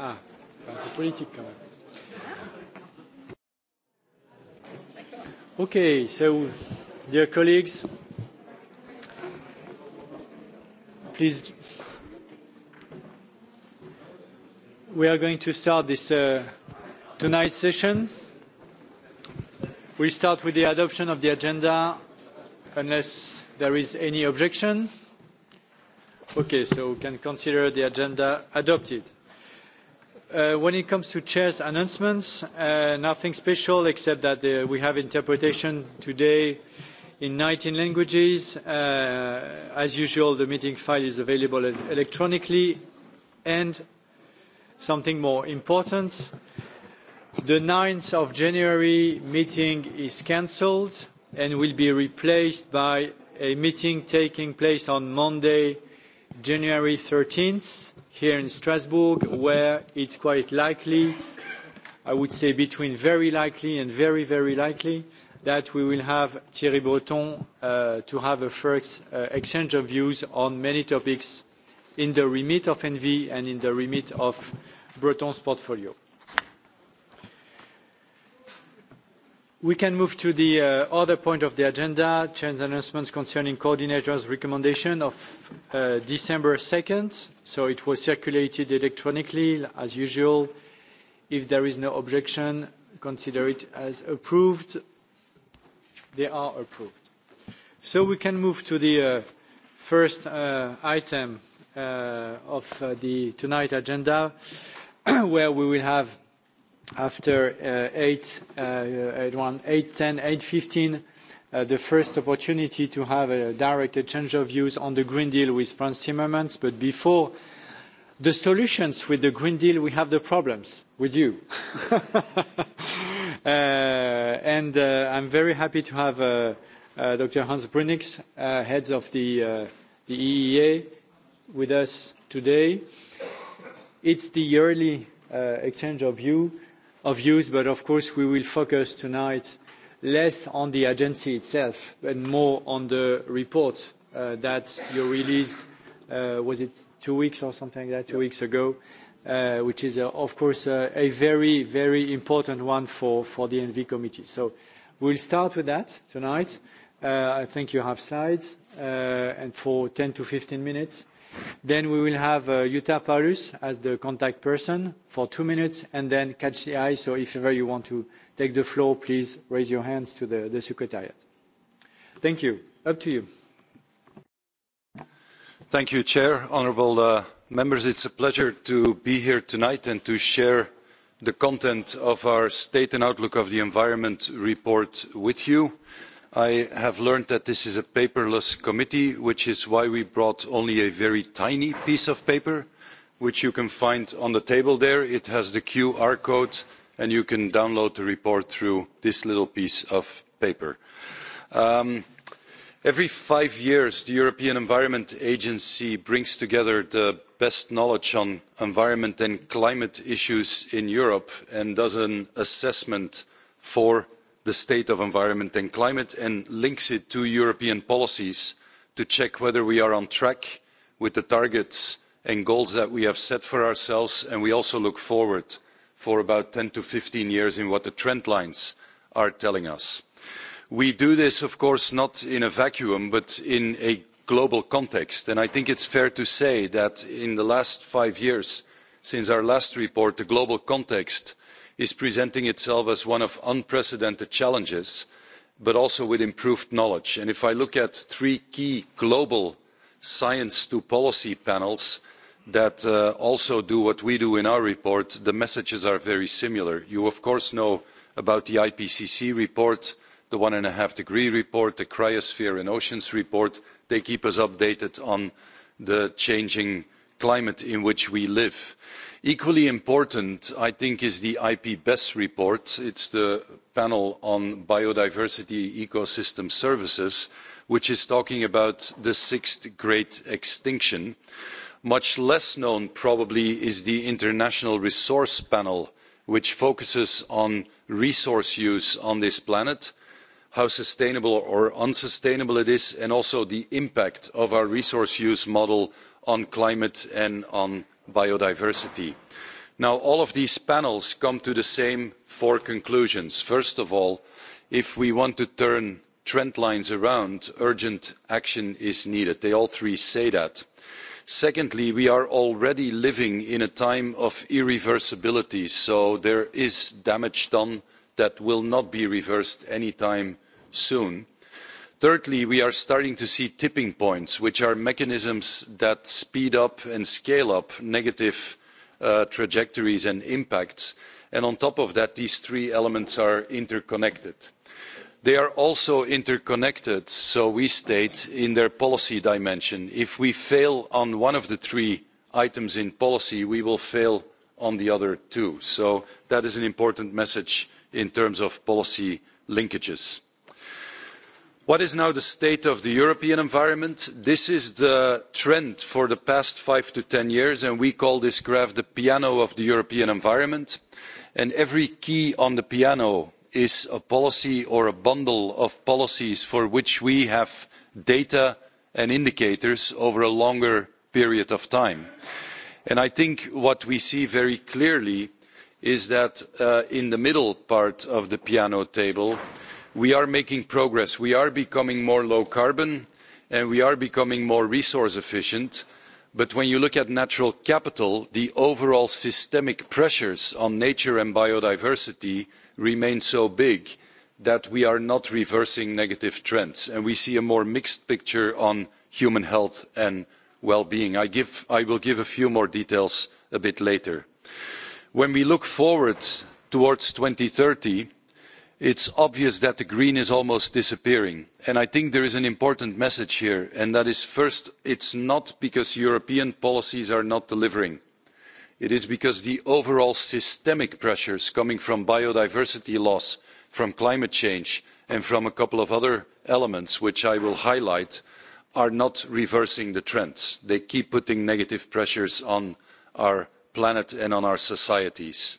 Ah, c'est un peu politique quand même. Okay, so, dear colleagues, please, we are going to start this uh, tonight's session. We'll start with the adoption of the agenda unless there is any objection. Okay, so we can consider the agenda adopted. Uh, when it comes to chair's announcements, uh, nothing special except that uh, we have interpretation today in 19 languages. Uh, as usual, the meeting file is available electronically. And something more important, the 9th of January meeting is cancelled and will be replaced by a meeting taking place on Monday, January 13th here in Strasbourg, where it's quite likely, I would say between very likely and very, very likely, that we will have Thierry Breton uh, to have a first uh, exchange of views on many topics in the remit of ENVI and in the remit of Breton's portfolio. We can move to the uh, other point of the agenda, change announcements concerning coordinators' recommendation of uh, December 2nd. So it was circulated electronically as usual. If there is no objection, consider it as approved. They are approved. So we can move to the uh, first uh, item uh, of uh, the tonight agenda, where we will have after 8, 8.1, 8.10, 8.15, Uh, the first opportunity to have a direct exchange of views on the Green Deal with Frans Timmermans. But before the solutions with the Green Deal, we have the problems with you. uh, and uh, I'm very happy to have uh, uh, Dr. Hans Brunix, uh, heads of the, uh, the EEA, with us today. It's the yearly uh, exchange of view of use, but of course we will focus tonight less on the agency itself and more on the report uh, that you released, uh, was it two weeks or something like that, two weeks ago, uh, which is, uh, of course, uh, a very, very important one for, for the NV committee. So we'll start with that tonight. Uh, I think you have slides, uh, and for 10 to 15 minutes, uh, Then we will have uh, Jutta Paulus as the contact person for two minutes, and then catch the eye. So if ever you want to take the floor, please raise your hands to the, the secretariat. Thank you. Up to you. Thank you, Chair. Honourable uh, members, it's a pleasure to be here tonight and to share the content of our State and Outlook of the Environment report with you. Uh, I have learned that this is a paperless committee, which is why we brought only a very tiny piece of paper, which you can find on the table there. It has the QR code, and you can download the report through this little piece of paper. Um, every five years, the European Environment Agency brings together the best knowledge on environment and climate issues in Europe and does an assessment for the state of environment and climate and links it to European policies to check whether we are on track with the targets and goals that we have set for ourselves. And we also look forward for about 10 to 15 years in what the trend lines are telling us. We do this, of course, not in a vacuum, but in a global context. And I think it's fair to say that in the last five years, since our last report, the global context is presenting itself as one of unprecedented challenges, but also with improved knowledge. And if I look at three key global science to policy panels that uh, also do what we do in our report, the messages are very similar. You, of course, know about the IPCC report, the one and a half degree report, the cryosphere and oceans report. They keep us updated on the changing climate in which we live. Uh, Equally important, I think, is the IPBES report. It's the panel on biodiversity ecosystem services, which is talking about the sixth great extinction. Much less known probably is the International Resource Panel, which focuses on resource use on this planet, how sustainable or unsustainable it is, and also the impact of our resource use model on climate and on biodiversity. Now, all of these panels come to the same four conclusions. First of all, if we want to turn trend lines around, urgent action is needed. They all three say that. Secondly, we are already living in a time of irreversibility, so there is damage done that will not be reversed anytime soon thirdly we are starting to see tipping points which are mechanisms that speed up and scale up negative uh, trajectories and impacts and on top of that these three elements are interconnected. They are also interconnected, so we state in their policy dimension, if we fail on one of the three items in policy, we will fail on the other two. So that is an important message in terms of policy linkages what is now the state of the european environment? this is the trend for the past five to ten years and we call this graph the piano of the european environment and every key on the piano is a policy or a bundle of policies for which we have data and indicators over a longer period of time. And I think what we see very clearly is that uh, in the middle part of the piano table, we are making progress. We are becoming more low carbon, and we are becoming more resource efficient. But when you look at natural capital, the overall systemic pressures on nature and biodiversity remain so big that we are not reversing negative trends, and we see a more mixed picture on human health and well-being. I, I will give a few more details a bit later. When we look forward towards 2030, it's obvious that the green is almost disappearing. And I think there is an important message here, and that is first, it's not because European policies are not delivering. It is because the overall systemic pressures coming from biodiversity loss, from climate change, and from a couple of other elements, which I will highlight, are not reversing the trends. They keep putting negative pressures on our planet and on our societies.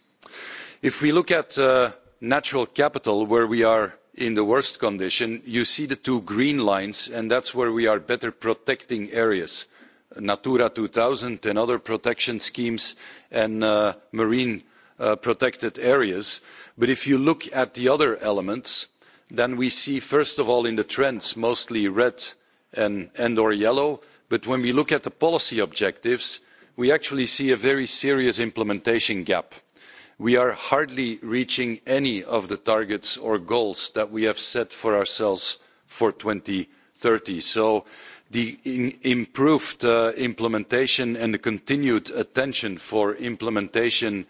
If we look at uh, natural capital, where we are in the worst condition, you see the two green lines, and that's where we are better protecting areas. Natura 2000 and other protection schemes and uh, marine uh, protected areas. But if you look at the other elements, then we see, first of all, in the trends, mostly red and, and or yellow. But when we look at the policy objectives, we actually see a very serious implementation gap we are hardly reaching any of the targets or goals that we have set for ourselves for 2030. So the improved uh, implementation and the continued attention for implementation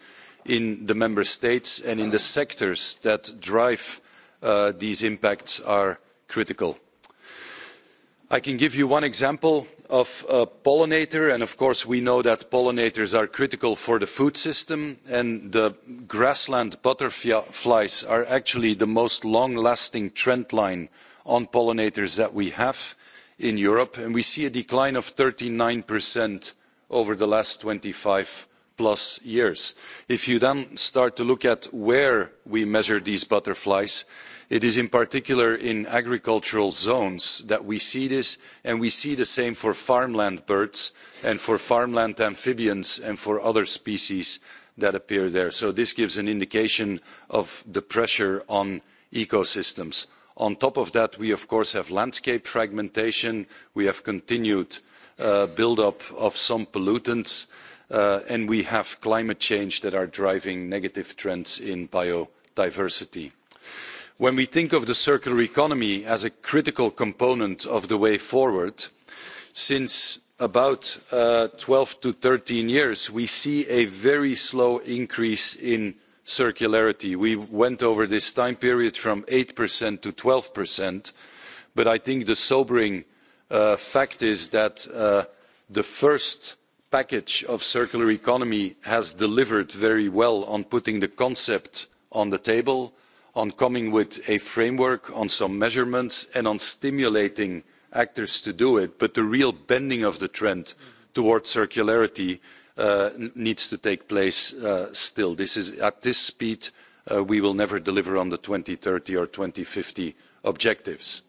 in the member states and in the sectors that drive uh, these impacts are critical i can give you one example of a pollinator and of course we know that pollinators are critical for the food system and the grassland butterflies are actually the most long lasting trend line on pollinators that we have in europe and we see a decline of thirty nine over the last twenty five plus years. if you then start to look at where we measure these butterflies It is in particular in agricultural zones that we see this, and we see the same for farmland birds and for farmland amphibians and for other species that appear there. So this gives an indication of the pressure on ecosystems. On top of that, we of course have landscape fragmentation. We have continued uh, buildup of some pollutants, uh, and we have climate change that are driving negative trends in biodiversity when we think of the circular economy as a critical component of the way forward, since about uh, 12 to 13 years, we see a very slow increase in circularity. We went over this time period from 8% to 12%, but I think the sobering uh, fact is that uh, the first package of circular economy has delivered very well on putting the concept on the table, on coming with a framework on some measurements and on stimulating actors to do it but the real bending of the trend towards circularity uh, needs to take place uh, still. This is, at this speed uh, we will never deliver on the 2030 or 2050 objectives.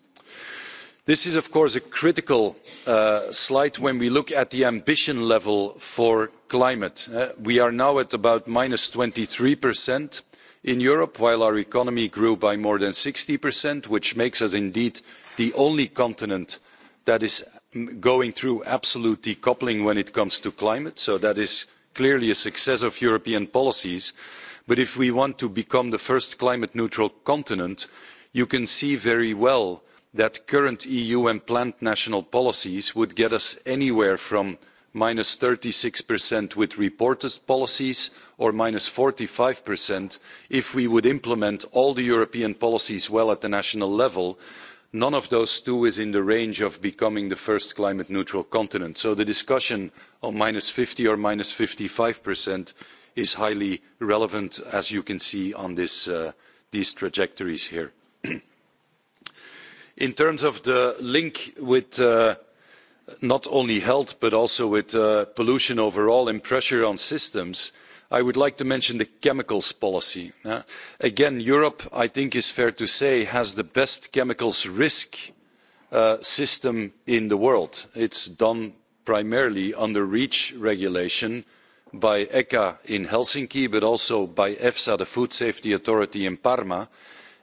This is of course a critical uh, slide when we look at the ambition level for climate. Uh, we are now at about minus 23 percent in Europe, while our economy grew by more than 60%, which makes us indeed the only continent that is mm, going through absolute decoupling when it comes to climate. So that is clearly a success of European policies. But if we want to become the first climate neutral continent, you can see very well that current EU and planned national policies would get us anywhere from minus 36% with reported policies or minus 45% if we would implement all the European policies well at the national level. None of those two is in the range of becoming the first climate neutral continent. So the discussion on minus 50 or minus 55% is highly relevant, as you can see on this, uh, these trajectories here. in terms of the link with uh, not only health but also with uh, pollution overall and pressure on systems, I would like to mention the chemicals policy. Uh, again, Europe, I think is fair to say, has the best chemicals risk uh, system in the world. It's done primarily under REACH regulation by ECHA in Helsinki, but also by EFSA, the Food Safety Authority in Parma,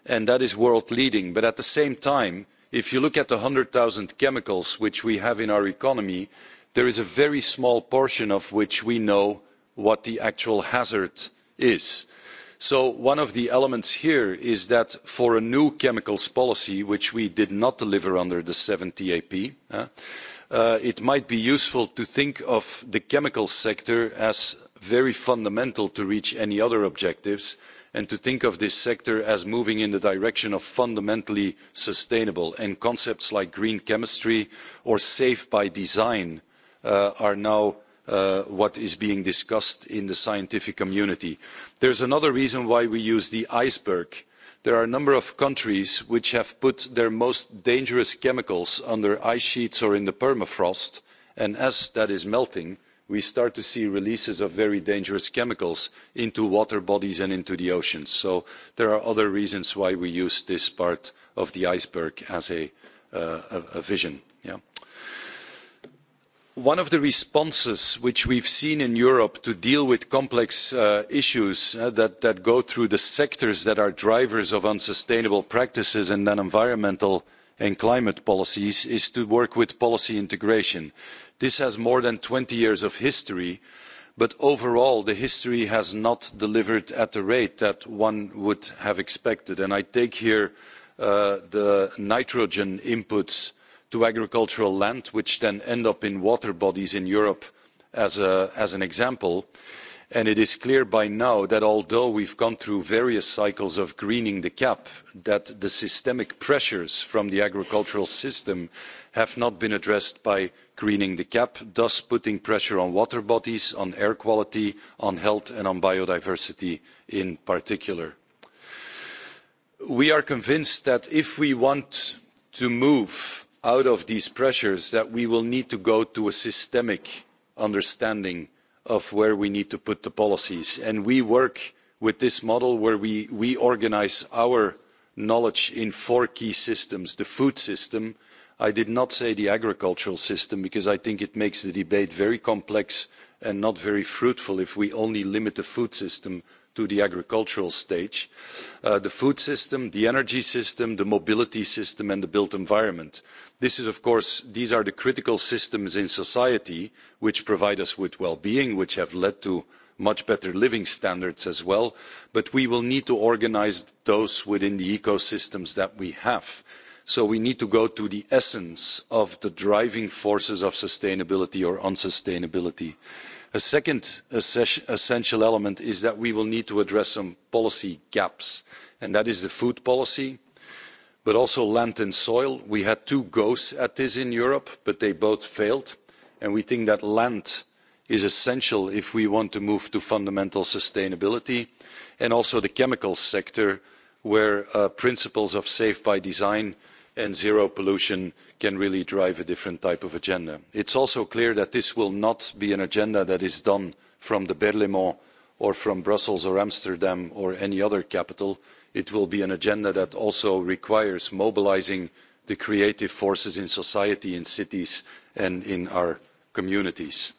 and that is world leading. But at the same time, if you look at the one hundred zero chemicals which we have in our economy there is a very small portion of which we know what the actual hazard is. so one of the elements here is that for a new chemicals policy which we did not deliver under the seventh eap uh, it might be useful to think of the chemical sector as very fundamental to reach any other objectives and to think of this sector as moving in the direction of fundamentally sustainable and concepts like green chemistry or safe by design uh, are now uh, what is being discussed in the scientific community. There's another reason why we use the iceberg. There are a number of countries which have put their most dangerous chemicals under ice sheets or in the permafrost, and as that is melting, we start to see releases of very dangerous chemicals into water bodies and into the oceans. So there are other reasons why we use this part of the iceberg as a, uh, a, a vision. Yeah. One of the responses which we've seen in Europe to deal with complex uh, issues uh, that, that go through the sectors that are drivers of unsustainable practices and then environmental and climate policies is to work with policy integration. Uh, This has more than 20 years of history, but overall, the history has not delivered at the rate that one would have expected. And I take here uh, the nitrogen inputs to agricultural land, which then end up in water bodies in Europe as, a, as an example. And it is clear by now that although we've gone through various cycles of greening the cap, that the systemic pressures from the agricultural system have not been addressed by greening the cap, thus putting pressure on water bodies, on air quality, on health, and on biodiversity in particular. We are convinced that if we want to move out of these pressures, that we will need to go to a systemic understanding of where we need to put the policies. And we work with this model where we, we organize our knowledge in four key systems: the food system, I did not say the agricultural system because I think it makes the debate very complex and not very fruitful if we only limit the food system to the agricultural stage. Uh, the food system, the energy system, the mobility system and the built environment. This is of course, these are the critical systems in society which provide us with well-being, which have led to much better living standards as well but we will need to organise those within the ecosystems that we have. So we need to go to the essence of the driving forces of sustainability or unsustainability. A second essential element is that we will need to address some policy gaps, and that is the food policy, but also land and soil. We had two goes at this in Europe, but they both failed, and we think that land is essential if we want to move to fundamental sustainability, and also the chemical sector, where uh, principles of safe by design and zero pollution can really drive a different type of agenda. It's also clear that this will not be an agenda that is done from the Berlaymont or from Brussels or Amsterdam or any other capital. It will be an agenda that also requires mobilizing the creative forces in society, in cities and in our communities.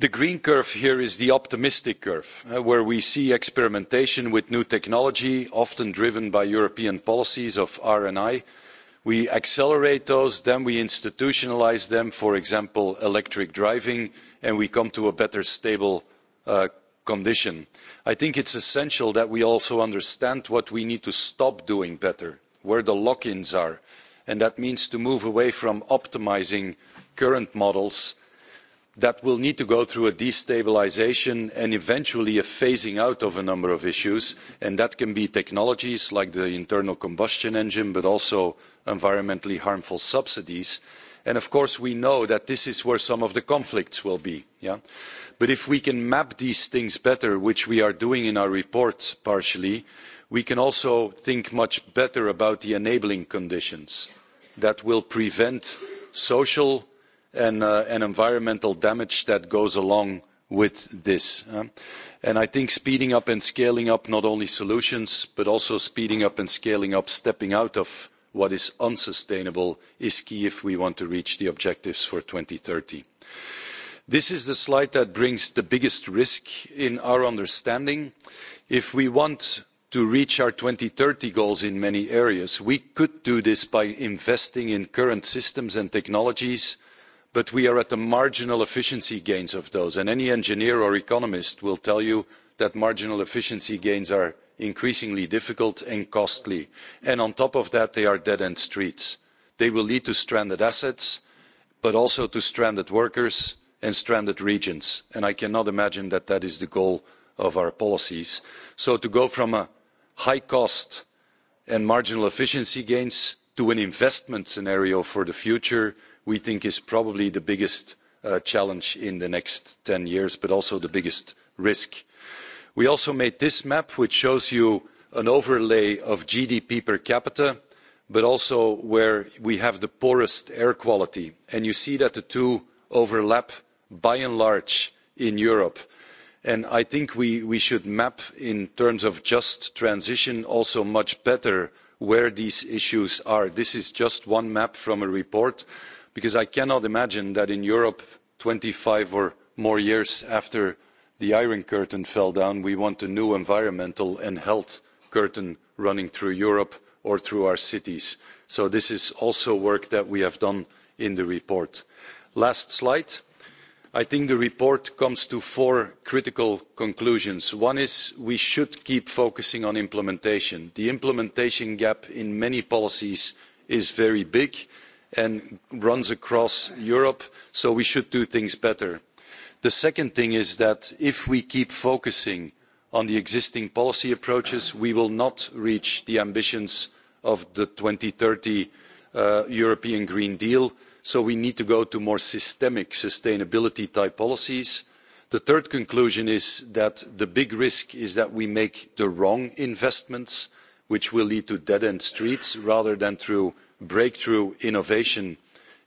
The green curve here is the optimistic curve, uh, where we see experimentation with new technology, often driven by European policies of R&I. We accelerate those, then we institutionalize them, for example, electric driving, and we come to a better stable uh, condition. I think it's essential that we also understand what we need to stop doing better, where the lock-ins are, and that means to move away from optimizing current models and that will need to go through a destabilisation and eventually a phasing out of a number of issues and that can be technologies like the internal combustion engine but also environmentally harmful subsidies and of course we know that this is where some of the conflicts will be yeah? but if we can map these things better which we are doing in our report partially we can also think much better about the enabling conditions that will prevent social and, uh, and environmental damage that goes along with this. Huh? And I think speeding up and scaling up not only solutions, but also speeding up and scaling up, stepping out of what is unsustainable is key if we want to reach the objectives for 2030. This is the slide that brings the biggest risk in our understanding. If we want to reach our 2030 goals in many areas, we could do this by investing in current systems and technologies but we are at the marginal efficiency gains of those. And any engineer or economist will tell you that marginal efficiency gains are increasingly difficult and costly. And on top of that, they are dead-end streets. They will lead to stranded assets, but also to stranded workers and stranded regions. And I cannot imagine that that is the goal of our policies. So to go from a high cost and marginal efficiency gains to an investment scenario for the future we think is probably the biggest uh, challenge in the next 10 years, but also the biggest risk. We also made this map, which shows you an overlay of GDP per capita, but also where we have the poorest air quality. And you see that the two overlap by and large in Europe. And I think we, we should map in terms of just transition also much better where these issues are. This is just one map from a report, because i cannot imagine that in europe twenty five or more years after the iron curtain fell down we want a new environmental and health curtain running through europe or through our cities so this is also work that we have done in the report. last slide i think the report comes to four critical conclusions. one is we should keep focusing on implementation. the implementation gap in many policies is very big and runs across Europe, so we should do things better. The second thing is that if we keep focusing on the existing policy approaches, we will not reach the ambitions of the 2030 uh, European Green Deal, so we need to go to more systemic sustainability type policies. The third conclusion is that the big risk is that we make the wrong investments, which will lead to dead-end streets rather than through breakthrough innovation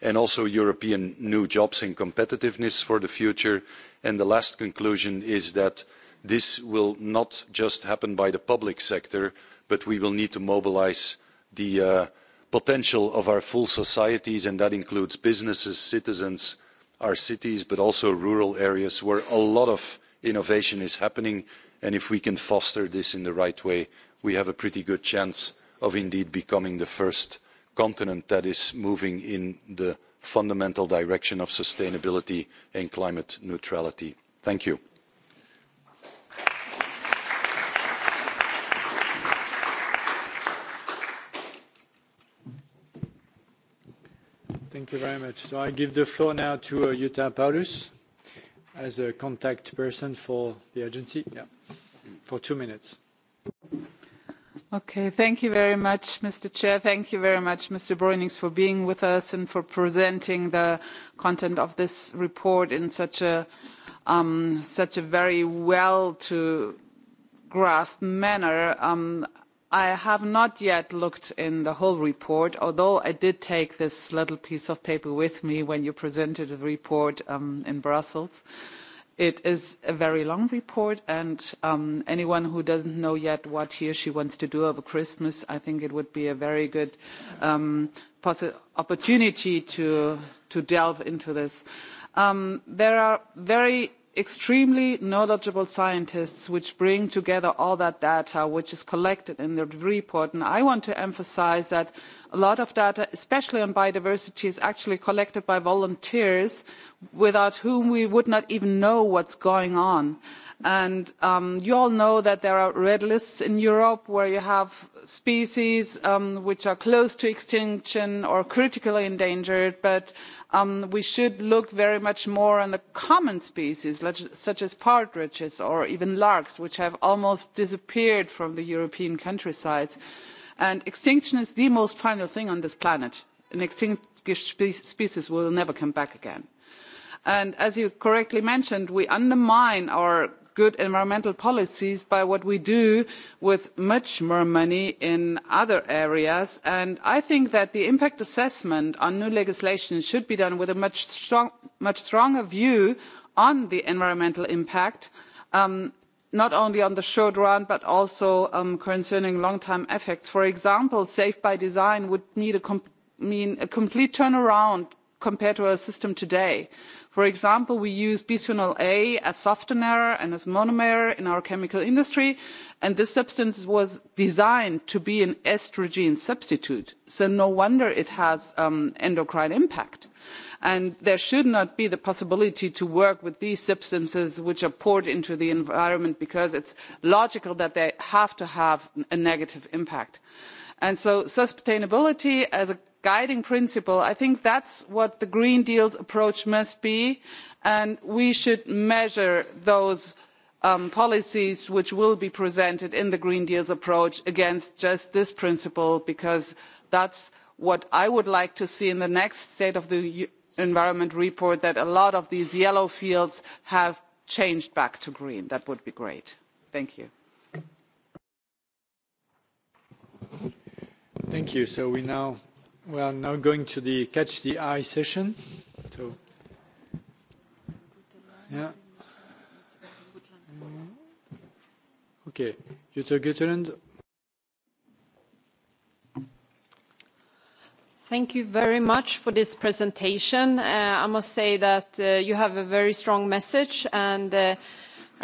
and also European new jobs and competitiveness for the future. And the last conclusion is that this will not just happen by the public sector, but we will need to mobilize the uh, potential of our full societies, and that includes businesses, citizens, our cities, but also rural areas where a lot of innovation is happening. And if we can foster this in the right way, we have a pretty good chance of indeed becoming the first uh, continent that is moving in the fundamental direction of sustainability and climate neutrality. Thank you. Thank you very much. So I give the floor now to uh, Jutta Paulus as a contact person for the agency. Yeah. For two minutes. Okay, thank you very much, Mr. Chair. Thank you very much, Mr. Bruinings, for being with us and for presenting the content of this report in such a um, such a very well to grasp manner. Um, I have not yet looked in the whole report, although I did take this little piece of paper with me when you presented the report um, in Brussels. Uh, It is a very long report, and um, anyone who doesn't know yet what he or she wants to do over Christmas, I think it would be a very good um, possi- opportunity to, to delve into this. Um, there are very extremely knowledgeable scientists which bring together all that data which is collected in the report and i want to emphasise that a lot of data especially on biodiversity is actually collected by volunteers without whom we would not even know what's going on and um, you all know that there are red lists in Europe where you have species um, which are close to extinction or critically endangered, but um, we should look very much more on the common species, such as partridges or even larks, which have almost disappeared from the European countrysides. And extinction is the most final thing on this planet. An extinct species will never come back again. And as you correctly mentioned, we undermine our good environmental policies by what we do with much more money in other areas and i think that the impact assessment on new legislation should be done with a much, strong, much stronger view on the environmental impact um, not only on the short run but also um, concerning long term effects. for example safe by design would need a mean a complete turnaround compared to our system today. For example, we use bisphenol A as softener and as monomer in our chemical industry, and this substance was designed to be an estrogen substitute. So no wonder it has um, endocrine impact. And there should not be the possibility to work with these substances which are poured into the environment because it's logical that they have to have a negative impact. And so sustainability as a guiding principle i think that is what the green deal's approach must be and we should measure those um, policies which will be presented in the green deal's approach against just this principle because that is what i would like to see in the next state of the U environment report that a lot of these yellow fields have changed back to green. that would be great. thank you. Thank you. So we now We are now going to the catch the eye session. So, yeah. Mm. Okay, Jutta Gutterland. Thank you very much for this presentation. Uh, I must say that uh, you have a very strong message, and uh,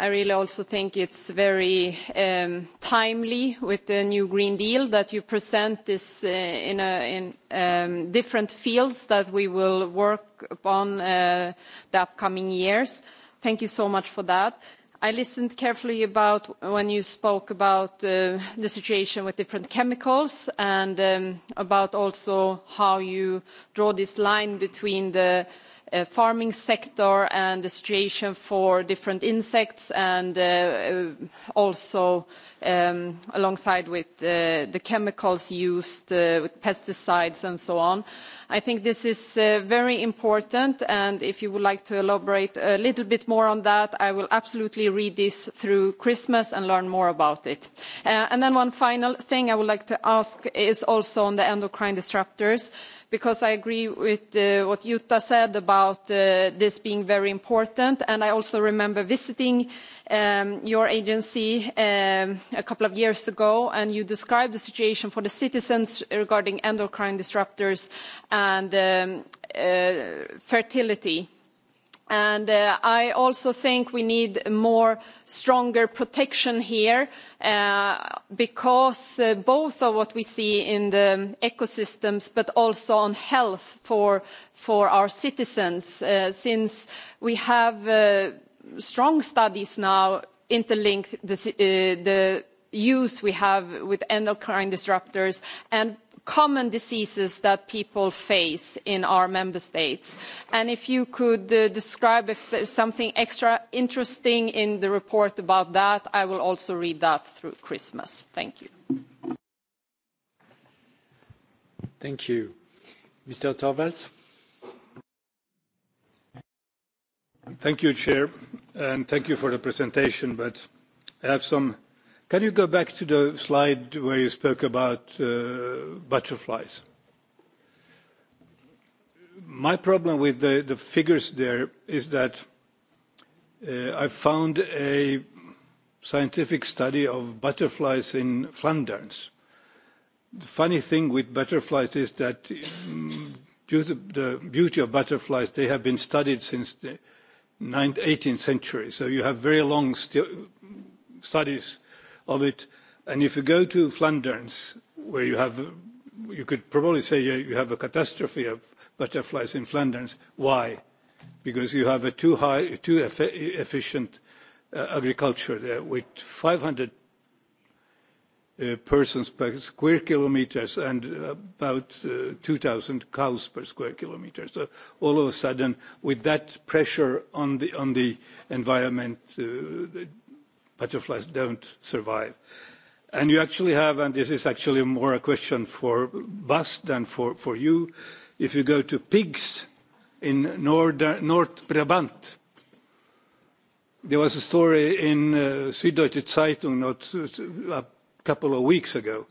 I really also think it's very um, timely with the new Green Deal that you present this uh, in, a, in um, different fields that we will work upon uh, the upcoming years. Thank you so much for that. I listened carefully about when you spoke about uh, the situation with different chemicals and um, about also how you draw this line between the uh, uh, farming sector and the situation for different insects and uh, uh, also um, alongside with uh, the chemicals used uh, with pesticides and so on. I think this is uh, very important and if you would like to elaborate a little bit more on that, I will absolutely read this through Christmas and learn more about it. Uh, and then one final thing I would like to ask is also on the endocrine disruptors. Uh, because I agree with uh, what Jutta said about uh, this being very important. And I also remember visiting um, your agency um, a couple of years ago, and you described the situation for the citizens regarding endocrine disruptors and um, uh, fertility And uh, I also think we need more stronger protection here uh, because uh, both of what we see in the ecosystems but also on health for, for our citizens uh, since we have uh, strong studies now interlinked the, uh, the use we have with endocrine disruptors and common diseases that people face in our member states. And if you could uh, describe if there's something extra interesting in the report about that, I will also read that through Christmas. Thank you. Thank you. Mr. Torvalds? Thank you, Chair, and thank you for the presentation, but I have some Can you go back to the slide where you spoke about uh, butterflies? My problem with the, the figures there is that uh, I found a scientific study of butterflies in Flanders. The funny thing with butterflies is that um, due to the beauty of butterflies, they have been studied since the 19th, 18th century. So you have very long stu studies of it. And if you go to Flanders, where you have, you could probably say you have a catastrophe of butterflies in Flanders. Why? Because you have a too high, too eff efficient uh, agriculture there with 500 uh, persons per square kilometers and about uh, 2,000 cows per square kilometer. So all of a sudden, with that pressure on the, on the environment, uh, butterflies don't survive. And you actually have, and this is actually more a question for Bas than for, for you, if you go to pigs in Nord, North Brabant, there was a story in uh, Süddeutsche Zeitung not uh, a couple of weeks ago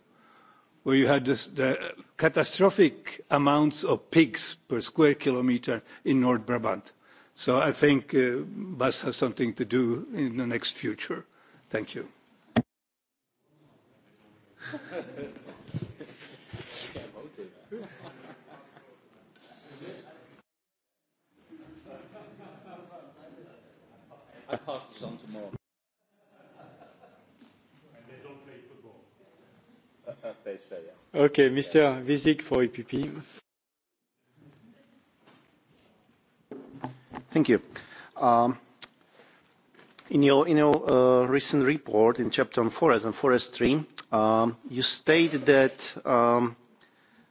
where you had this, the catastrophic amounts of pigs per square kilometer in North Brabant. So I think uh, Bas has something to do in the next future. Thank you. I pass this on tomorrow. And they don't play football. Uh, uh, play Australia. Okay, Mr. Vizik for EPP. Thank you. Um, In your, in your uh, recent report in chapter on forest and forestry, um, you state that um,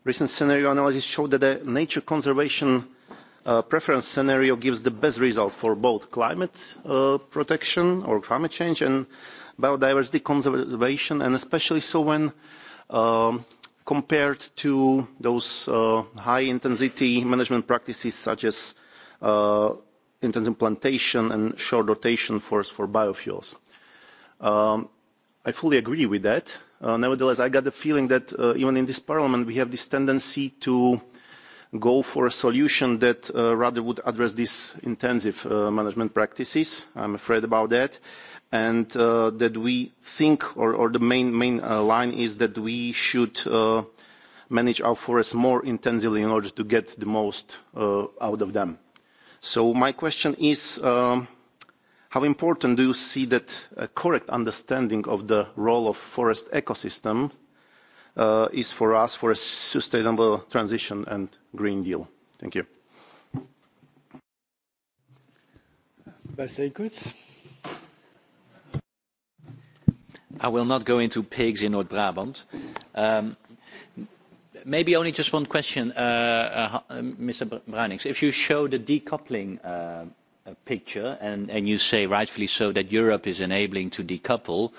recent scenario analysis showed that the nature conservation uh, preference scenario gives the best result for both climate uh, protection or climate change and biodiversity conservation, and especially so when um, compared to those uh, high intensity management practices such as uh, intensive plantation and shore rotation force for biofuels. Um, I fully agree with that. Uh, nevertheless, I got the feeling that uh, even in this parliament, we have this tendency to go for a solution that uh, rather would address these intensive uh, management practices. I'm afraid about that. And uh, that we think, or, or the main, main uh, line is that we should uh, manage our forests more intensively in order to get the most uh, out of them. So my question is, um, how important do you see that a correct understanding of the role of forest ecosystem uh, is for us for a sustainable transition and Green Deal? Thank you. Bas Eickhout. I will not go into pigs in North Brabant. Um, Maybe only just one question, uh, uh, uh Mr. Bruinings. If you show the decoupling uh, uh, picture, and, and you say, rightfully so, that Europe is enabling to decouple,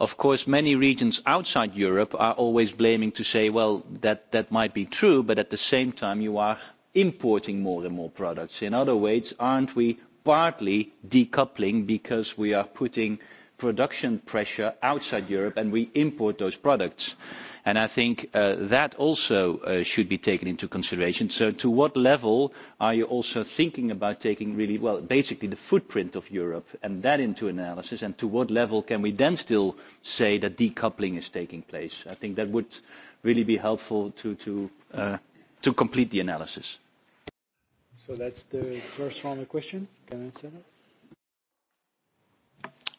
of course, many regions outside Europe are always blaming to say, well, that, that might be true, but at the same time, you are importing more and more products. In other words, aren't we partly decoupling because we are putting production pressure outside Europe and we import those products? Uh, And I think uh, that also uh, should be taken into consideration. So to what level are you also thinking about taking really, well, basically the footprint of Europe and that into analysis? And to what level can we then still say that decoupling is taking place? I think that would really be helpful to, to, uh, to complete the analysis. So that's the first round of question. Can I answer that?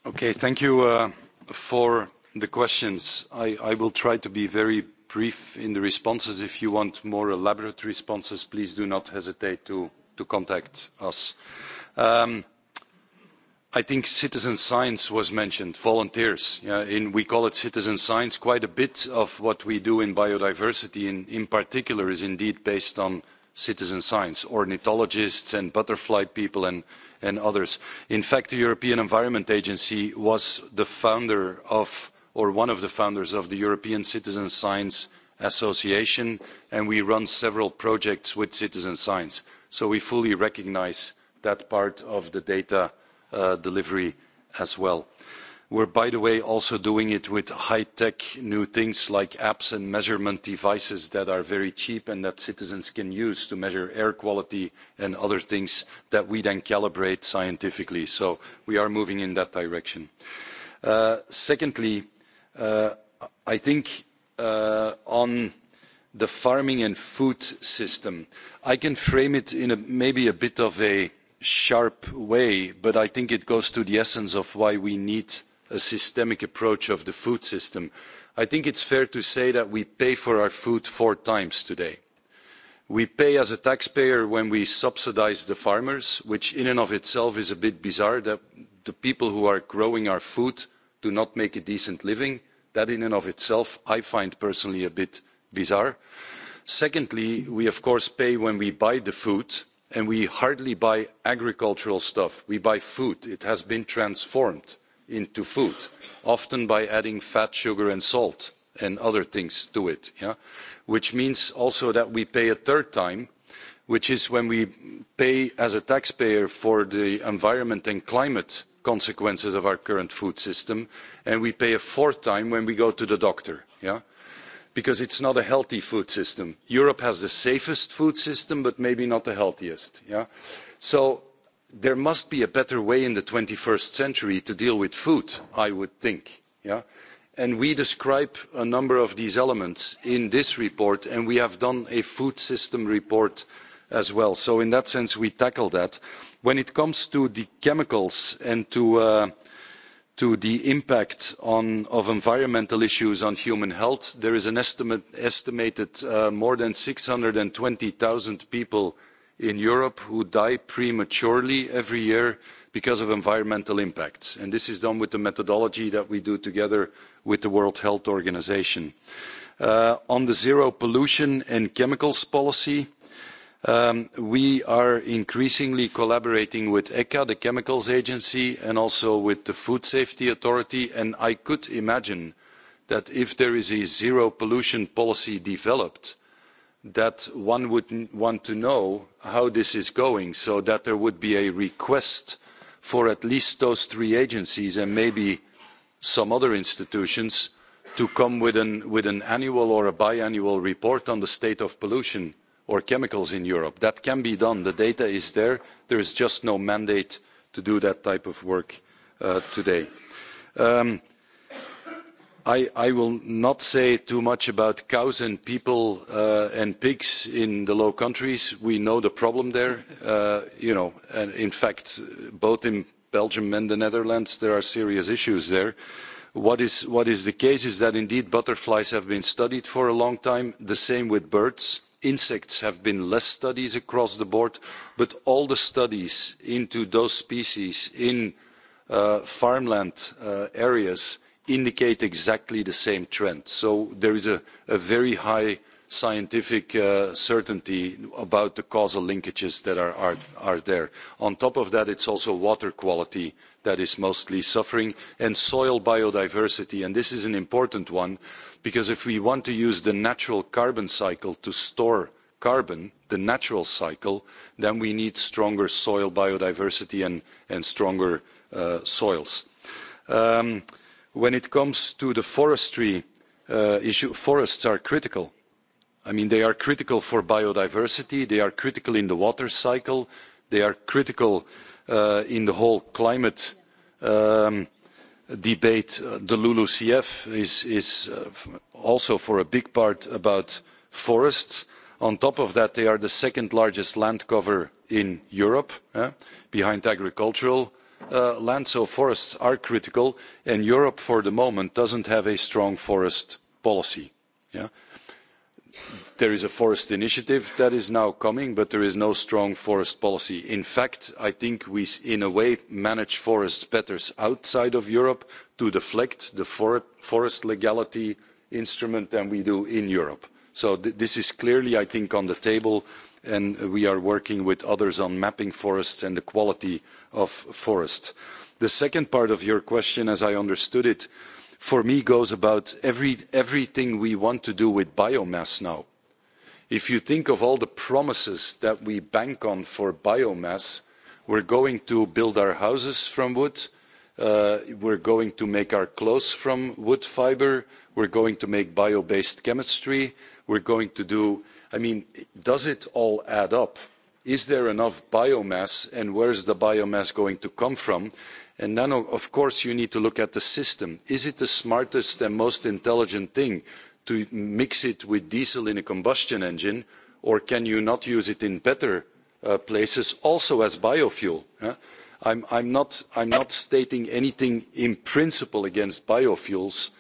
Okay, thank you uh, for the questions. I, I will try to be very brief in the responses. If you want more elaborate responses, please do not hesitate to, to contact us. Um, I think citizen science was mentioned, volunteers. Yeah, in, we call it citizen science. Quite a bit of what we do in biodiversity in, in particular is indeed based on citizen science, ornithologists and butterfly people and, and others. In fact, the European Environment Agency was the founder of or one of the founders of the European Citizen Science Association, and we run several projects with citizen science. So we fully recognize that part of the data uh, delivery as well. We're, by the way, also doing it with high-tech new things like apps and measurement devices that are very cheap and that citizens can use to measure air quality and other things that we then calibrate scientifically. So we are moving in that direction. Uh, secondly, Uh, I think uh, on the farming and food system, I can frame it in a, maybe a bit of a sharp way, but I think it goes to the essence of why we need a systemic approach of the food system. I think it's fair to say that we pay for our food four times today. We pay as a taxpayer when we subsidize the farmers, which in and of itself is a bit bizarre that the people who are growing our food do not make a decent living. That in and of itself, I find personally a bit bizarre. Secondly, we of course pay when we buy the food, and we hardly buy agricultural stuff. We buy food. It has been transformed into food, often by adding fat, sugar, and salt and other things to it. Yeah? Which means also that we pay a third time, which is when we pay as a taxpayer for the environment and climate consequences of our current food system, and we pay a fourth time when we go to the doctor, yeah? Because it's not a healthy food system. Europe has the safest food system, but maybe not the healthiest, yeah? So there must be a better way in the 21st century to deal with food, I would think, yeah? And we describe a number of these elements in this report, and we have done a food system report as well. So in that sense, we tackle that. When it comes to the chemicals and to, uh, to the impact on, of environmental issues on human health, there is an estimate, estimated uh, more than 620,000 people in Europe who die prematurely every year because of environmental impacts. And this is done with the methodology that we do together with the World Health Organization. Uh, on the zero pollution and chemicals policy, Um, we are increasingly collaborating with ECHA, the chemicals agency, and also with the Food Safety Authority. And I could imagine that if there is a zero pollution policy developed, that one would want to know how this is going so that there would be a request for at least those three agencies and maybe some other institutions to come with an, with an annual or a biannual report on the state of pollution or chemicals in Europe. That can be done. The data is there. There is just no mandate to do that type of work uh, today. Um, I, I will not say too much about cows and people uh, and pigs in the Low Countries. We know the problem there. Uh, you know, and in fact, both in Belgium and the Netherlands, there are serious issues there. What is, what is the case is that indeed butterflies have been studied for a long time, the same with birds. Uh, insects have been less studies across the board, but all the studies into those species in uh, farmland uh, areas indicate exactly the same trend. So there is a, a very high scientific uh, certainty about the causal linkages that are, are, are there. On top of that, it's also water quality that is mostly suffering and soil biodiversity. And this is an important one because if we want to use the natural carbon cycle to store carbon, the natural cycle, then we need stronger soil biodiversity and, and stronger uh, soils. Um, when it comes to the forestry uh, issue, forests are critical. I mean, they are critical for biodiversity, they are critical in the water cycle, they are critical uh, in the whole climate um, uh, debate, uh, the LULUCF is, is uh, also for a big part about forests. On top of that, they are the second largest land cover in Europe, eh, behind agricultural uh, land. So forests are critical, and Europe, for the moment, doesn't have a strong forest policy. Yeah? There is a forest initiative that is now coming, but there is no strong forest policy. In fact, I think we, in a way, manage forests better outside of Europe to deflect the for forest legality instrument than we do in Europe. So th this is clearly, I think, on the table, and we are working with others on mapping forests and the quality of forests. The second part of your question, as I understood it, for me goes about every, everything we want to do with biomass now if you think of all the promises that we bank on for biomass, we're going to build our houses from wood, uh, we're going to make our clothes from wood fiber, we're going to make bio-based chemistry, we're going to do, I mean, does it all add up? Is there enough biomass and where is the biomass going to come from? And then, of course, you need to look at the system. Is it the smartest and most intelligent thing to mix it with diesel in a combustion engine? Or can you not use it in better uh, places also as biofuel? Huh? I'm, I'm, not, I'm not stating anything in principle against biofuels,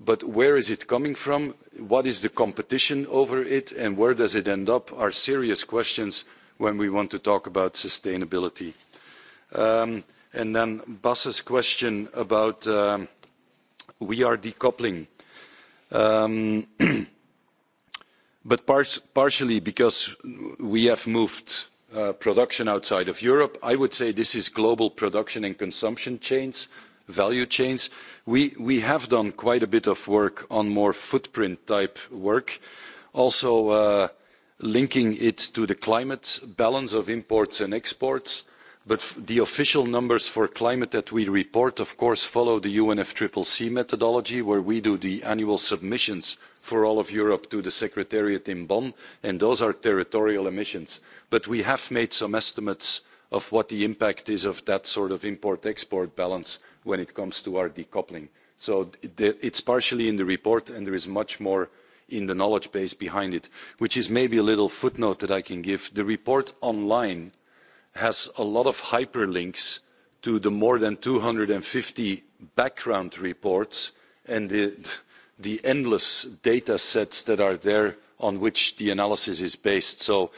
but where is it coming from? What is the competition over it? And where does it end up are serious questions when we want to talk about sustainability. Um, and then Bas's question about um, we are decoupling. Uh, Um, but par partially because we have moved uh, production outside of Europe, I would say this is global production and consumption chains, value chains. We, we have done quite a bit of work on more footprint type work. Also, uh, linking it to the climate balance of imports and exports but the official numbers for climate that we report, of course, follow the UNFCCC methodology, where we do the annual submissions for all of Europe to the Secretariat in Bonn, and those are territorial emissions. But we have made some estimates of what the impact is of that sort of import-export balance when it comes to our decoupling. So it's partially in the report, and there is much more in the knowledge base behind it, which is maybe a little footnote that I can give. The report online has a lot of hyperlinks to the more than 250 background reports and the, the endless data sets that are there on which the analysis is based. So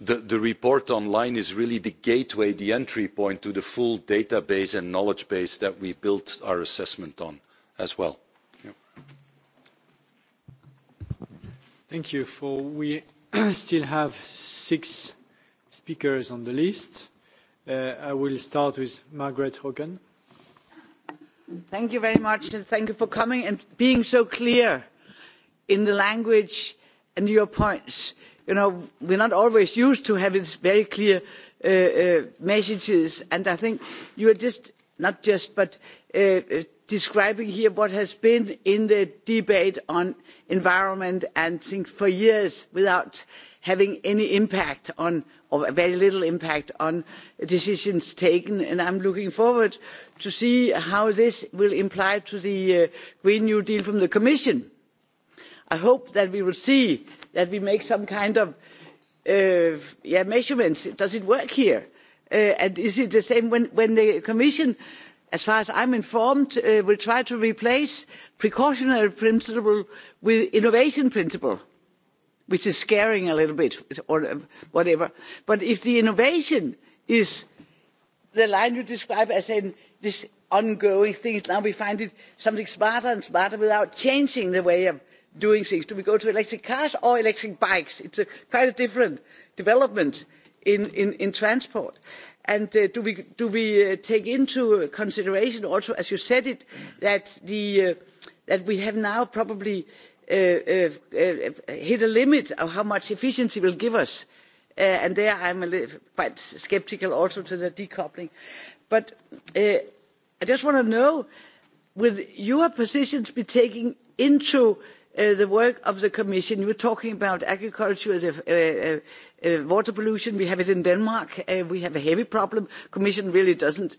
the, the report online is really the gateway, the entry point to the full database and knowledge base that we built our assessment on as well. Yeah. Thank you. For we still have six speakers on the list. Uh, I will start with Margaret Hogan. Thank you very much, and thank you for coming and being so clear in the language and your points. You know, we're not always used to having very clear uh, uh, messages, and I think you are just, not just, but uh, uh describing here what has been in the debate on environment and things for years without uh, having any impact on or very little impact on decisions taken and i'm looking forward to see how this will imply to the uh, green new deal from the commission i hope that we will see that we make some kind of uh, yeah, measurements does it work here uh, and is it the same when, when the commission as far as i'm informed uh, will try to replace precautionary principle with innovation principle? which is scaring a little bit or whatever. But if the innovation is the line you describe as in this ongoing things, now we find it something smarter and smarter without changing the way of doing things. Do we go to electric cars or electric bikes? It's a, quite a different development in, in, in transport. And uh, do we, do we uh, take into consideration also, as you said it, that, the, uh, that we have now probably uh, Uh, uh, uh, hit a limit of how much efficiency will give us. Uh, and there I'm a little quite skeptical also to the decoupling. But uh, I just want to know, will your positions be taken into uh, the work of the Commission? You're talking about agriculture, the, uh, uh, uh, water pollution. We have it in Denmark. Uh, we have a heavy problem. Commission really doesn't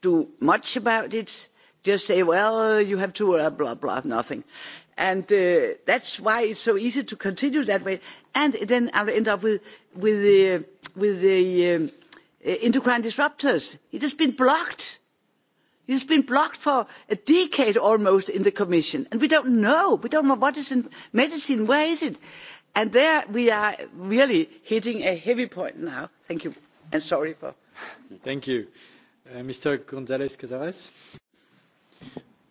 do much about it. Just say, well, you have to, uh, blah, blah, nothing. Uh, and uh, that's why it's so easy to continue that way. And then I'll end up with with the uh, with the um, uh, endocrine disruptors. It has been blocked. It has been blocked for a decade almost in the Commission, and we don't know. We don't know what is in medicine. Where is it? And there we are really hitting a heavy point now. Thank you, and sorry for. Thank you, uh, Mr. González Casares.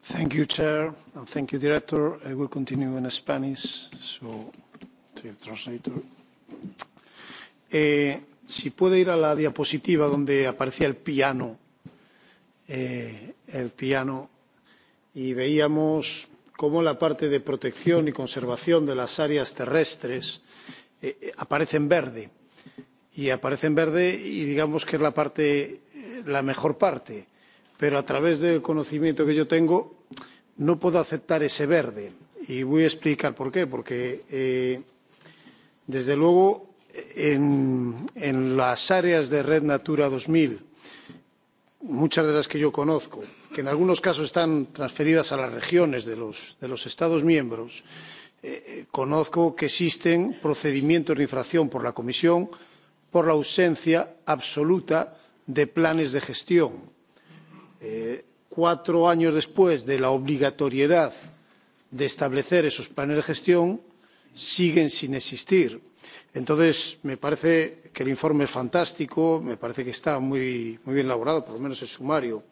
Thank you, Chair, and thank you, Director. I will continue in Spanish, so the translator. Eh, si puede ir a la diapositiva donde aparecía el piano, eh, el piano, y veíamos cómo la parte de protección y conservación de las áreas terrestres eh, eh aparece en verde. Y aparece en verde y digamos que es la parte, eh, la mejor parte pero a través del conocimiento que yo tengo no puedo aceptar ese verde y voy a explicar por qué porque eh, desde luego en, en las áreas de red natura dos mil muchas de las que yo conozco que en algunos casos están transferidas a las regiones de los, de los estados miembros eh, conozco que existen procedimientos de infracción por la comisión por la ausencia absoluta de planes de gestión eh, cuatro años después de la obligatoriedad de establecer esos planes de gestión siguen sin existir. entonces me parece que el informe es fantástico me parece que está muy, muy bien elaborado por lo menos el sumario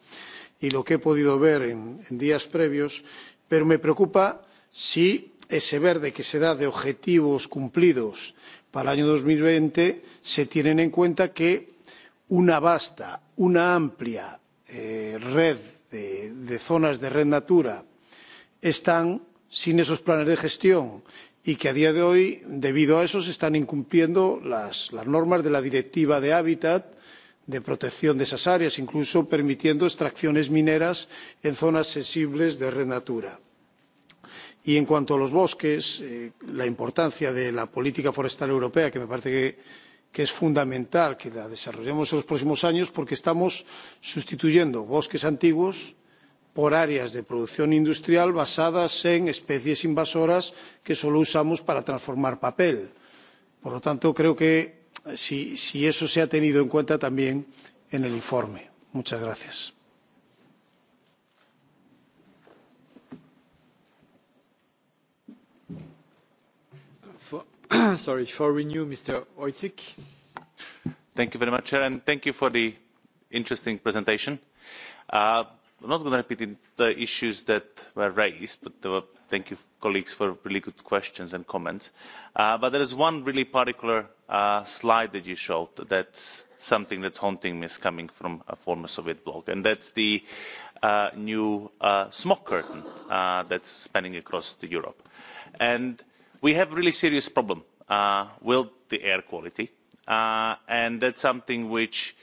y lo que he podido ver en, en días previos pero me preocupa si ese verde que se da de objetivos cumplidos para el año dos mil veinte se tiene en cuenta que una vasta una amplia eh, red de, de zonas de red Natura están sin esos planes de gestión y que a día de hoy, debido a eso, se están incumpliendo las, las normas de la Directiva de Hábitat de protección de esas áreas, incluso permitiendo extracciones mineras en zonas sensibles de red Natura. Y en cuanto a los bosques, eh, la importancia de la política forestal europea, que me parece que que es fundamental que la desarrollemos en los próximos años porque estamos sustituyendo bosques antiguos por áreas de producción industrial basadas en especies invasoras que solo usamos para transformar papel. Por lo tanto, creo que si, si eso se ha tenido en cuenta también en el informe. Muchas gracias. sorry, for Renew, Mr. Wojcik. Thank you very much, Chair, and thank you for the interesting presentation. Uh, I'm not going to repeat the issues that were raised, but uh, thank you, colleagues, for really good questions and comments. Uh, but there is one really particular uh, slide that you showed that's something that's haunting me is coming from a former Soviet bloc, and that's the uh, new uh, smog curtain uh, that's spanning across the Europe. And uh, we have a really serious problem uh, with the air quality uh, and that's something which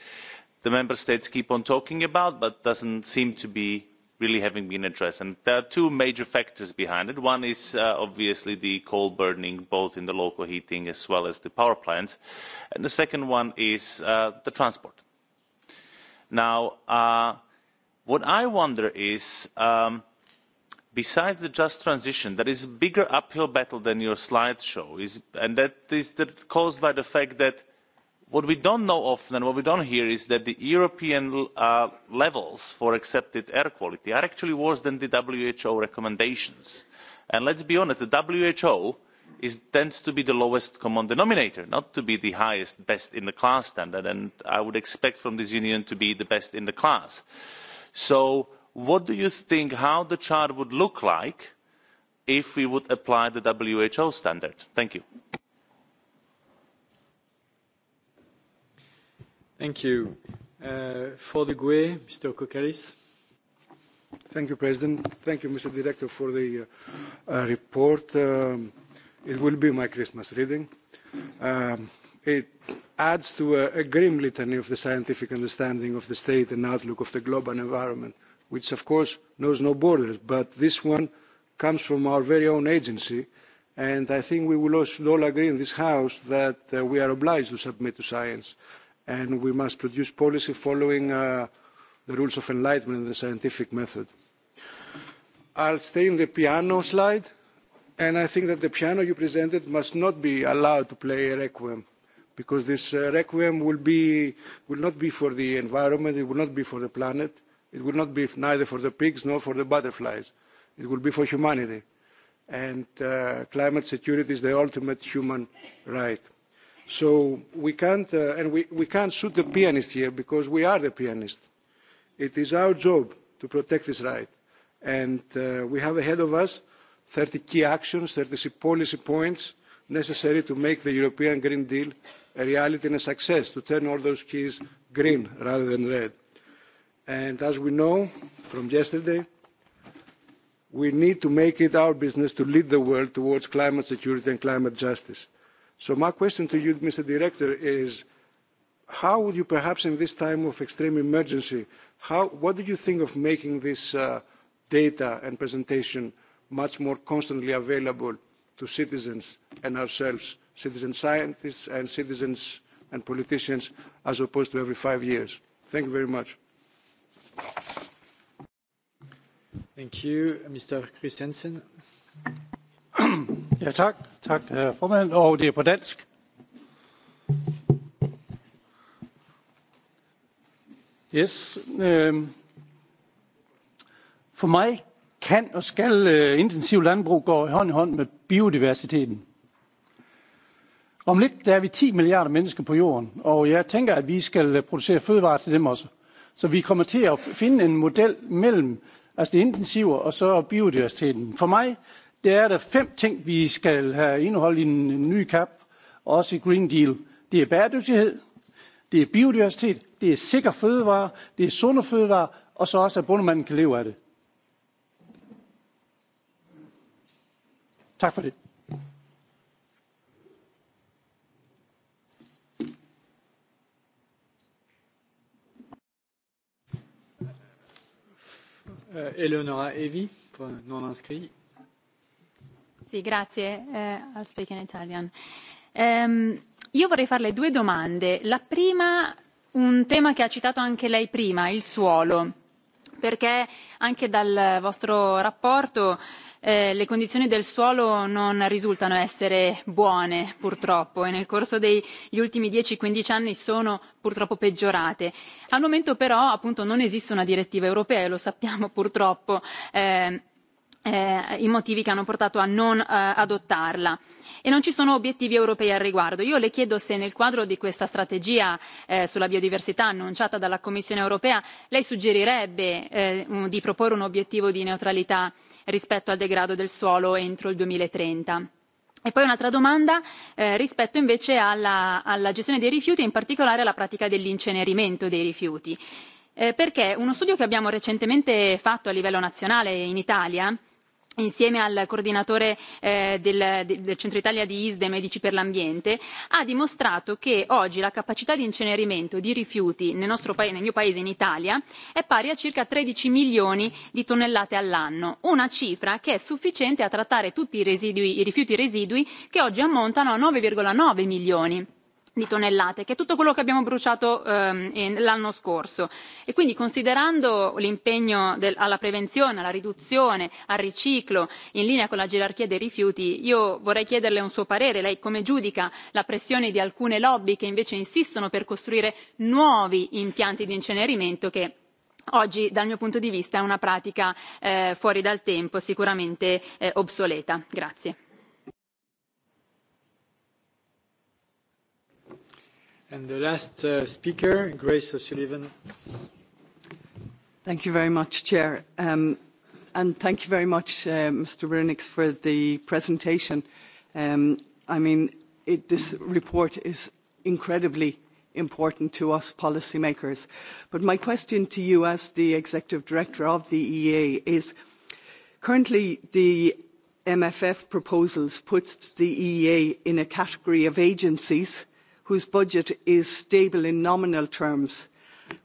the member states keep on talking about but doesn't seem to be really having been addressed. And there are two major factors behind it. One is uh, obviously the coal burning, both in the local heating as well as the power plants. And the second one is uh, the transport. Now, uh, what I wonder is um, – besides the just transition there is a bigger uphill battle than your slides show and that is caused by the fact that what we don't know often and what we don't hear is that the european uh, levels for accepted air quality are actually worse than the who recommendations and let's be honest the who is, tends to be the lowest common denominator not to be the highest best in the class standard and i would expect from this union to be the best in the class so what do you think how the chart would look like if we would apply the who standard? thank you. Thank you. Uh, for the GUE, Mr. Kokaris. Thank you, President. Thank you, Mr. Director, for the uh, uh, report. Um, it will be my Christmas reading. Um, it adds to a, uh, a grim litany of the scientific understanding of the state and outlook of the global environment uh, which of course knows no borders, but this one comes from our very own agency, and I think we will also all agree in this House that uh, we are obliged to submit to science, and we must produce policy following uh, the rules of enlightenment and the scientific method. I'll stay in the piano slide, and I think that the piano you presented must not be allowed to play a requiem because this uh, requiem will, be, will not be for the environment, it will not be for the planet, uh, It will not be neither for the pigs nor for the butterflies. It will be for humanity. And uh, climate security is the ultimate human right. So we can't, uh, and we, we can't shoot the pianist here because we are the pianist. It is our job to protect this right. And uh, we have ahead of us 30 key actions, 30 policy points necessary to make the European Green Deal a reality and a success, to turn all those keys green rather than red. And as we know from yesterday, we need to make it our business to lead the world towards climate security and climate justice. So my question to you, Mr. Director, is how would you perhaps in this time of extreme emergency, how, what do you think of making this uh, data and presentation much more constantly available to citizens and ourselves, citizen scientists and citizens and politicians, as opposed to every five years? Thank you very much. Thank you. Mr. Christensen. Ja, tak. Tak, herre formand. Og det er på dansk. Yes. Øh, for mig kan og skal øh, intensiv landbrug gå hånd i hånd med biodiversiteten. Om lidt der er vi 10 milliarder mennesker på jorden, og jeg tænker, at vi skal øh, producere fødevarer til dem også. Så vi kommer til at finde en model mellem altså det intensive er og så biodiversiteten. For mig der er der fem ting, vi skal have indeholdt i en ny kap, også i Green Deal. Det er bæredygtighed, det er biodiversitet, det er sikker fødevare, det er sunde fødevare, og så også, at bondemanden kan leve af det. Tak for det. Eh, Eleonora Evi, non inscrit. Sì, grazie. Eh, I'll speak in Italian. Um, io vorrei farle due domande. La prima, un tema che ha citato anche lei prima, il suolo, perché anche dal vostro rapporto eh, eh, le condizioni del suolo non risultano essere buone purtroppo e nel corso degli ultimi 10-15 anni sono purtroppo peggiorate. Al momento però appunto non esiste una direttiva europea e lo sappiamo purtroppo eh, eh, i motivi che hanno portato a non eh, adottarla. Eh, e non ci sono obiettivi europei al riguardo. io le chiedo se nel quadro di questa strategia eh, sulla biodiversità annunciata dalla commissione europea lei suggerirebbe eh, di proporre un obiettivo di neutralità rispetto al degrado del suolo entro il. duemilatrenta e poi un'altra domanda eh, rispetto invece alla, alla gestione dei rifiuti e in particolare alla pratica dell'incenerimento dei rifiuti eh, perché uno studio che abbiamo recentemente fatto a livello nazionale in italia insieme al coordinatore eh, del, del Centro Italia di ISDE Medici per l'Ambiente, ha dimostrato che oggi la capacità di incenerimento di rifiuti nel, nostro paese, nel mio paese, in Italia, è pari a circa 13 milioni di tonnellate all'anno, una cifra che è sufficiente a trattare tutti i, residui, i rifiuti residui che oggi ammontano a 9,9 milioni di tonnellate, che è tutto quello che abbiamo bruciato ehm, l'anno scorso. E quindi considerando l'impegno del, alla prevenzione, alla riduzione, al riciclo, in linea con la gerarchia dei rifiuti, io vorrei chiederle un suo parere. Lei come giudica la pressione di alcune lobby che invece insistono per costruire nuovi impianti di incenerimento che oggi dal mio punto di vista è una pratica eh, fuori dal tempo, sicuramente eh, obsoleta. Grazie. And the last uh, speaker, Grace O'Sullivan. Thank you very much, Chair. Um, and thank you very much, uh, Mr. Brunix, for the presentation. Um, I mean, it, this report is incredibly important to us policymakers. But my question to you as the Executive Director of the EEA is, currently the MFF proposals puts the EEA in a category of agencies – whose budget is stable in nominal terms,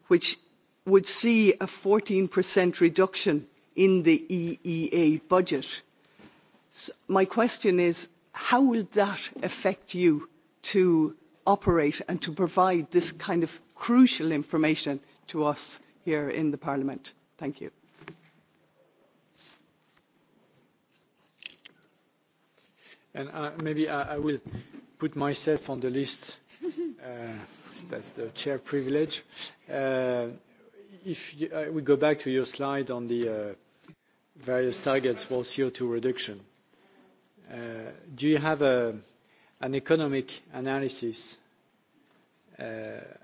which would see a 14% reduction in the EEA budget. So my question is, how will that affect you to operate and to provide this kind of crucial information to us here in the Parliament? Thank you. And uh, maybe I, I will put myself on the list Uh, that's the chair privilege. Uh, if you, uh, we go back to your slide on the various targets for CO2 reduction, do you have a, an economic analysis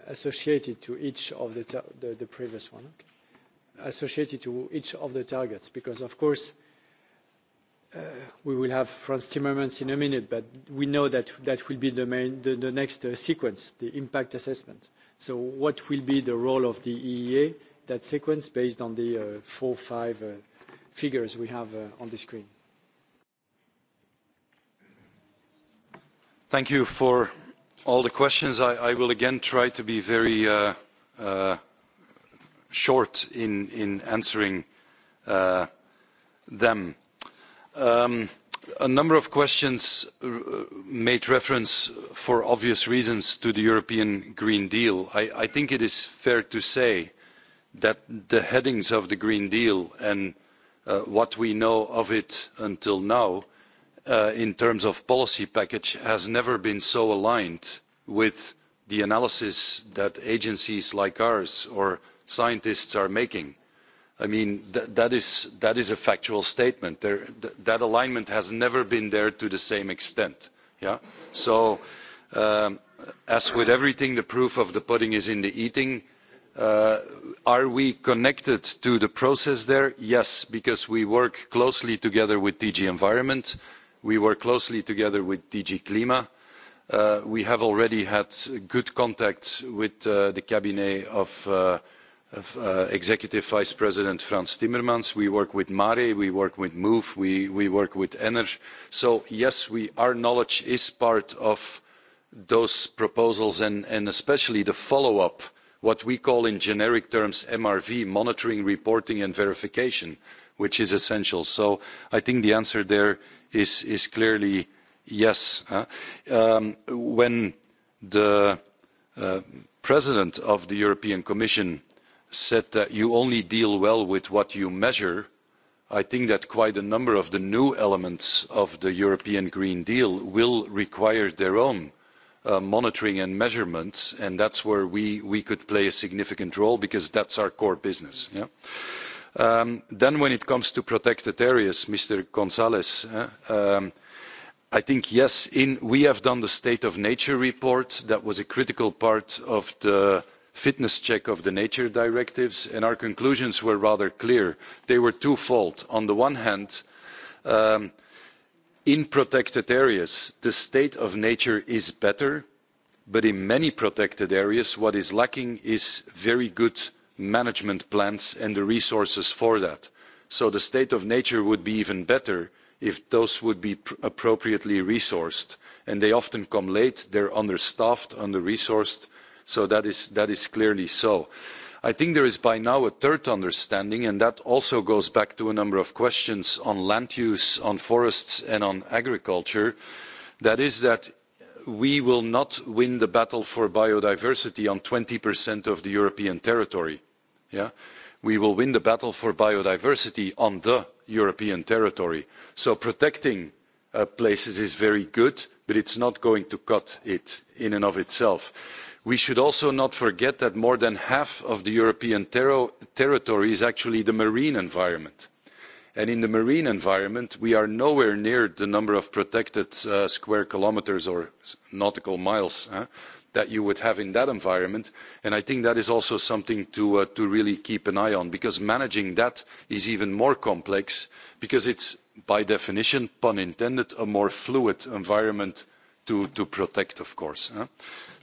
associated to each of the, the, the previous one? Okay associated to each of the targets? Because, of course, Uh, we will have Frans Timmermans in a minute, but we know that that will be the, main, the, the next uh, sequence, the impact assessment. So what will be the role of the EEA, that sequence, based on the uh, four, five uh, figures we have uh, on the screen? Thank you for all the questions. I, I will again try to be very uh, short in, in answering them. Um, a number of questions uh, made reference, for obvious reasons, to the European Green Deal. I, I think it is fair to say that the headings of the Green Deal and uh, what we know of it until now, uh, in terms of policy package, has never been so aligned with the analysis that agencies like ours or scientists are making. I mean, th that, is, that is a factual statement. There, th that alignment has never been there to the same extent. Yeah? So, um, as with everything, the proof of the pudding is in the eating. Uh, are we connected to the process there? Yes, because we work closely together with DG Environment. We work closely together with DG Klima. Uh, we have already had good contacts with uh, the cabinet of uh, of, uh, Executive Vice President Frans Timmermans. We work with Mare, we work with MOVE, we, we work with Ener. So yes, we, our knowledge is part of those proposals and, and especially the follow-up, what we call in generic terms MRV, monitoring, reporting and verification, which is essential. So I think the answer there is, is clearly yes. Huh? Um, when the uh, President of the European Commission said that you only deal well with what you measure, I think that quite a number of the new elements of the European Green Deal will require their own uh, monitoring and measurements, and that's where we, we could play a significant role because that's our core business. Yeah? Um, then when it comes to protected areas, Mr. González, uh, eh, um, I think, yes, in, we have done the State of Nature report. That was a critical part of the fitness check of the nature directives, and our conclusions were rather clear. They were twofold. On the one hand, um, in protected areas, the state of nature is better, but in many protected areas, what is lacking is very good management plans and the resources for that. So the state of nature would be even better if those would be pr appropriately resourced. And they often come late, they're understaffed, under-resourced, So that is, that is clearly so. I think there is by now a third understanding, and that also goes back to a number of questions on land use, on forests, and on agriculture. That is that we will not win the battle for biodiversity on 20% of the European territory. Yeah? We will win the battle for biodiversity on the European territory. So protecting uh, places is very good, but it's not going to cut it in and of itself we should also not forget that more than half of the european territory is actually the marine environment and in the marine environment we are nowhere near the number of protected uh, square kilometres or nautical miles eh, that you would have in that environment and i think that is also something to uh, to really keep an eye on because managing that is even more complex because it's by definition pun intended a more fluid environment to to protect of course eh?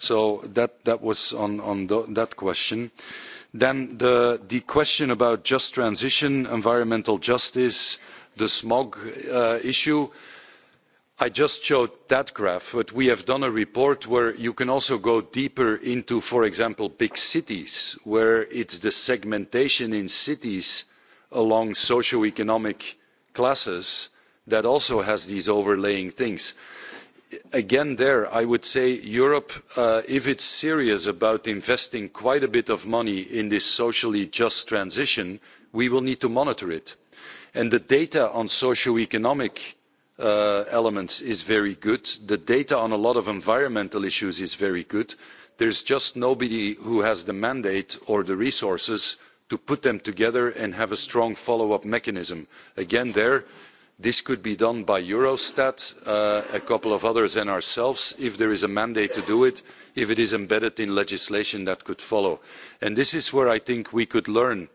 So that, that was on, on the, that question. Then the, the question about just transition, environmental justice, the smog uh, issue. I just showed that graph, but we have done a report where you can also go deeper into, for example, big cities, where it's the segmentation in cities along socioeconomic classes that also has these overlaying things again there i would say europe uh, if it's serious about investing quite a bit of money in this socially just transition we will need to monitor it and the data on socio-economic uh, elements is very good the data on a lot of environmental issues is very good there's just nobody who has the mandate or the resources to put them together and have a strong follow-up mechanism again there This could be done by Eurostat, uh, a couple of others, and ourselves if there is a mandate to do it, if it is embedded in legislation that could follow. And this is where I think we could learn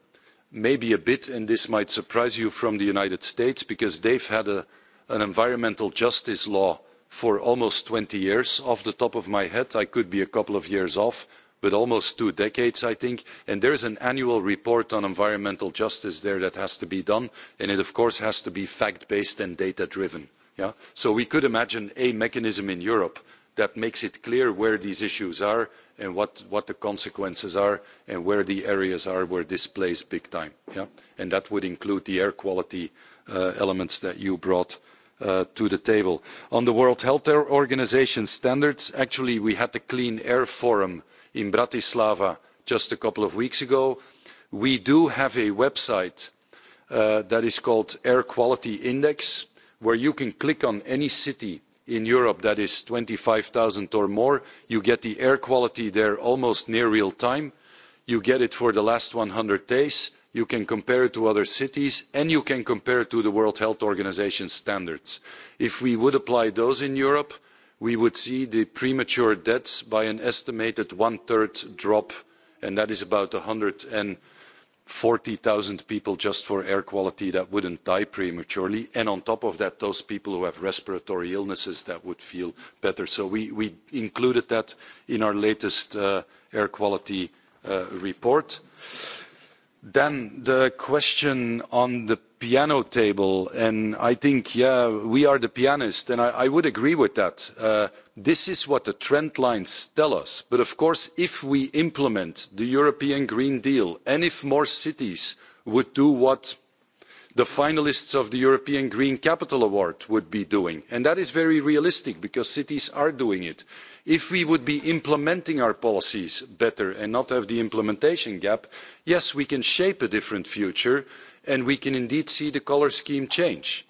maybe a bit, and this might surprise you from the United States, because they've had a, an environmental justice law for almost 20 years. Off the top of my head, I could be a couple of years off, but almost two decades, I think. And there is an annual report on environmental justice there that has to be done, and it, of course, has to be fact-based and data-driven. Yeah? So we could imagine a mechanism in Europe that makes it clear where these issues are and what, what the consequences are and where the areas are where this plays big time. Yeah? And that would include the air quality uh, elements that you brought uh, to the table. On the World Health Organization standards, actually, we had the Clean Air Forum uh, in Bratislava just a couple of weeks ago. We do have a website uh, that is called Air Quality Index, where you can click on any city in Europe that is 25,000 or more. You get the air quality there almost near real time. You get it for the last 100 days. You can compare it to other cities, and you can compare it to the World Health Organization standards. If we would apply those in Europe, we would see the premature deaths by an estimated one-third drop, and that is about 140,000 people just for air quality that wouldn't die prematurely. And on top of that, those people who have respiratory illnesses that would feel better. So we, we included that in our latest uh, air quality uh, report. Then the question on the piano table, and I think, yeah, we are the pianist, and I, I would agree with that. Uh, this is what the trend lines tell us. But of course, if we implement the European Green Deal, and if more cities would do what the finalists of the European Green Capital Award would be doing, and that is very realistic because cities are doing it, if we would be implementing our policies better and not have the implementation gap, yes, we can shape a different future and we can indeed see the color scheme change.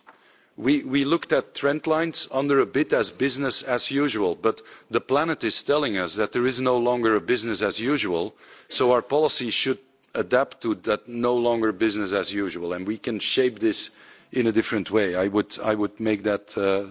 We, we looked at trend lines under a bit as business as usual, but the planet is telling us that there is no longer a business as usual, so our policy should adapt to that no longer business as usual, and we can shape this in a different way. I would, I would make that, uh,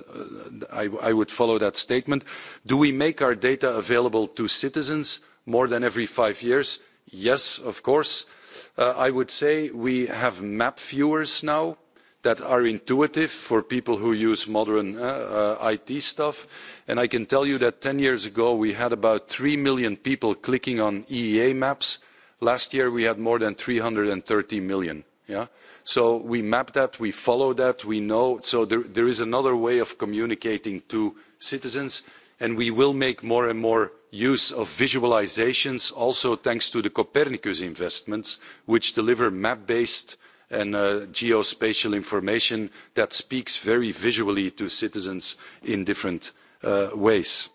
uh I, I would follow that statement. Do we make our data available to citizens more than every five years? Yes, of course. Uh, Uh, I would say we have map viewers now that are intuitive for people who use modern uh, uh, IT stuff. And I can tell you that 10 years ago, we had about 3 million people clicking on EEA maps. Last year, we had more than 330 million. Yeah? So we map that, we follow that, we know. So there, there is another way of communicating to citizens, and we will make more and more use of visualizations also thanks to the Copernicus investments, which deliver map-based and uh, geospatial information that speaks very visually to citizens in different uh, ways.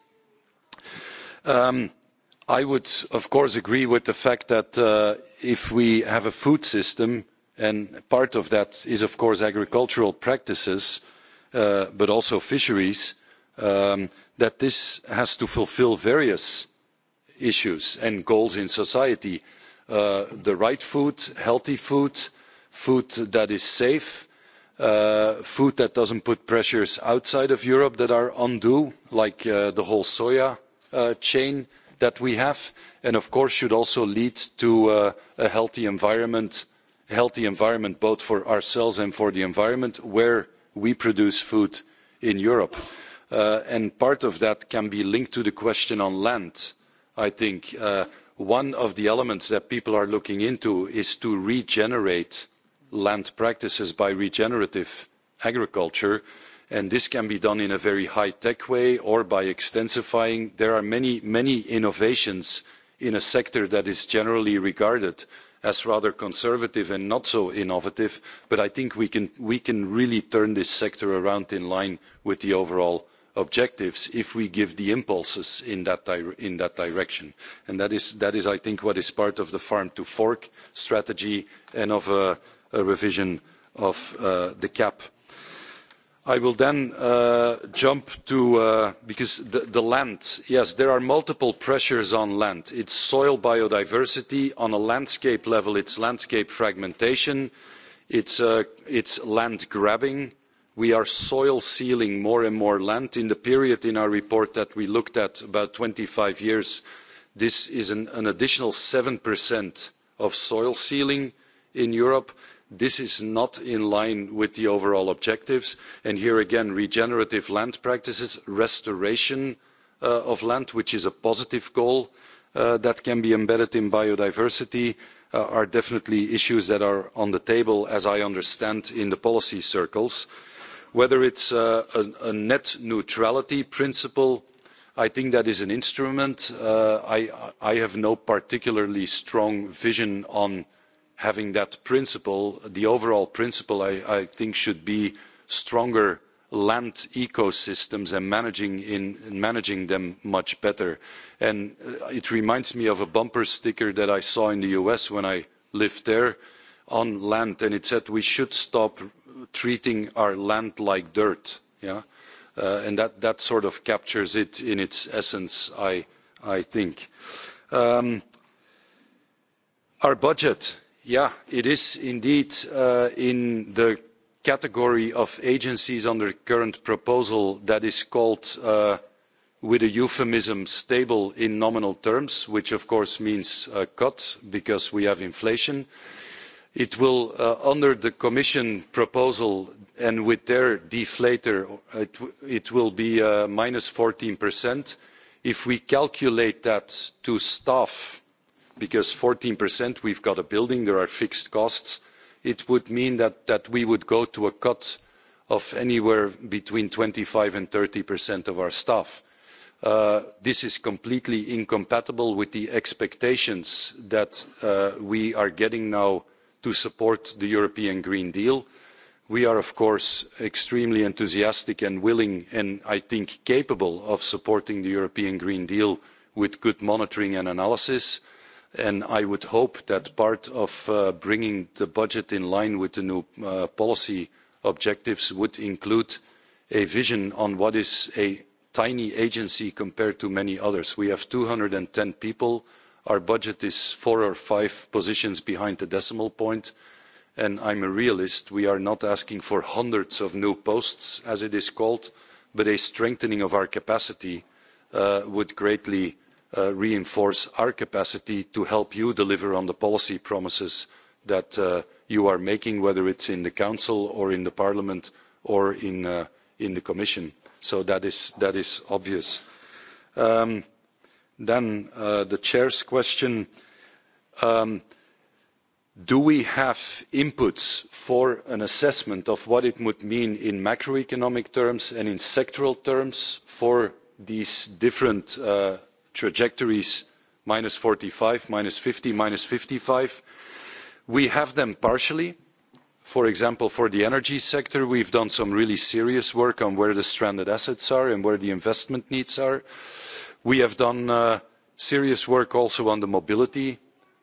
Um, I would, of course, agree with the fact that uh, if we have a food system, and part of that is, of course, agricultural practices, uh, but also fisheries, um, that this has to fulfill various issues and goals in society. Uh, the right food, healthy food, food that is safe, uh, food that doesn't put pressures outside of Europe that are undue, like uh, the whole soya uh, chain that we have, and of course should also lead to uh, a healthy environment, healthy environment both for ourselves and for the environment where we produce food in Europe. Uh, Uh, and part of that can be linked to the question on land, I think. Uh, one of the elements that people are looking into is to regenerate land practices by regenerative agriculture, and this can be done in a very high-tech way or by extensifying. There are many, many innovations in a sector that is generally regarded as rather conservative and not so innovative, but I think we can, we can really turn this sector around in line with the overall objectives if we give the impulses in that, di in that direction. And that is, that is, I think, what is part of the Farm to Fork strategy and of a, a revision of uh, the CAP. I will then uh, jump to, uh, because the, the land, yes, there are multiple pressures on land. It's soil biodiversity. On a landscape level, it's landscape fragmentation. It's, uh, it's land grabbing we are soil sealing more and more land. In the period in our report that we looked at, about 25 years, this is an, an additional 7% of soil sealing in Europe. This is not in line with the overall objectives. And here again, regenerative land practices, restoration uh, of land, which is a positive goal uh, that can be embedded in biodiversity, uh, are definitely issues that are on the table, as I understand, in the policy circles. Uh, whether it's uh, a, a net neutrality principle, I think that is an instrument. Uh, I, I have no particularly strong vision on having that principle. The overall principle, I, I think, should be stronger land ecosystems and managing, in, managing them much better. And uh, it reminds me of a bumper sticker that I saw in the US when I lived there on land, and it said we should stop treating our land like dirt. Yeah? Uh, and that, that sort of captures it in its essence, I, I think. Um, our budget, yeah, it is indeed uh, in the category of agencies under current proposal that is called, uh, with a euphemism, stable in nominal terms, which of course means cut because we have inflation. It will, uh, under the Commission proposal and with their deflator, it, it will be uh, minus 14%. If we calculate that to staff, because 14%, we've got a building, there are fixed costs, it would mean that, that we would go to a cut of anywhere between 25% and 30% of our staff. Uh, this is completely incompatible with the expectations that uh, we are getting now to support the European Green Deal. We are, of course, extremely enthusiastic and willing, and I think capable of supporting the European Green Deal with good monitoring and analysis. And I would hope that part of uh, bringing the budget in line with the new uh, policy objectives would include a vision on what is a tiny agency compared to many others. We have 210 people. Our budget is four or five positions behind the decimal point, and I'm a realist. We are not asking for hundreds of new posts, as it is called, but a strengthening of our capacity uh, would greatly uh, reinforce our capacity to help you deliver on the policy promises that uh, you are making, whether it's in the Council or in the Parliament or in the Commission. So that is obvious. Um, Then uh, the chair's question, um, do we have inputs for an assessment of what it would mean in macroeconomic terms and in sectoral terms for these different uh, trajectories, -45, -50, -55? We have them partially. For example, for the energy sector, we've done some really serious work on where the stranded assets are and where the investment needs are. Uh, We have done uh, serious work also on the mobility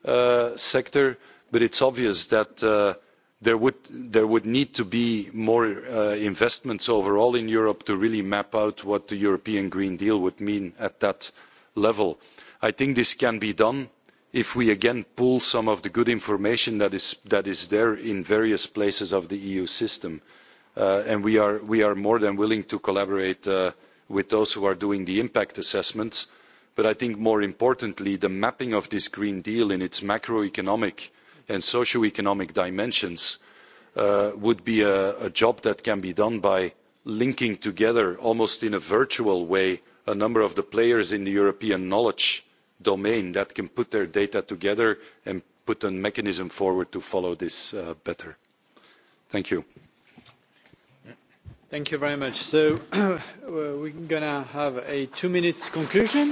uh, sector, but it's obvious that uh, there, would, there would need to be more uh, investments overall in Europe to really map out what the European Green Deal would mean at that level. I think this can be done if we again pool some of the good information that is, that is there in various places of the EU system. Uh, and we are, we are more than willing to collaborate uh, with those who are doing the impact assessments. But I think more importantly, the mapping of this Green Deal in its macroeconomic and socioeconomic dimensions uh, would be a, a job that can be done by linking together, almost in a virtual way, a number of the players in the European knowledge domain that can put their data together and put a mechanism forward to follow this uh, better. Thank you. Thank you very much. So uh, we're going to have a two minutes conclusion.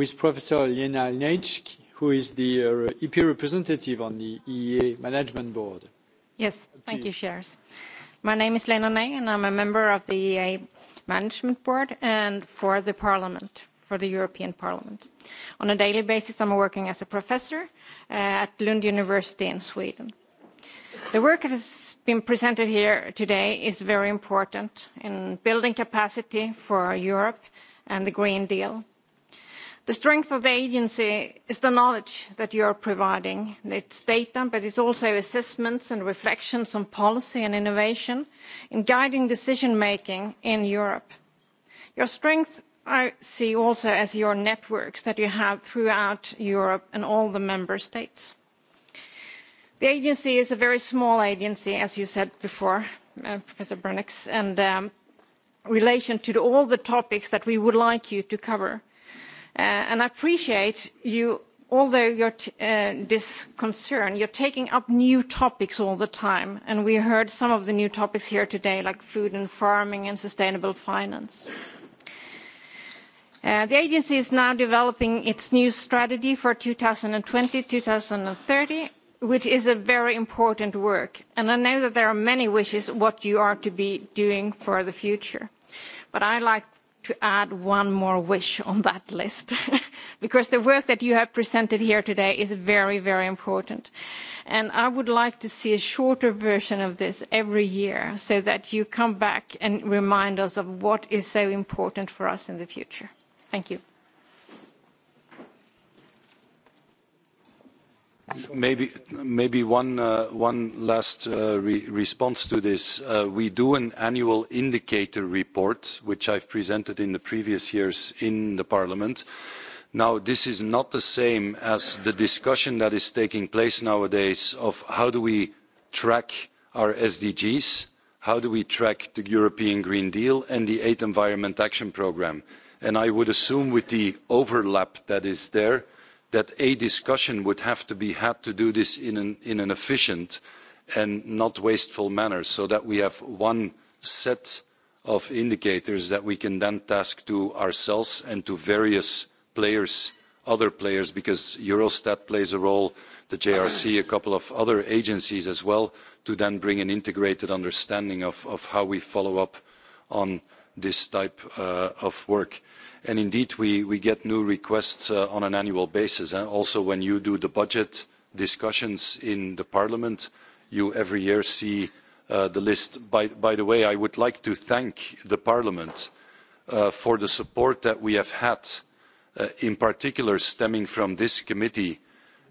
with Professor Lena Nejc, who is the uh, EP representative on the EEA Management Board. Yes, thank you, Shares. My name is Lena Nejc, and I'm a member of the EEA Management Board and for the Parliament for the European Parliament. On a daily basis, I'm working as a professor uh, at Lund University in Sweden. The work that has been presented here today is very important in building capacity for Europe and the Green Deal. The strength of the agency is the knowledge that you are providing. It's data, but it's also assessments and reflections on policy and innovation in guiding decision-making in Europe. Your strength I see also as your networks that you have throughout Europe and all the member states. The agency is a very small agency, as you said before, uh, Professor Bernix, and um, relation to the, all the topics that we would like you to cover. Uh, and I appreciate you, although your t uh, this concern, you're taking up new topics all the time, and we heard some of the new topics here today, like food and farming and sustainable finance. Uh, Uh, the agency is now developing its new strategy for 2020-2030, which is a very important work. And I know that there are many wishes what you are to be doing for the future. But I'd like to add one more wish on that list, because the work that you have presented here today is very, very important. And I would like to see a shorter version of this every year so that you come back and remind us of what is so important for us in the future. Thank you. Maybe, maybe one, uh, one last uh, re response to this. Uh, we do an annual indicator report, which I've presented in the previous years in the parliament. Now, this is not the same as the discussion that is taking place nowadays of how do we track our SDGs, how do we track the European Green Deal and the Eighth Environment Action Programme and I would assume with the overlap that is there, that a discussion would have to be had to do this in an, in an efficient and not wasteful manner so that we have one set of indicators that we can then task to ourselves and to various players, other players, because Eurostat plays a role, the JRC, a couple of other agencies as well, to then bring an integrated understanding of, of how we follow up on this type uh, of work. And indeed, we, we get new requests uh, on an annual basis. Eh? Also, when you do the budget discussions in the parliament, you every year see uh, the list. By, by the way, I would like to thank the parliament uh, for the support that we have had, uh, in particular stemming from this committee,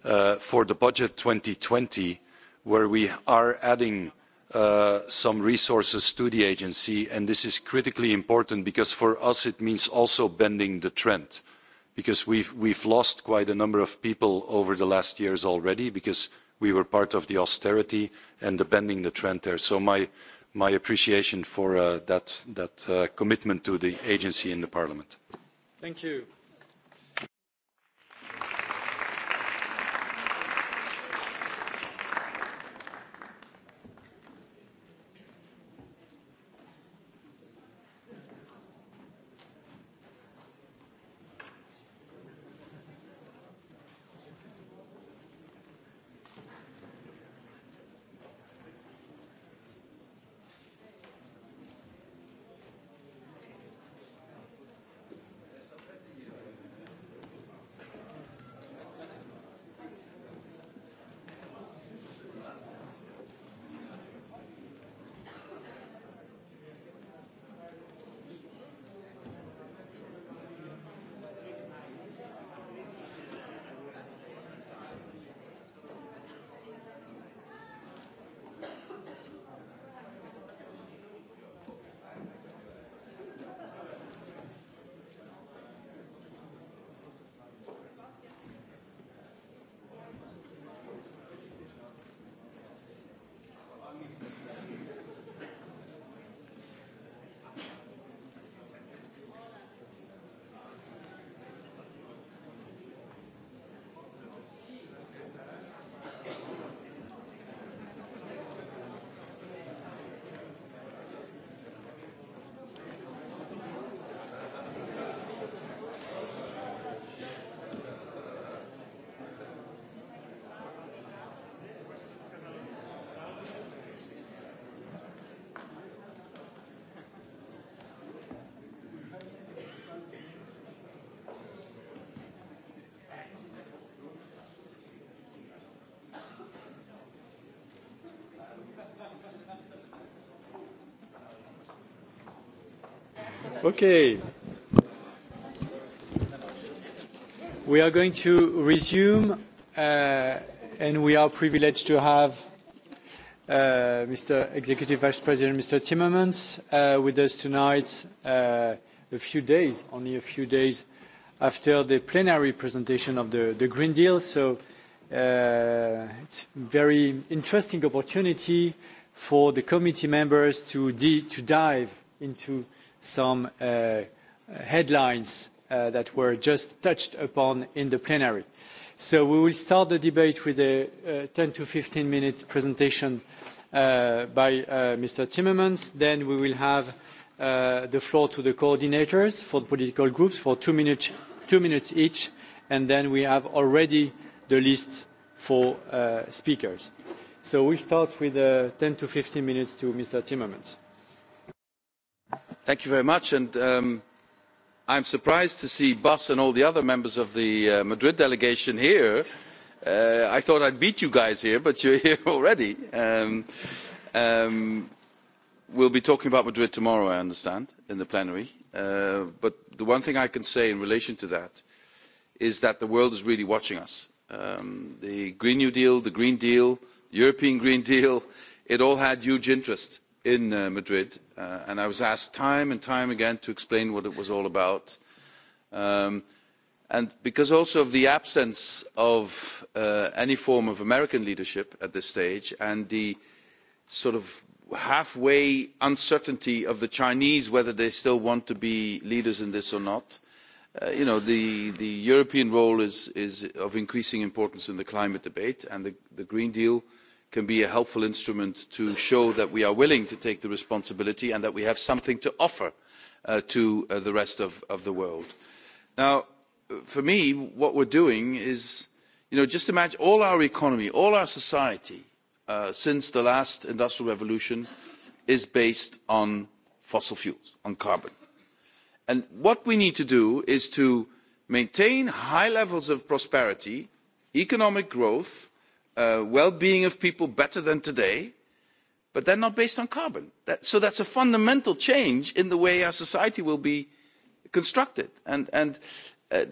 uh, for the budget 2020, where we are adding uh, some resources to the agency. And this is critically important because for us it means also bending the trend because we've, we've lost quite a number of people over the last years already because we were part of the austerity and the bending the trend there. So my, my appreciation for uh, that, that uh, commitment to the agency in the parliament. Thank you. Okay. We are going to resume, uh, and we are privileged to have uh, Mr. Executive Vice President, Mr. Timmermans, uh, with us tonight, uh, a few days, only a few days after the plenary presentation of the, the Green Deal. So, uh, it's very interesting opportunity for the committee members to, to dive into some uh, headlines uh, that were just touched upon in the plenary. So we will start the debate with a uh, 10 to 15 minute presentation uh, by uh, Mr. Timmermans. Then we will have uh, the floor to the coordinators for the political groups for two, minute, two minutes each. And then we have already the list for uh, speakers. So we'll start with uh, 10 to 15 minutes to Mr. Timmermans thank you very much and um, i'm surprised to see bas and all the other members of the uh, madrid delegation here uh, i thought i'd beat you guys here but you're here already um, um, we'll be talking about madrid tomorrow i understand in the plenary uh, but the one thing i can say in relation to that is that the world is really watching us um, the green new deal the green deal the european green deal it all had huge interest in uh, Madrid, uh, and I was asked time and time again to explain what it was all about. Um, and because also of the absence of uh, any form of American leadership at this stage and the sort of halfway uncertainty of the Chinese whether they still want to be leaders in this or not, uh, you know, the, the European role is, is of increasing importance in the climate debate and the, the Green Deal uh, can be a helpful instrument to show that we are willing to take the responsibility and that we have something to offer uh, to uh, the rest of, of the world. Now, for me, what we're doing is, you know, just imagine all our economy, all our society uh, since the last industrial revolution is based on fossil fuels, on carbon. And what we need to do is to maintain high levels of prosperity, economic growth, uh, well-being of people better than today, but they're not based on carbon. That, so that's a fundamental change in the way our society will be constructed. And, and uh,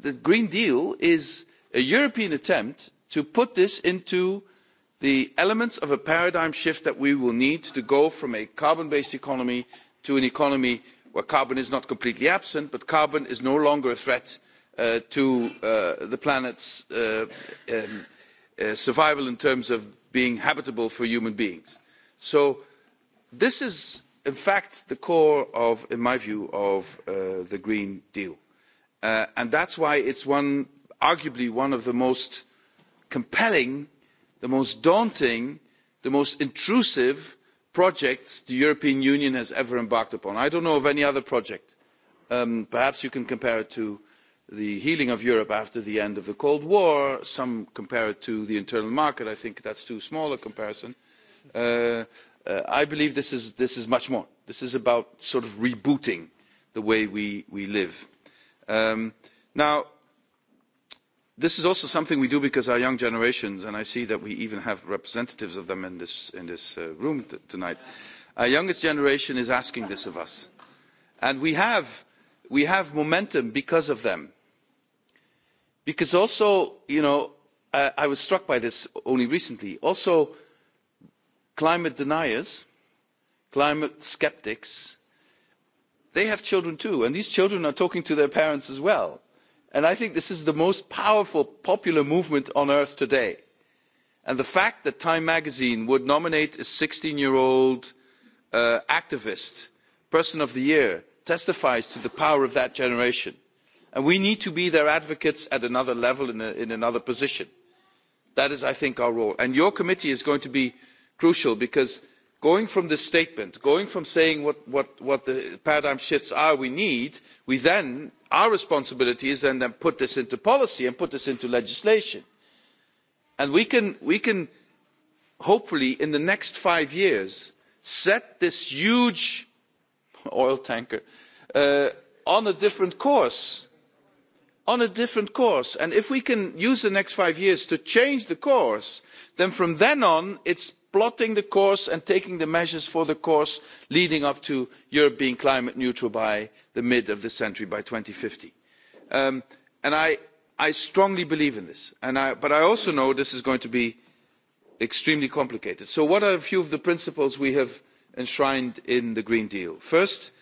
the Green Deal is a European attempt to put this into the elements of a paradigm shift that we will need to go from a carbon-based economy to an economy where carbon is not completely absent, but carbon is no longer a threat uh, to uh, the planet's uh, um, uh, survival in terms of being habitable for human beings. So this is, in fact, the core of, in my view, of uh, the Green Deal. Uh, and that's why it's one, arguably one of the most compelling, the most daunting, the most intrusive projects the European Union has ever embarked upon. I don't know of any other project. Um, perhaps you can compare it to the healing of Europe after the end of the Cold War. Some compare it to the internal market. I think that's too small a comparison. Uh, uh, I believe this is, this is much more. This is about sort of rebooting the way we, we live. Um, now, this is also something we do because our young generations, and I see that we even have representatives of them in this, in this uh, room t- tonight, our youngest generation is asking this of us. And we have, we have momentum because of them because also, you know, uh, I was struck by this only recently. Also, climate deniers, climate skeptics, they have children too, and these children are talking to their parents as well. And I think this is the most powerful popular movement on earth today. And the fact that Time magazine would nominate a 16 year old uh, activist, person of the year, testifies to the power of that generation and we need to be their advocates at another level in, a, in another position. that is i think our role and your committee is going to be crucial because going from this statement going from saying what, what, what the paradigm shifts are we need we then our responsibility is then to put this into policy and put this into legislation and we can we can hopefully in the next five years set this huge oil tanker uh, on a different course on a different course and if we can use the next five years to change the course then from then on it is plotting the course and taking the measures for the course leading up to europe being climate neutral by the mid of the century by two thousand and fifty um, and I, i strongly believe in this and I, but i also know this is going to be extremely complicated. so what are a few of the principles we have enshrined in the green deal? first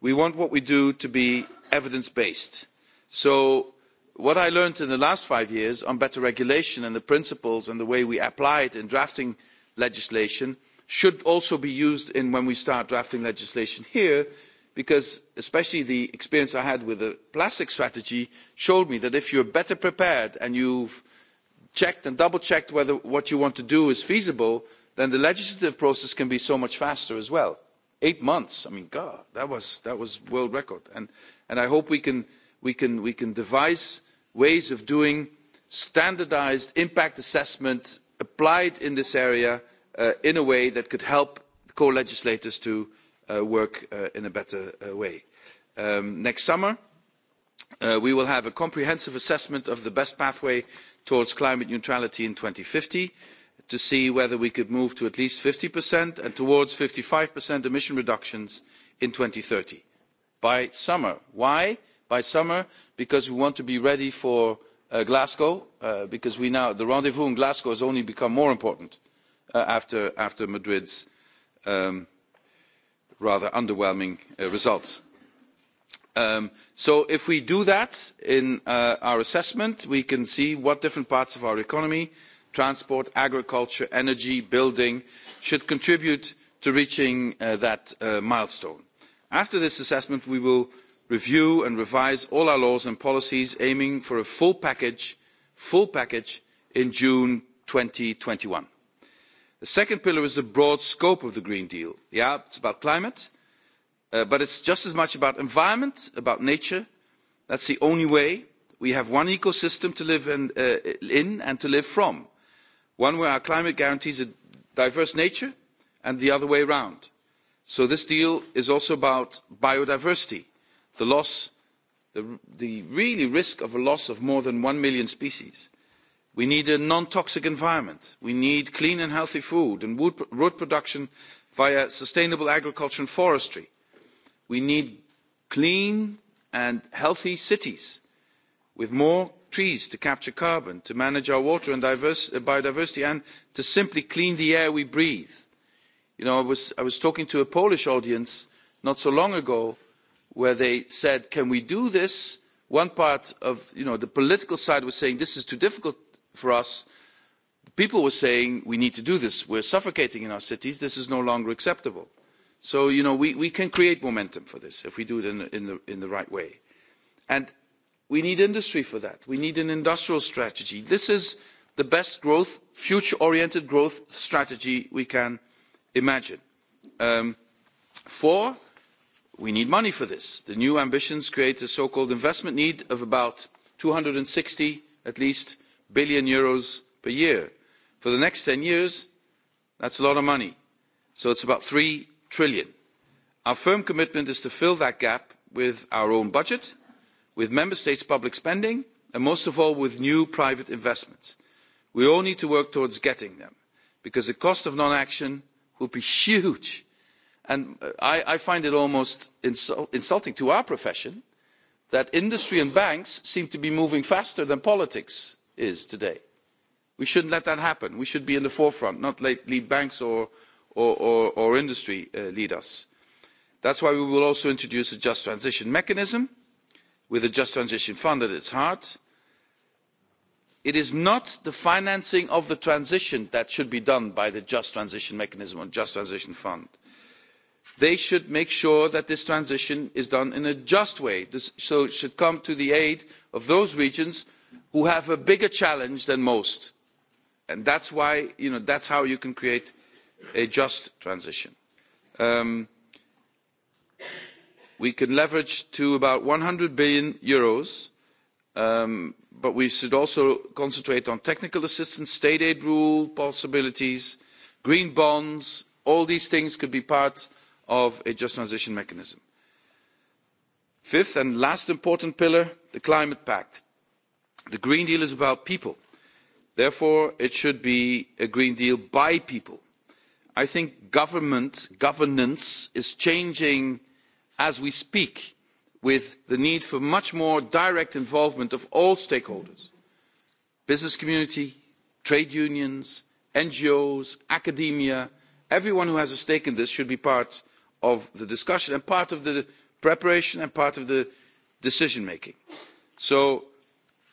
we want what we do to be evidence based so what i learned in the last five years on better regulation and the principles and the way we apply it in drafting legislation should also be used in when we start drafting legislation here because especially the experience i had with the plastic strategy showed me that if you're better prepared and you've checked and double checked whether what you want to do is feasible then the legislative process can be so much faster as well eight months i mean god that was that was world record and and i hope we can we can we can devise ways of doing standardised impact assessment applied in this area uh, in a way that could help co-legislators to uh, work uh, in a better uh, way. Um, next summer, uh, we will have a comprehensive assessment of the best pathway towards climate neutrality in 2050 to see whether we could move to at least 50% and towards 55% emission reductions in 2030 by summer. Why? Why? by summer because we want to be ready for uh, Glasgow, uh, because we now, the rendezvous in Glasgow has only become more important uh, after, after Madrid's um, rather underwhelming uh, results. Um, so if we do that in uh, our assessment, we can see what different parts of our economy, transport, agriculture, energy, building, should contribute to reaching uh, that uh, milestone. After this assessment, we will uh, review and revise all our laws and policies aiming for a full package, full package in June 2021. The second pillar is the broad scope of the Green Deal. Yeah, it's about climate, uh, but it's just as much about environment, about nature. That's the only way. We have one ecosystem to live in, uh, in and to live from. One where our climate guarantees a diverse nature and the other way around. So this deal is also about biodiversity the loss, the, the really risk of a loss of more than 1 million species. We need a non-toxic environment. We need clean and healthy food and wood, wood production via sustainable agriculture and forestry. We need clean and healthy cities with more trees to capture carbon, to manage our water and diverse, uh, biodiversity, and to simply clean the air we breathe. You know, I was, I was talking to a Polish audience not so long ago where they said, can we do this? One part of you know, the political side was saying, this is too difficult for us. People were saying, we need to do this. We're suffocating in our cities. This is no longer acceptable. So, you know, we, we can create momentum for this if we do it in, in, the, in the right way. And we need industry for that. We need an industrial strategy. This is the best growth, future-oriented growth strategy we can imagine. Um, four, we need money for this. the new ambitions create a so called investment need of about eur two hundred and sixty at least billion euros per year. for the next ten years that's a lot of money so it's about three trillion. our firm commitment is to fill that gap with our own budget with member states' public spending and most of all with new private investments. we all need to work towards getting them because the cost of non action will be huge and uh, I, I find it almost insult, insulting to our profession that industry and banks seem to be moving faster than politics is today. We shouldn't let that happen. We should be in the forefront, not let, lead banks or, or, or, or industry uh, lead us. That's why we will also introduce a just transition mechanism with a just transition fund at its heart. It is not the financing of the transition that should be done by the just transition mechanism or just transition fund. Uh, they should make sure that this transition is done in a just way this, so it should come to the aid of those regions who have a bigger challenge than most and that's why you know that's how you can create a just transition um, we can leverage to about 100 billion euros um, but we should also concentrate on technical assistance state aid rule possibilities green bonds all these things could be part of of a just transition mechanism. Fifth and last important pillar, the climate pact. The Green Deal is about people. Therefore, it should be a Green Deal by people. I think government governance is changing as we speak with the need for much more direct involvement of all stakeholders. Business community, trade unions, NGOs, academia, everyone who has a stake in this should be part of the discussion and part of the preparation and part of the decision making. So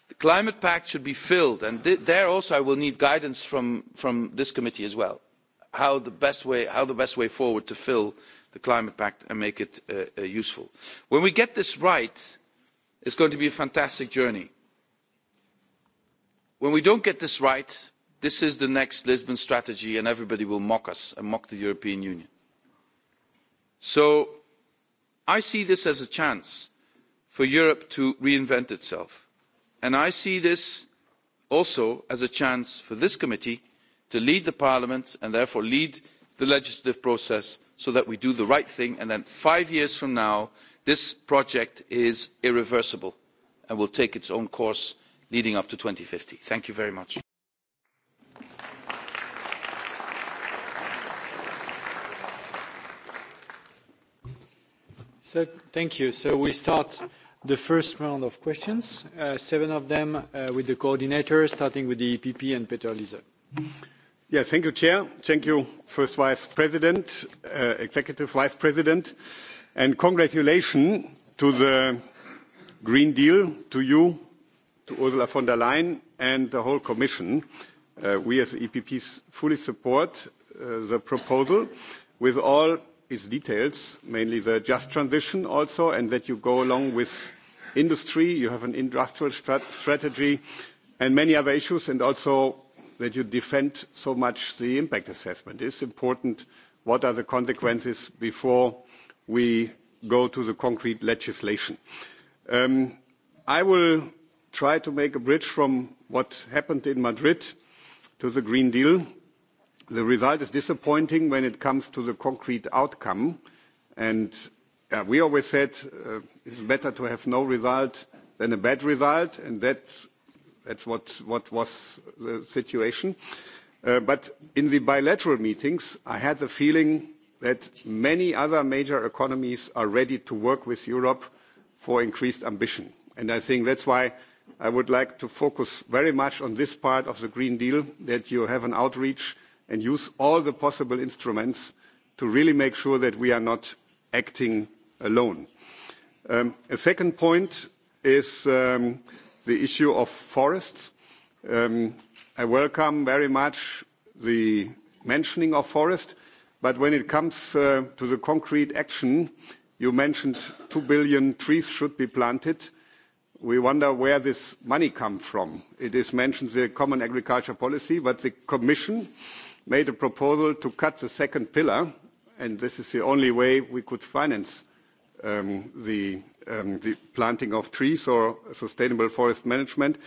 the climate pact should be filled, and th there also I will need guidance from, from this committee as well, how the, best way, how the best way forward to fill the climate pact and make it uh, uh, useful. When we get this right, it's going to be a fantastic journey. When we don't get this right, this is the next Lisbon strategy and everybody will mock us and mock the European Union so i see this as a chance for europe to reinvent itself and i see this also as a chance for this committee to lead parliament and therefore lead the legislative process so that we do the right thing and then five years from now this project is irreversible and will take its own course leading up to. two thousand and fifty thank you very much. So, thank you. So we start the first round of questions, uh, seven of them uh, with the coordinator, starting with the EPP and Peter Liese. Yeah, thank you, Chair. Thank you, First Vice President, uh, Executive Vice President, and congratulations to the Green Deal, to you, to Ursula von der Leyen, and the whole Commission. Uh, we as EPPs fully support uh, the proposal with all its details, mainly the just transition also, and that you go along with industry, you have an industrial strat strategy, and many other issues, and also that you defend so much the impact assessment. It's important what are the consequences before we go to the concrete legislation. Um, I will try to make a bridge from what happened in Madrid to the Green Deal The result is disappointing when it comes to the concrete outcome. And uh, we always said uh, it's better to have no result than a bad result, and that's, that's what, what was the situation. Uh, but in the bilateral meetings, I had the feeling that many other major economies are ready to work with Europe for increased ambition. And I think that's why I would like to focus very much on this part of the Green Deal, that you have an outreach and use all the possible instruments to really make sure that we are not acting alone. Um, a second point is um, the issue of forests. Um, I welcome very much the mentioning of forest, but when it comes uh, to the concrete action, you mentioned 2 billion trees should be planted. We wonder where this money come from. It is mentioned the Common Agriculture Policy, but the Commission uh, made a proposal to cut the second pillar, and this is the only way we could finance um, the, um, the planting of trees or sustainable forest management.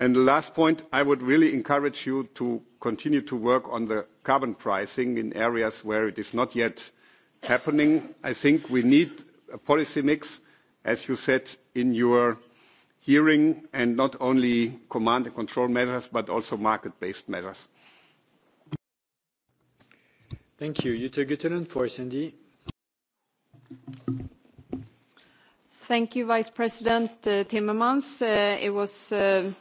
And the last point, I would really encourage you to continue to work on the carbon pricing in areas where it is not yet happening. I think we need a policy mix, as you said in your hearing, and not only command and control measures, but also market-based measures. Thank you. Jutta Guttunen for SND. Thank you, Vice President uh, Timmermans. Uh, it was, uh,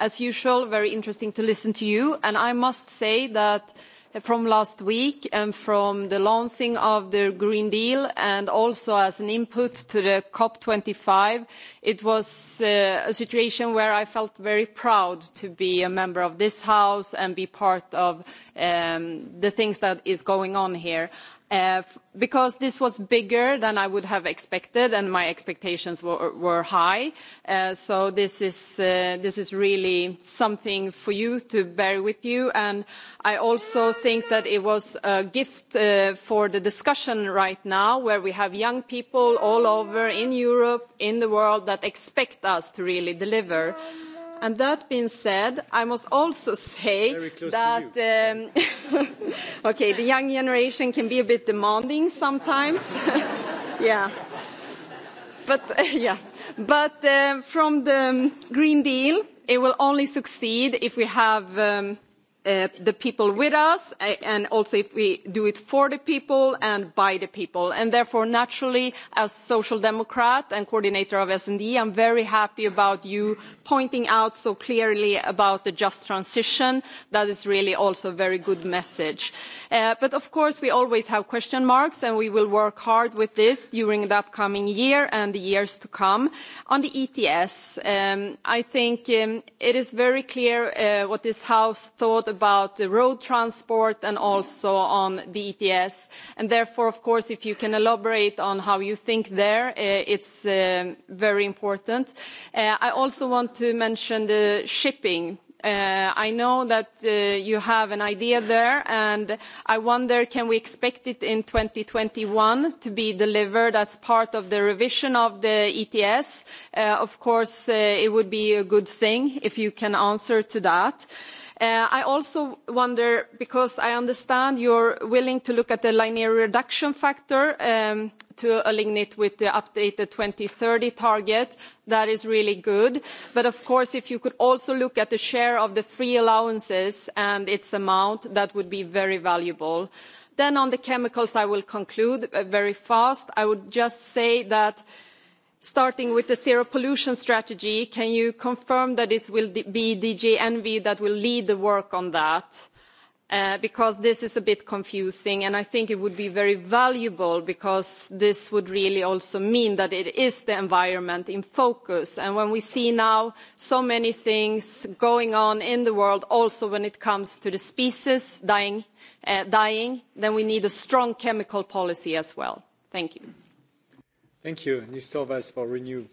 as usual, very interesting to listen to you. And I must say that uh, from last week and from the launching of the Green Deal and also as an input to the COP25. It was uh, a situation where I felt very proud to be a member of this House and be part of um, the things that is going on here. Uh, because this was bigger than I would have expected, and my expectations were, were high. Uh, so this is, uh, this is really something for you to bear with you. And I also think that it was a gift uh, for the discussion right now, where we have young people all over in Europe, in the world, that expect us to really deliver. And that being said, I must also say that um, okay, the young generation can be a bit demanding sometimes. yeah. But uh, yeah, but uh, from the um, Green Deal, it will only succeed if we have um, uh, the people with us uh, and also if we do it for the people and by the people. And therefore, naturally, as social democrat and coordinator of S&D, I'm very happy about you pointing out so clearly about the just transition. That is really also a very good message. Uh, but of course, we always have question marks and we will work hard with this during the upcoming year and the years to come. On the ETS, um, I think um, it is very clear uh, what this House thought about the road transport and also on the ETS. And therefore, of course, if you can elaborate on how you think there, uh, it's uh, very important. Uh, I also want to mention the shipping Uh, I know that uh, you have an idea there, and I wonder, can we expect it in 2021 to be delivered as part of the revision of the ETS? Uh, of course, uh, it would be a good thing if you can answer to that. Uh, I also wonder, because I understand you're willing to look at the linear reduction factor um, to Alignit with the updated 2030 target. That is really good. But of course, if you could also look at the share of the free allowances and its amount, that would be very valuable. Then on the chemicals, I will conclude uh, very fast. I would just say that starting with the zero pollution strategy, can you confirm that it will be DG Envy that will lead the work on that? Uh, because this is a bit confusing, and I think it would be very valuable because this would really also mean that it is the environment in focus. And when we see now so many things going on in the world, also when it comes to the species dying, uh, dying then we need a strong chemical policy as well. Thank you. Thank you. Nisovas for Renew.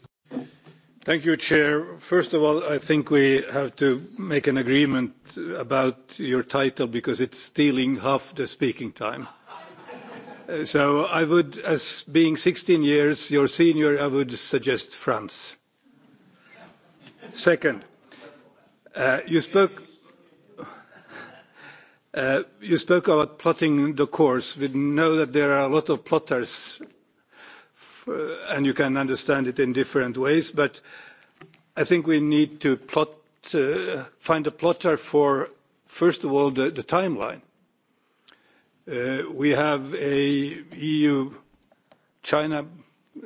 Thank you, Chair. First of all, I think we have to make an agreement about your title because it's stealing half the speaking time. Uh, so I would, as being 16 years your senior, I would suggest France. Second, uh, you spoke. Uh, you spoke about plotting the course. We know that there are a lot of plotters Uh, and you can understand it in different ways, but I think we need to plot, uh, find a plotter for, first of all, the, the timeline. Uh, we have a EU-China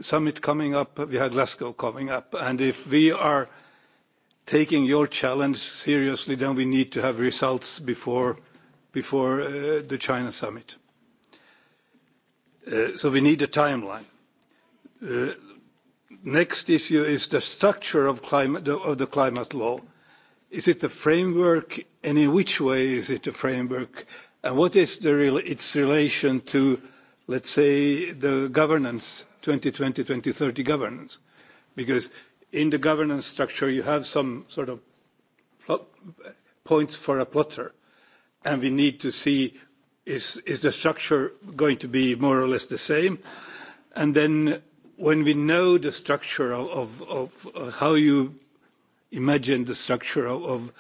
summit coming up. We have Glasgow coming up. And if we are taking your challenge seriously, then we need to have results before, before uh, the China summit. Uh, so we need a timeline. Uh, next issue is the structure of, climate, of the climate law. Is it a framework, and in which way is it a framework? And what is the, its relation to, let's say, the governance, 2020, 2030 governance? Because in the governance structure, you have some sort of plot, points for a plotter, and we need to see is, is the structure going to be more or less the same? And then when we know the structure of, of, of uh, how you imagine the structure of, of,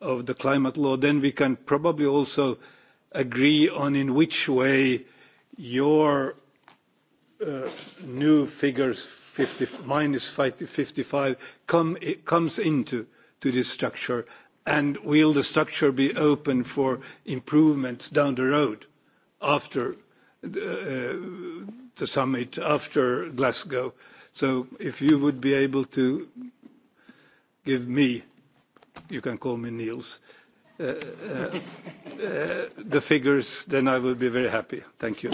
of the climate law, then we can probably also agree on in which way your uh, new figures 50, minus 50, 55 come, it comes into to this structure, and will the structure be open for improvements down the road after uh, uh the summit after Glasgow. So if you would be able to give me, you can call me Niels, uh, uh, uh, the figures, then I will be very happy. Thank you.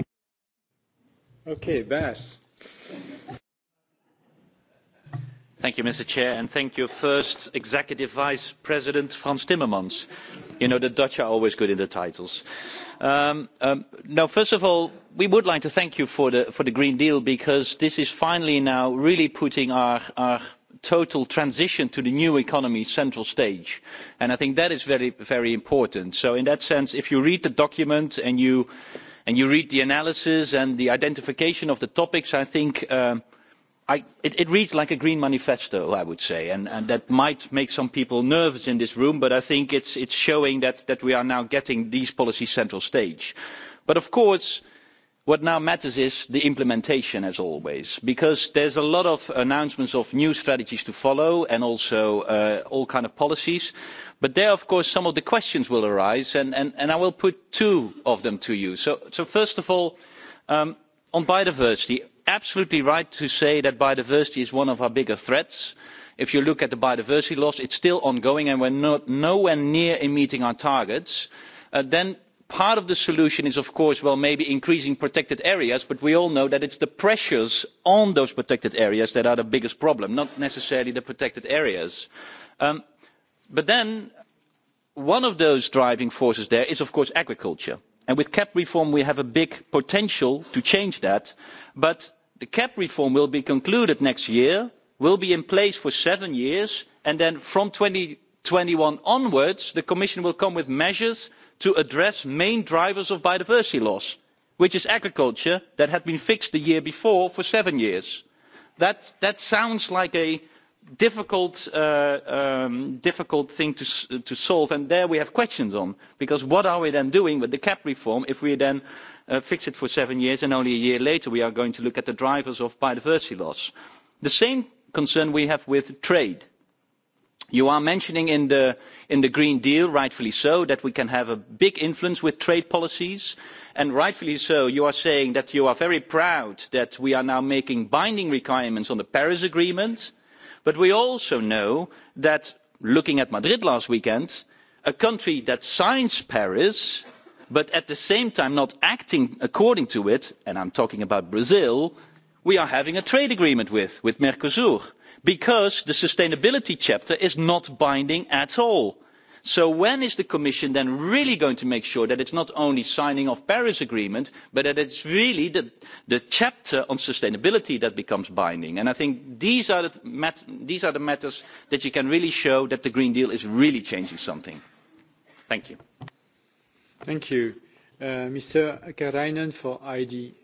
Okay, Bas. Thank you, Mr. Chair, and thank you, First Executive Vice President Frans Timmermans You know, the Dutch are always good in the titles. Um, um, no, first of all, we would like to thank you for the, for the Green Deal because this is finally now really putting our, our total transition to the new economy central stage. And I think that is very, very important. So in that sense, if you read the document and you, and you read the analysis and the identification of the topics, I think um, – I, it, it reads like a green manifesto, I would say, and, and that might make some people nervous in this room, but I think it's, it's showing that, that we are now getting these policies central stage. But of course, what now matters is the implementation, as always, because there's a lot of announcements of new strategies to follow and also uh, all kind of policies. But there, of course, some of the questions will arise, and, and, and I will put two of them to you. So, so first of all, um, on biodiversity, absolutely right to say that biodiversity is one of our bigger threats. if you look at the biodiversity loss it is still ongoing and we are not nowhere near meeting our targets. Uh, then part of the solution is of course well maybe increasing protected areas but we all know that it's the pressures on those protected areas that are the biggest problem not necessarily the protected areas um, but then one of those driving forces there is of course agriculture and with cap reform we have a big potential to change that but the cap reform will be concluded next year will be in place for seven years and then from two thousand and twenty one onwards the commission will come with measures to address the main drivers of biodiversity loss which is agriculture that had been fixed the year before for seven years. that sounds like a difficult uh, um, thing to solve and there we have questions because what are we then doing with the cap reform if we then uh, fix it for seven years, and only a year later we are going to look at the drivers of biodiversity loss. The same concern we have with trade. You are mentioning in the, in the Green Deal, rightfully so, that we can have a big influence with trade policies. And rightfully so, you are saying that you are very proud that we are now making binding requirements on the Paris Agreement. But we also know that, looking at Madrid last weekend, a country that signs Paris but at the same time not acting according to it and i'm talking about brazil we are having a trade agreement with, with mercosur because the sustainability chapter is not binding at all. so when is the commission then really going to make sure that it's not only signing off the paris agreement but that it's really the, the chapter on sustainability that becomes binding? and i think these are, the mat- these are the matters that you can really show that the green deal is really changing something. thank you. Thank you. Uh, Mr. Karainen for ID.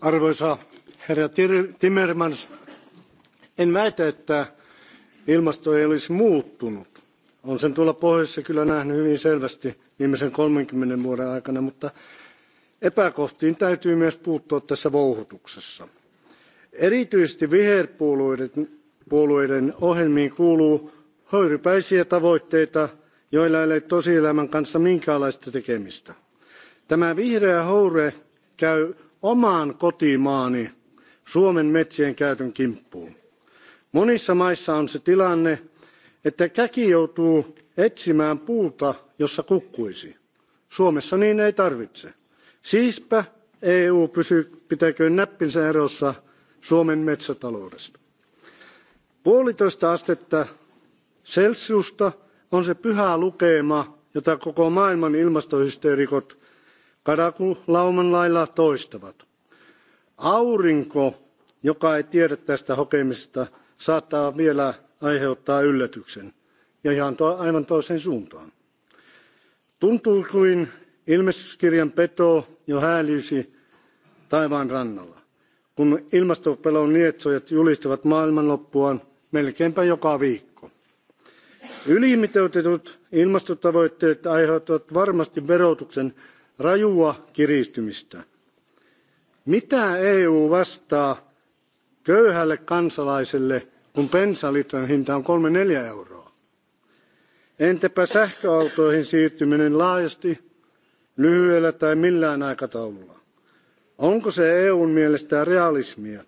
Arvoisa herra Timmermans, en väitä, että ilmasto ei olisi muuttunut. Olen sen tuolla pohjoisessa kyllä nähnyt hyvin selvästi viimeisen 30 vuoden aikana, mutta epäkohtiin täytyy myös puuttua tässä vouhotuksessa. Erityisesti viherpuolueiden ohjelmiin kuuluu höyrypäisiä tavoitteita joilla ei ole tosielämän kanssa minkäänlaista tekemistä. tämä vihreä höyry käy oman kotimaani suomen metsien käytön kimppuun. monissa maissa on se tilanne että käki joutuu etsimään puuta jossa kukkuisi. suomessa niin ei tarvitse. siispä eu pysyy, pitäköön näppinsä erossa suomen metsätaloudesta. puolitoista astetta celsiusta on se pyhä lukema jota koko maailman ilmastohysteerikot karakulauman lailla toistavat. aurinko joka ei tiedä tästä hokemisesta saattaa vielä aiheuttaa yllätyksen ja ihan to, aivan toiseen suuntaan. Tuntuu kuin ilmestyskirjan peto jo häälyisi taivaan rannalla, kun ilmastopelon lietsojat julistavat maailmanloppuaan melkeinpä joka viikko ylimitoitetut ilmastotavoitteet aiheuttavat varmasti verotuksen rajua kiristymistä. mitä eu vastaa köyhälle kansalaiselle kun bensalitran hinta on kolme neljä euroa? entäpä sähköautoihin siirtyminen laajasti lyhyellä tai millään aikataululla? onko se eun mielestä realismia?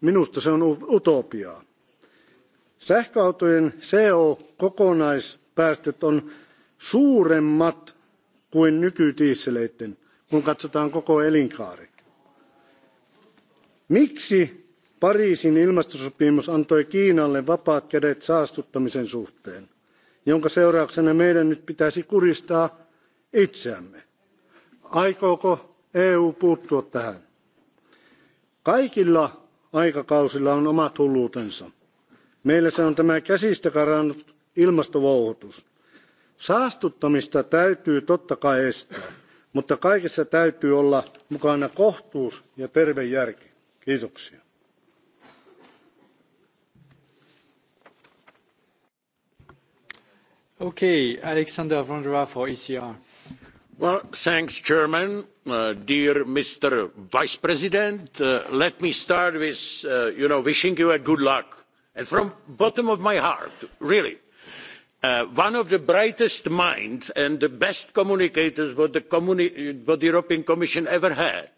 minusta se on utopiaa sähköautojen co kokonaispäästöt on suuremmat kuin nykydieseleiden kun katsotaan koko elinkaari. miksi pariisin ilmastosopimus antoi kiinalle vapaat kädet saastuttamisen suhteen jonka seurauksena meidän nyt pitäisi kuristaa itseämme? aikooko eu puuttua tähän? kaikilla aikakausilla on omat hulluutensa meillä se on tämä käsistä karannut ilmastovouhotus. saastuttamista täytyy totta kai estää mutta kaikessa täytyy olla mukana kohtuus ja terve järki. kiitoksia. Okay, Alexander Vondra for ECR. Well, thanks, Chairman. Uh, dear Mr. Vice President, uh, let me start with, uh, you know, wishing you a good luck and from the bottom of my heart really uh, one of the brightest minds and the best communicators what the, communi- what the european commission ever had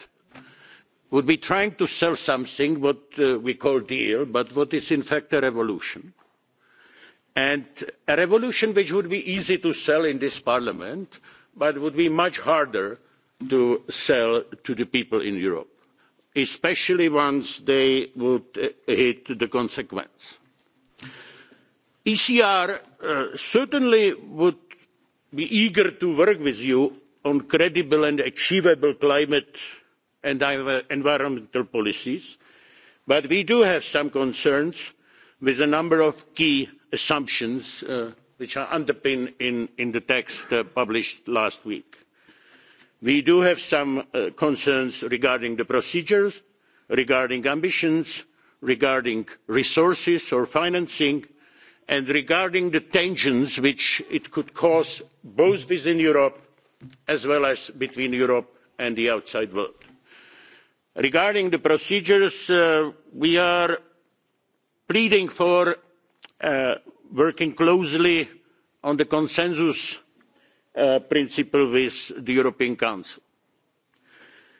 would be trying to sell something what uh, we call deal but what is in fact a revolution and a revolution which would be easy to sell in this parliament but would be much harder to sell to the people in europe especially once they would uh, hit the consequence. ECR uh, certainly would be eager to work with you on credible and achievable climate and environmental policies, but we do have some concerns with a number of key assumptions uh, which are underpinned in, in the text uh, published last week we do have some uh, concerns regarding the procedures regarding ambitions regarding resources or financing and regarding the tensions which it could cause both within europe as well as between europe and the outside world. regarding the procedures uh, we are pleading for uh, working closely on the consensus uh, principle with the European Council.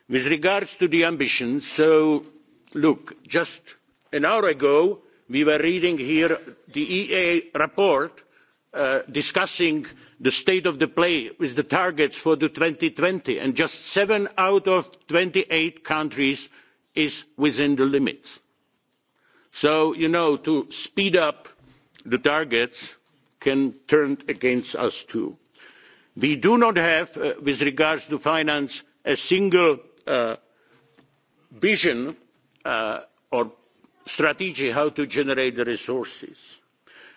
With regards to the ambitions, so look, just an hour ago we were reading here the EA report uh, discussing the state of the play with the targets for the 2020 and just seven out of 28 countries is within the limits. So, you know, to speed up the targets can turn against us too we do not have uh, with regards to finance a single uh, vision uh, or strategy how to generate the resources.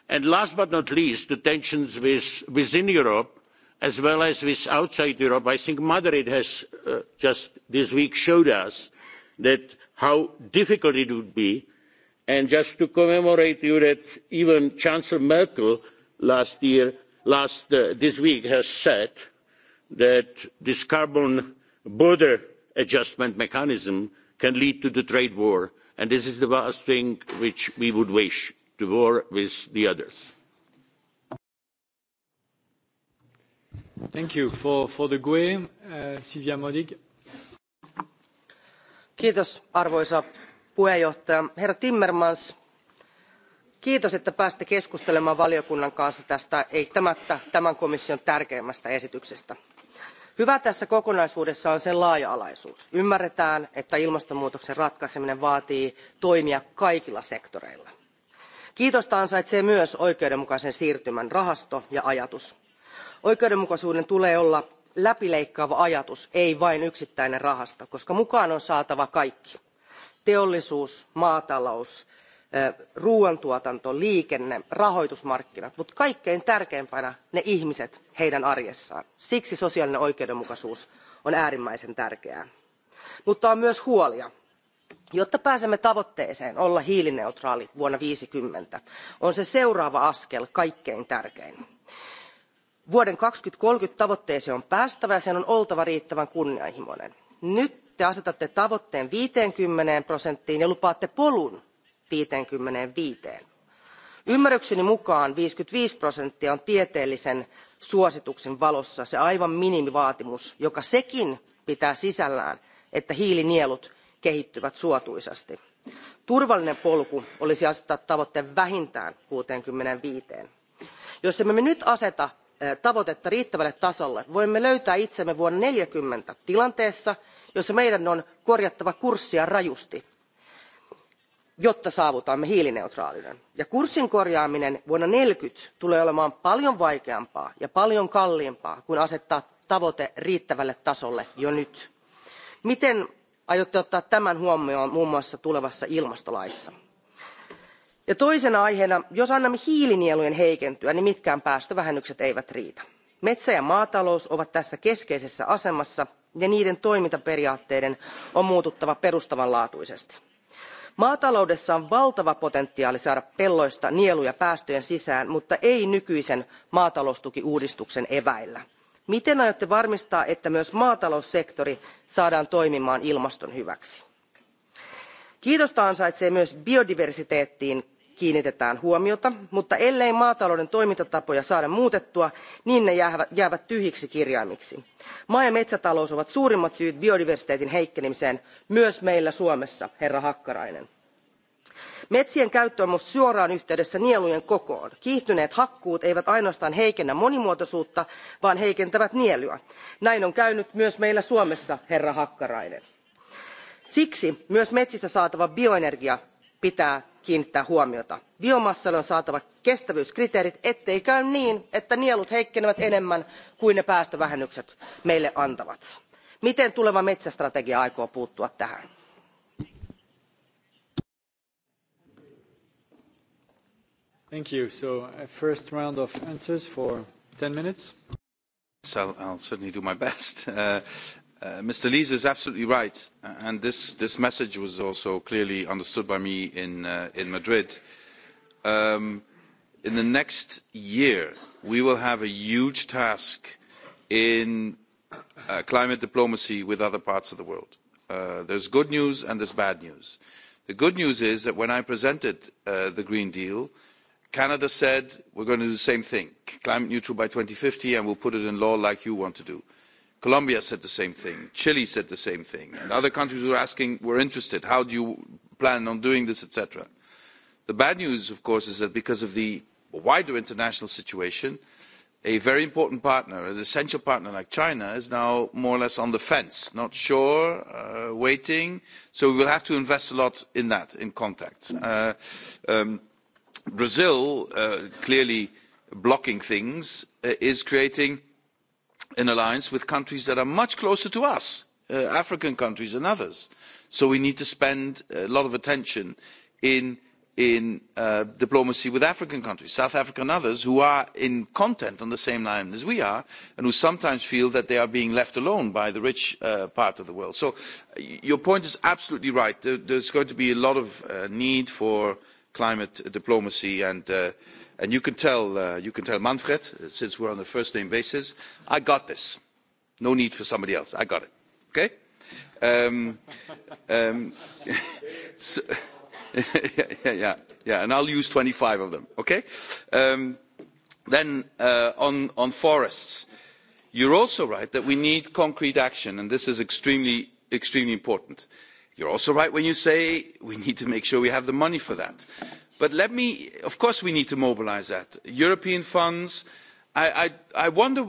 and last but not least the tensions with, within europe as well as with outside europe i think madrid has uh, just this week showed us that how difficult it would be and just to commemorate you that even chancellor merkel last year last uh, this week has said that this carbon border adjustment mechanism can lead to the trade war and this is the last thing which we would wish to war with the others. Thank you. For, for the GUE, uh, Silvia Modig. Kiitos arvoisa puheenjohtaja. Herra Timmermans, kiitos että pääsitte keskustelemaan valiokunnan kanssa tästä eittämättä tämän komission tärkeimmästä esityksestä. hyvää tässä kokonaisuudessa on sen laaja alaisuus. ymmärretään että ilmastonmuutoksen ratkaiseminen vaatii toimia kaikilla sektoreilla. kiitosta ansaitsee myös oikeudenmukaisen siirtymän rahasto ja ajatus. oikeudenmukaisuuden tulee olla läpileikkaava ajatus ei vain yksittäinen rahasto koska mukaan on saatava kaikki teollisuus maatalous ruoantuotanto liikenne rahoitusmarkkinat mutta kaikkein tärkeimpänä ne ihmiset heidän arjessaan. siksi sosiaalinen oikeudenmukaisuus on äärimmäisen tärkeää. mutta on myös huolia. jotta pääsemme tavoitteeseen olla hiilineutraali vuonna tuhatyhdeksänsataaviisikymmentä on se seuraava askel kaikkein tärkein. vuoden kaksituhatta kolmekymmentä tavoitteeseen on päästävä ja sen on oltava riittävän kunnianhimoinen. nyt te asetatte tavoitteen viisikymmentä prosenttiin ja lupaatte polun 55. Ymmärrykseni mukaan 55 prosenttia on tieteellisen suosituksen valossa se aivan minimivaatimus, joka sekin pitää sisällään, että hiilinielut kehittyvät suotuisasti. Turvallinen polku olisi asettaa tavoitteen vähintään 65. Jos emme me nyt aseta tavoitetta riittävälle tasolle, voimme löytää itsemme vuonna 40 tilanteessa, jossa meidän on korjattava kurssia rajusti jotta saavutamme hiilineutraaliuden. Ja kurssin korjaaminen vuonna tuhat yhdeksänsataaneljäkymmentä tulee olemaan paljon vaikeampaa ja paljon kalliimpaa kuin asettaa tavoite riittävälle tasolle jo nyt. miten aiotte ottaa tämän huomioon muun muassa tulevassa ilmastolaissa? Ja toisena aiheena jos annamme hiilinielujen heikentyä niin mitkään päästövähennykset eivät riitä. metsä ja maatalous ovat tässä keskeisessä asemassa ja niiden toimintaperiaatteiden on muututtava perustavanlaatuisesti maataloudessa on valtava potentiaali saada pelloista nieluja päästöjen sisään mutta ei nykyisen maataloustukiuudistuksen eväillä. miten aiotte varmistaa että myös maataloussektori saadaan toimimaan ilmaston hyväksi? kiitosta ansaitsee myös biodiversiteettiin kiinnitetään huomiota mutta ellei maatalouden toimintatapoja saada muutettua niin ne jäävät tyhjiksi kirjaimiksi. maa ja metsätalous ovat suurimmat syyt biodiversiteetin heikkenemiseen myös meillä suomessa herra hakkarainen. metsien käyttö on myös suoraan yhteydessä nielujen kokoon. kiihtyneet hakkuut eivät ainoastaan heikennä monimuotoisuutta vaan heikentävät nielyä. näin on käynyt myös meillä suomessa herra hakkarainen. siksi myös metsistä saatava bioenergia pitää kiinnittää huomiota. biomassalle on saatava kestävyyskriteerit ettei käy niin että nielut heikkenevät enemmän kuin ne päästövähennykset meille antavat. miten tuleva metsästrategia aikoo puuttua tähän? Thank you. So a first round of answers for 10 minutes. So I'll certainly do my best. Uh, Uh, Mr. Lees is absolutely right, uh, and this, this message was also clearly understood by me in, uh, in Madrid. Um, in the next year, we will have a huge task in uh, climate diplomacy with other parts of the world. Uh, there's good news and there's bad news. The good news is that when I presented uh, the Green Deal, Canada said, we're going to do the same thing, climate neutral by 2050, and we'll put it in law like you want to do. Uh, Colombia said the same thing. Chile said the same thing. And other countries were asking, were interested, how do you plan on doing this, etc. The bad news, of course, is that because of the wider international situation, a very important partner, an essential partner like China, is now more or less on the fence, not sure, uh, waiting. So we will have to invest a lot in that, in contacts. Uh, um, Brazil, uh, clearly blocking things, uh, is creating – an alliance with countries that are much closer to us uh, african countries and others so we need to spend a lot of attention in in uh, diplomacy with African countries, South Africa and others, who are in content on the same line as we are, and who sometimes feel that they are being left alone by the rich uh, part of the world. So your point is absolutely right. There, there's going to be a lot of uh, need for climate uh, diplomacy and uh, and you can tell uh, you can tell Manfred, uh, since we're on a first name basis, I got this. No need for somebody else. I got it. Okay. Um, um, so, yeah, yeah, yeah, and I'll use 25 of them. Okay. Um, then uh, on on forests, you're also right that we need concrete action, and this is extremely extremely important. You're also right when you say we need to make sure we have the money for that but let me of course we need to mobilise that european funds I, I, I wonder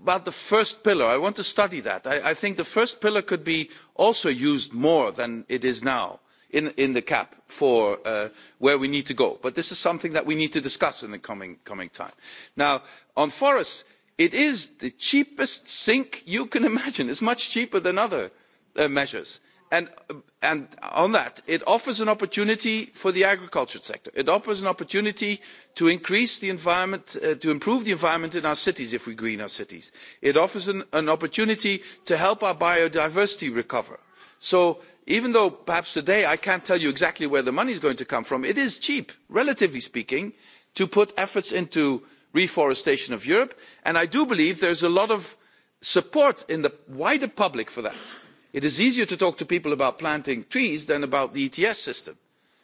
about the first pillar. I want to study that. I, I think the first pillar could be also used more than it is now in, in the cap for uh, where we need to go. But this is something that we need to discuss in the coming, coming time. Now, on forests, it is the cheapest sink you can imagine. It's much cheaper than other uh, measures. And uh, and on that it offers an opportunity for the agriculture sector it offers an opportunity to increase the environment uh, to improve the environment in our cities if we green our cities it offers an, an opportunity to help our biodiversity recover so even though perhaps today i can't tell you exactly where the money is going to come from it is cheap relatively speaking to put efforts into reforestation of europe and i do believe there's a lot of support in the wider public for that it is easier to talk to people about planting trees than about the ets system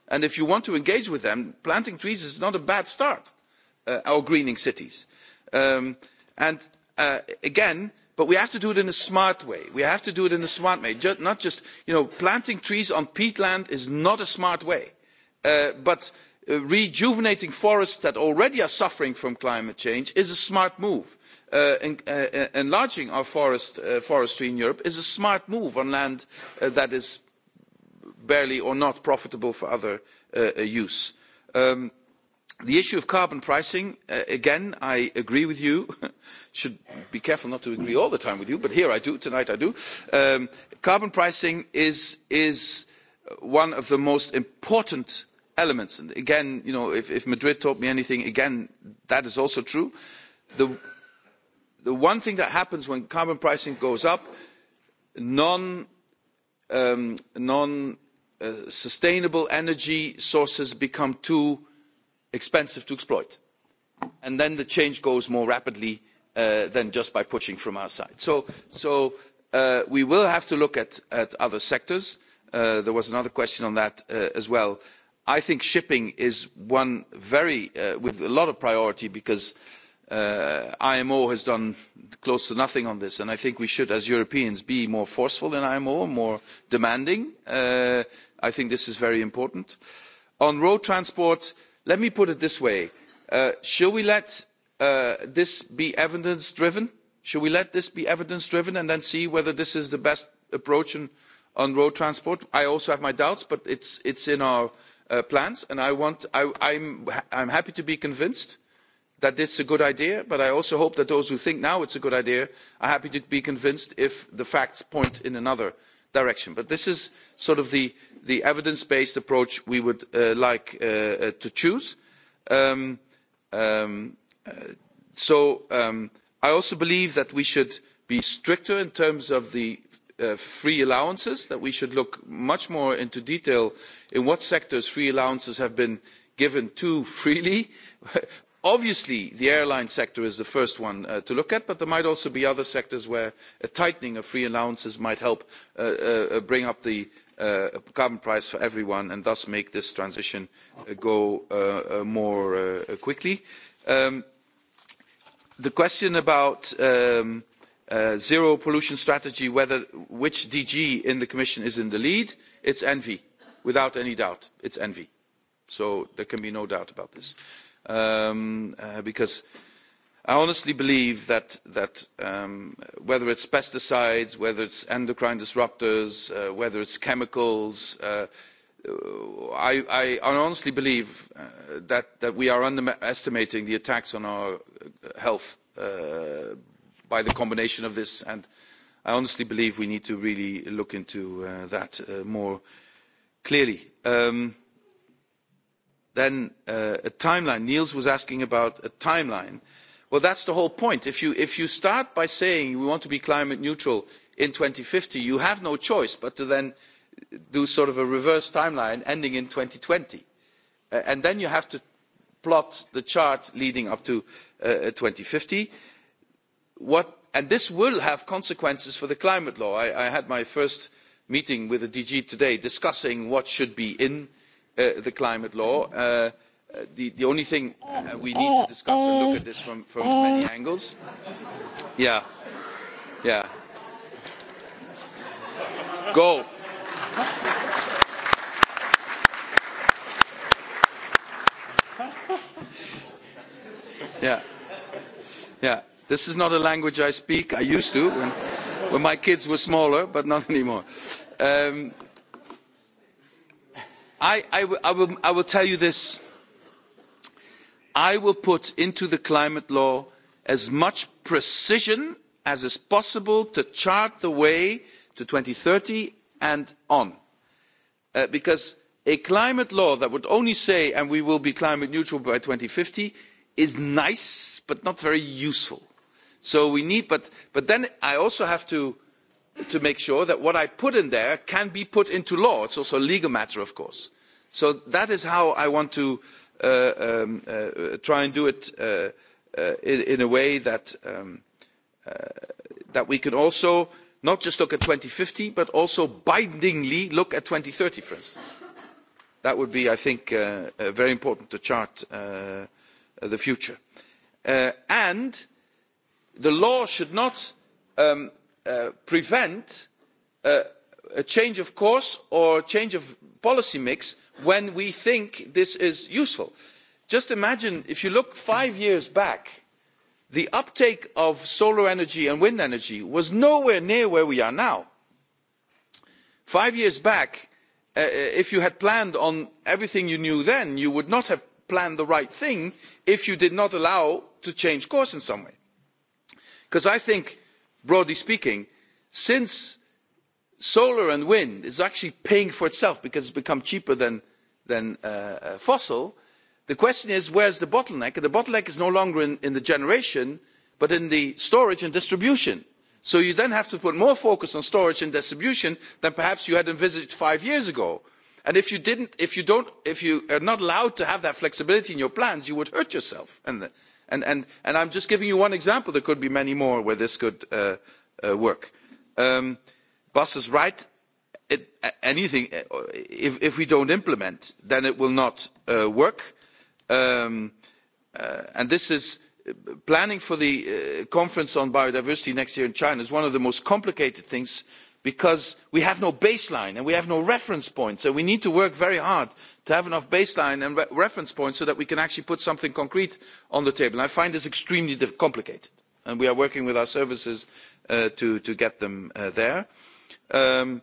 and if you want to engage with them planting trees is not a bad start uh, or greening cities um, and uh, again but we have to do it in a smart way. We have to do it in a smart way. Just, not just, you know, planting trees on peatland is not a smart way. Uh, but uh, rejuvenating forests that already are suffering from climate change is a smart move uh, en uh, uh, enlarging our forest, uh, forestry in Europe is a smart move on land uh, that is barely or not profitable for other uh, uh use. Um, the issue of carbon pricing, uh, again, I agree with you. Should be careful not to agree all the time with you, but here I do, tonight I do. Um, carbon pricing is, is one of the most important elements. And again, you know, if, if Madrid taught me anything, again, that is also true. The the one thing that happens when carbon pricing goes up, non, um, non uh, sustainable energy sources become too expensive to exploit. And then the change goes more rapidly uh, than just by pushing from our side. So, so uh, we will have to look at, at other sectors. Uh, there was another question on that uh, as well. I think shipping is one very, uh, with a lot of priority because uh, uh, IMO has done close to nothing on this, and I think we should, as Europeans, be more forceful in IMO, more demanding. Uh, I think this is very important. On road transport, let me put it this way. Uh, shall we let uh, this be evidence-driven? Should we let this be evidence-driven and then see whether this is the best approach in, on road transport? I also have my doubts, but it's, it's in our uh, plans, and I want, I, I'm, I'm happy to be convinced that this is a good idea but i also hope that those who think now it's a good idea are happy to be convinced if the facts point in another direction. but this is sort of the, the evidence based approach we would uh, like uh, uh, to choose. Um, um, uh, so um, i also believe that we should be stricter in terms of the uh, free allowances that we should look much more into detail in what sectors free allowances have been given too freely obviously the airline sector is the first one uh, to look at but there might also be other sectors where a tightening of free allowances might help uh, uh, bring up the uh, carbon price for everyone and thus make this transition uh, go uh, uh, more uh, quickly. Um, the question about um, uh, zero pollution strategy, whether which DG in the Commission is in the lead, it's envy, without any doubt. It's envy. So there can be no doubt about this. Uh, um, uh, because I honestly believe that, that um, whether it's pesticides, whether it's endocrine disruptors, uh, whether it's chemicals, uh, uh I, I honestly believe uh, that, that we are underestimating the attacks on our health uh, by the combination of this. And I honestly believe we need to really look into uh, that uh, more clearly. Um, Then uh, a timeline. Niels was asking about a timeline. Well, that's the whole point. If you, if you start by saying we want to be climate neutral in 2050, you have no choice but to then do sort of a reverse timeline ending in 2020. Uh, and then you have to plot the chart leading up to uh, 2050. Uh, what, and this will have consequences for the climate law. I, I had my first meeting with the DG today discussing what should be in uh, the climate law. Uh, uh, the, the only thing uh, we need to discuss and look at this from, from many angles. Yeah. Yeah. Go. Yeah. Yeah. This is not a language I speak. I used to when, when my kids were smaller, but not anymore. Um, I, I, I, will, I will tell you this. I will put into the climate law as much precision as is possible to chart the way to 2030 and on. Uh, because a climate law that would only say, and we will be climate neutral by 2050, is nice, but not very useful. So we need, but, but then I also have to to make sure that what I put in there can be put into law. It's also a legal matter, of course. So that is how I want to uh, um, uh, try and do it uh, uh, in, in a way that, um, uh, that we can also not just look at 2050, but also bindingly look at 2030, for instance. That would be, I think, uh, uh, very important to chart uh, uh the future. Uh, and the law should not um, uh, prevent uh, a change of course or change of policy mix when we think this is useful. Just imagine if you look five years back, the uptake of solar energy and wind energy was nowhere near where we are now. Five years back, uh, uh if you had planned on everything you knew then, you would not have planned the right thing if you did not allow to change course in some way. Because I think broadly speaking since solar and wind is actually paying for itself because it's become cheaper than, than uh, uh, fossil, the question is where's the bottleneck? And the bottleneck is no longer in, in the generation, but in the storage and distribution. So you then have to put more focus on storage and distribution than perhaps you had envisaged five years ago. And if you didn't, if you don't, if you are not allowed to have that flexibility in your plans, you would hurt yourself. And the, And, and, and I'm just giving you one example. There could be many more where this could uh, uh, work. Um, Bas is right. It, anything, uh, if, if we don't implement, then it will not uh, work. Um, uh, and this is uh, planning for the uh, conference on biodiversity next year in China is one of the most complicated things uh, because we have no baseline and we have no reference point. So we need to work very hard to have enough baseline and re reference points so that we can actually put something concrete on the table. And I find this extremely complicated, and we are working with our services uh, to, to get them uh, there. Um,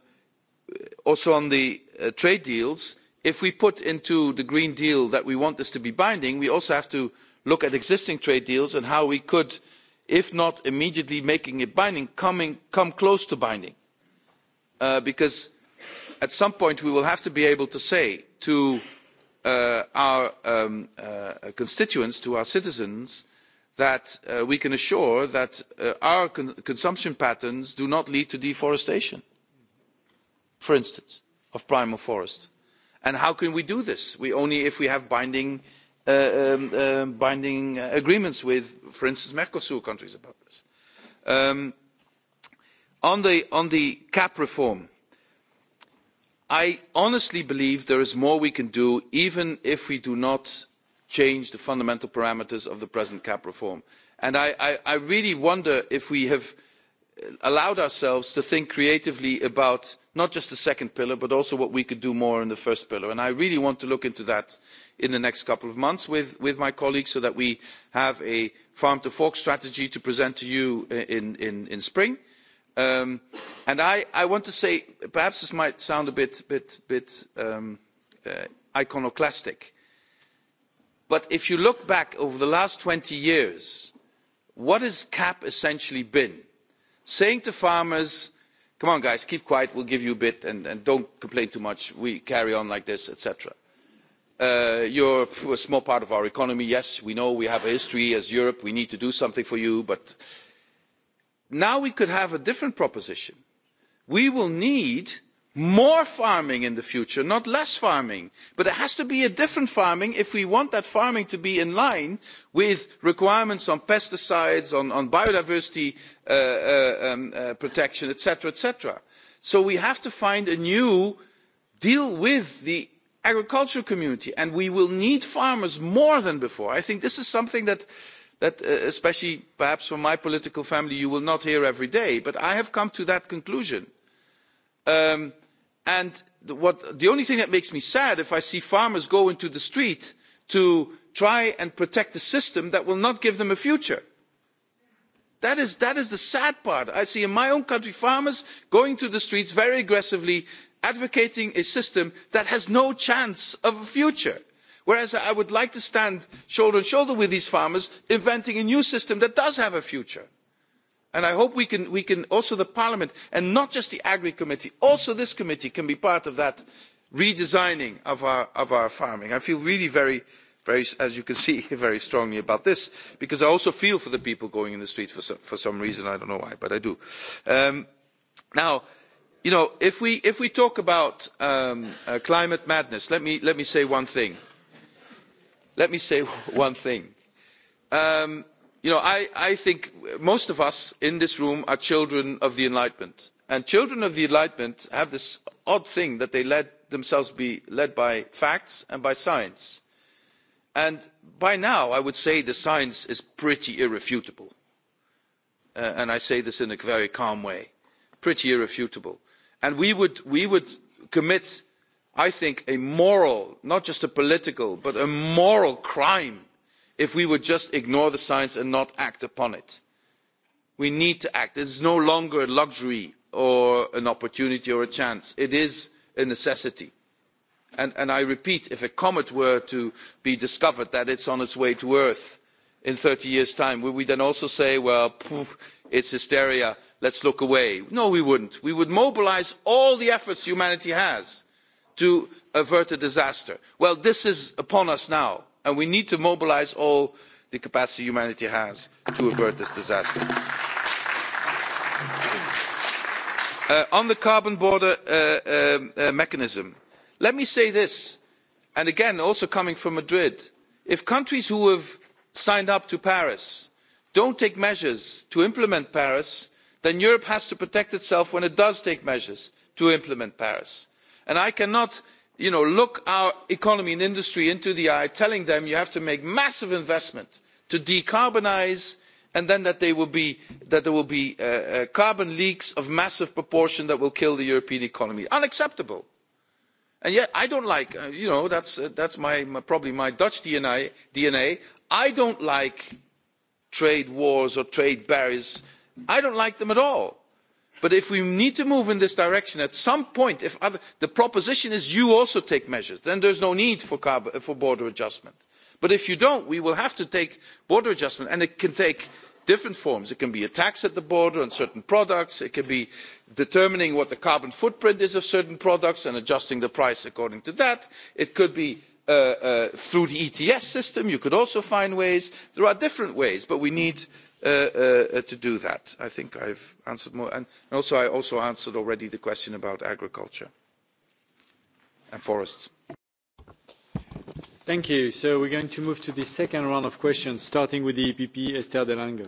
also on the uh, trade deals, if we put into the Green Deal that we want this to be binding, we also have to look at existing trade deals and how we could, if not immediately making it binding, coming, come close to binding uh, because at some point we will have to be able to say to uh, our um, uh, constituents, to our citizens, that uh, we can assure that uh, our con consumption patterns do not lead to deforestation, for instance, of primal forest. And how can we do this? We only if we have binding, uh, um, uh, binding uh, agreements with, for instance, Mercosur countries about this. Um, On the, on the cap reform, I honestly believe there is more we can do even if we do not change the fundamental parameters of the present cap reform. And I, I, I really wonder if we have allowed ourselves to think creatively about not just the second pillar, but also what we could do more in the first pillar. And I really want to look into that in the next couple of months with, with my colleagues so that we have a farm to fork strategy to present to you in, in, in spring. Uh, Um, and I, I want to say, perhaps this might sound a bit, bit, bit um, uh, iconoclastic, but if you look back over the last 20 years, what has CAP essentially been? Saying to farmers, come on guys, keep quiet, we'll give you a bit, and, and don't complain too much, we carry on like this, etc. Uh, you're a small part of our economy, yes, we know we have a history as Europe, we need to do something for you, but uh, now we could have a different proposition. we will need more farming in the future not less farming but it has to be a different farming if we want that farming to be in line with requirements on pesticides on, on biodiversity uh, uh um, uh, protection etc etc so we have to find a new deal with the agricultural community and we will need farmers more than before i think this is something that uh, that uh, especially perhaps from my political family you will not hear every day but i have come to that conclusion um, and the, what, the only thing that makes me sad if i see farmers go into the street to try and protect a system that will not give them a future that is, that is the sad part. I see in my own country farmers going to the streets very aggressively advocating a system that has no chance of a future whereas i would like to stand shoulder to shoulder with these farmers inventing a new system that does have a future and i hope we can, we can also the parliament and not just the agri committee also this committee can be part of that redesigning of our, of our farming. i feel really very very, as you can see, very strongly about this, because I also feel for the people going in the street for some, for some reason. I don't know why, but I do. Um, now, you know, if we, if we talk about um, uh, climate madness, let me, let me say one thing. Uh, let me say one thing. Um, you know, I, I think most of us in this room are children of the Enlightenment. And children of the Enlightenment have this odd thing that they let themselves be led by facts and by science. And by now, I would say the science is pretty irrefutable. Uh, and I say this in a very calm way, pretty irrefutable. And we would, we would commit i think a moral not just a political but a moral crime if we would just ignore the science and not act upon it. we need to act. it is no longer a luxury or an opportunity or a chance it is a necessity. And, and i repeat if a comet were to be discovered that it's on its way to earth in 30 years' time would we then also say well poof, it's hysteria let's look away? no we wouldn't. we would mobilise all the efforts humanity has to avert a disaster. well this is upon us now and we need to mobilise all the capacity humanity has to avert this disaster. Uh, on the carbon border uh, um, uh, mechanism let me say this and again also coming from madrid if countries who have signed up to paris do not take measures to implement paris then europe has to protect itself when it does take measures to implement paris and i cannot you know, look our economy and industry into the eye telling them you have to make massive investment to decarbonise and then that, they will be, that there will be uh, uh, carbon leaks of massive proportion that will kill the European economy. Unacceptable. And yet I don't like, uh, you know, that's, uh, that's my, my, probably my Dutch DNA, DNA. I don't like trade wars or trade barriers. I don't like them at all but if we need to move in this direction at some point if other, the proposition is you also take measures then there's no need for, carbon, uh, for border adjustment but if you don't we will have to take border adjustment and it can take different forms it can be a tax at the border on certain products it can be determining what the carbon footprint is of certain products and adjusting the price according to that it could be uh, uh, through the ets system you could also find ways there are different ways but we need uh, uh, uh, to do that. I think I've answered more. And also, I also answered already the question about agriculture and forests. Thank you. So we're going to move to the second round of questions, starting with the EPP, Esther de Lange.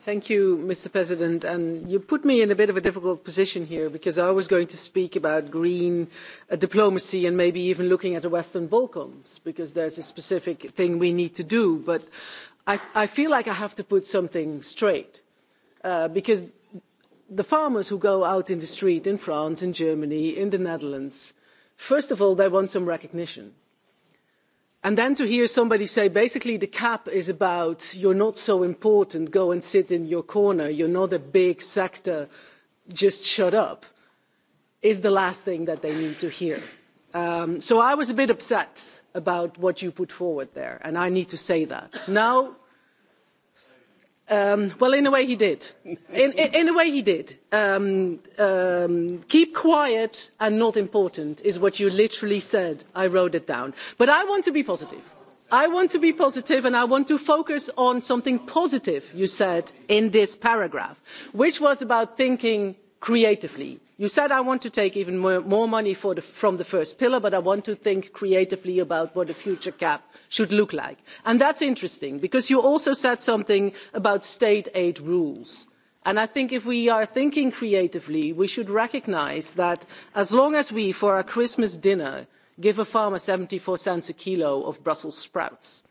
Thank you, Mr. President. And you put me in a bit of a difficult position here because I was going to speak about green uh, diplomacy and maybe even looking at the Western Balkans because there's a specific thing we need to do. But I, I feel like I have to put something straight uh, because the farmers who go out in the street in France, in Germany, in the Netherlands, first of all, they want some recognition. And then to hear somebody say basically the cap is about you're not so important, go and sit in your corner, you're not a big sector, just shut up, is the last thing that they need to hear. Um, so I was a bit upset about what you put forward there, and I need to say that. Now Um, well, in a way, he did. In, in, in a way, he did. Um, um, keep quiet and not important is what you literally said. I wrote it down. But I want to be positive. I want to be positive and I want to focus on something positive you said in this paragraph, which was about thinking creatively you said i want to take even more, more money the, from the first pillar but i want to think creatively about what a future cap should look like and that's interesting because you also said something about state aid rules and i think if we are thinking creatively we should recognise that as long as we for our christmas dinner give a farmer seventy four cents a kilo of brussels sprouts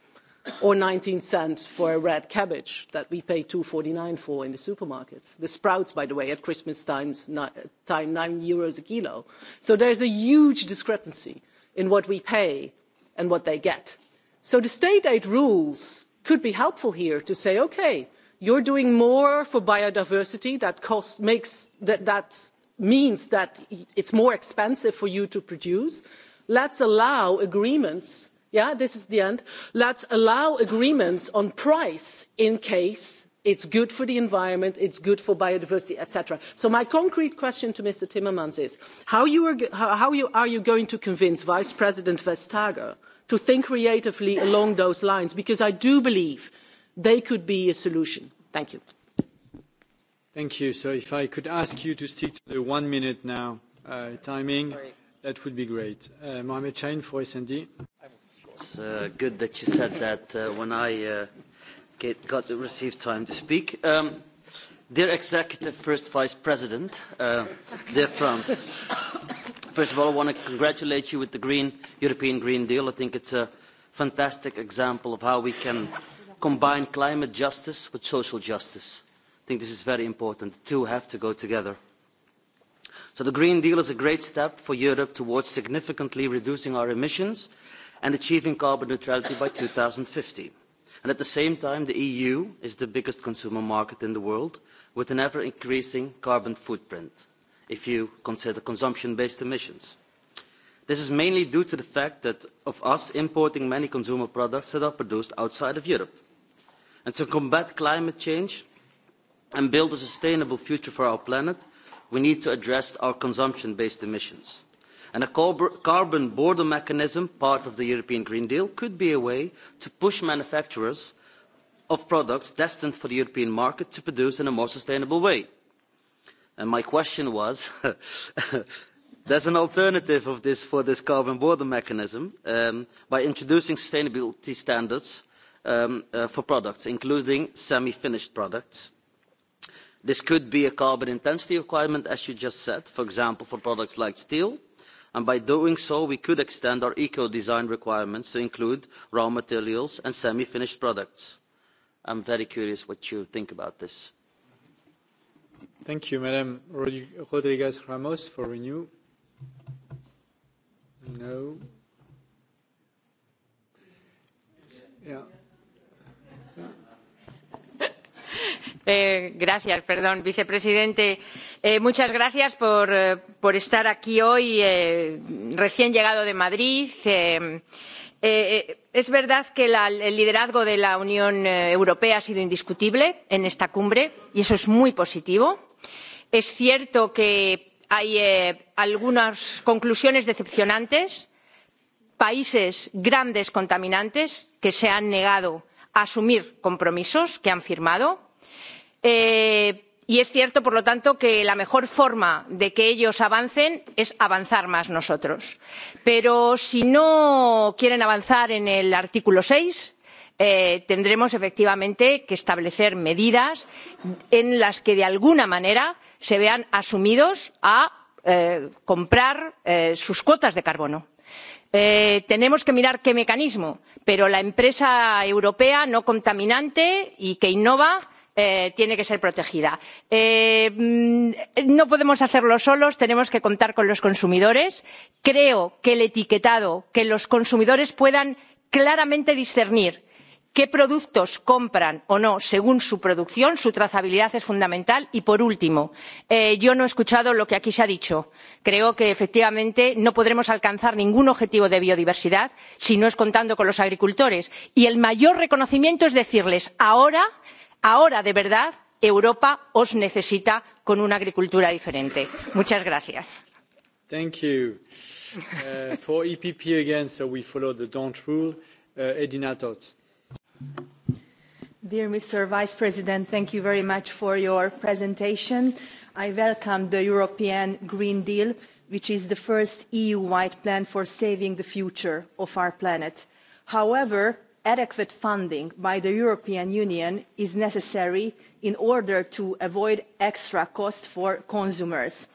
or 19 cents for a red cabbage that we pay 2.49 for in the supermarkets. The sprouts, by the way, at Christmas times, ni- time 9 euros a kilo. So there's a huge discrepancy in what we pay and what they get. So the state aid rules could be helpful here to say, okay, you're doing more for biodiversity that cost makes that, that means that it's more expensive for you to produce. Let's allow agreements yeah this is the end let's allow agreements on price in case it's good for the environment it's good for biodiversity etc. so my concrete question to mr timmermans is how, you are, how you, are you going to convince vice president vestager to think creatively along those lines because i do believe they could be a solution. thank you. thank you. so if i could ask you to stick to the one minute now uh, timing Sorry. that would be great. Uh, mohamed chain for sd. I'm That's uh, good that you said that uh, when I uh, get, got received time to speak. Um, dear Executive First Vice President, uh, dear France, first of all, I want to congratulate you with the Green European Green Deal. I think it's a fantastic example of how we can combine climate justice with social justice. I think this is very important. The two have to go together. So the Green Deal is a great step for Europe towards significantly reducing our emissions and achieving carbon neutrality by 2050. And at the same time, the EU is the biggest consumer market in the world, with an ever-increasing carbon footprint, if you consider consumption-based emissions. This is mainly due to the fact that of us importing many consumer products that are produced outside of Europe. And to combat climate change and build a sustainable future for our planet, we need to address our consumption-based emissions and a carbon border mechanism, part of the European Green Deal, could be a way to push manufacturers of products destined for the European market to produce in a more sustainable way. And my question was, there's an alternative of this for this carbon border mechanism um, by introducing sustainability standards um, uh, for products, including semi-finished products. This could be a carbon intensity requirement, as you just said, for example, for products like steel, and by doing so we could extend our eco design requirements to include raw materials and semi finished products. i am very curious what you think about this. thank you madam rodriguez ramos for renew. no. yeah. Eh, gracias, perdón, vicepresidente. Eh, muchas gracias por, eh, por estar aquí hoy, eh, recién llegado de Madrid. Eh, eh, eh es verdad que la, el liderazgo de la Unión eh, Europea ha sido indiscutible en esta cumbre y eso es muy positivo. Es cierto que hay eh, algunas conclusiones decepcionantes, países grandes contaminantes que se han negado a asumir compromisos que han firmado Eh, y es cierto por lo tanto que la mejor forma de que ellos avancen es avanzar más nosotros pero si no quieren avanzar en el artículo seis eh, tendremos efectivamente que establecer medidas en las que de alguna manera se vean asumidos a eh, comprar eh, sus cuotas de carbono. Eh, tenemos que mirar qué mecanismo pero la empresa europea no contaminante y que innova eh, tiene que ser protegida. Eh, mm, no podemos hacerlo solos, tenemos que contar con los consumidores. Creo que el etiquetado, que los consumidores puedan claramente discernir qué productos compran o no según su producción su trazabilidad es fundamental y por último eh, yo no he escuchado lo que aquí se ha dicho creo que efectivamente no podremos alcanzar ningún objetivo de biodiversidad si no es contando con los agricultores y el mayor reconocimiento es decirles ahora que ahora de verdad europa os necesita con una agricultura diferente. muchas gracias. Thank you. Uh, for EPP again, so we follow the don't rule. Uh, Edina Tots. Dear Mr. Vice President, thank you very much for your presentation. I welcome the European Green Deal, which is the first EU-wide plan for saving the future of our planet. However, adequate funding by the european union is necessary in order to avoid extra costs for consumers.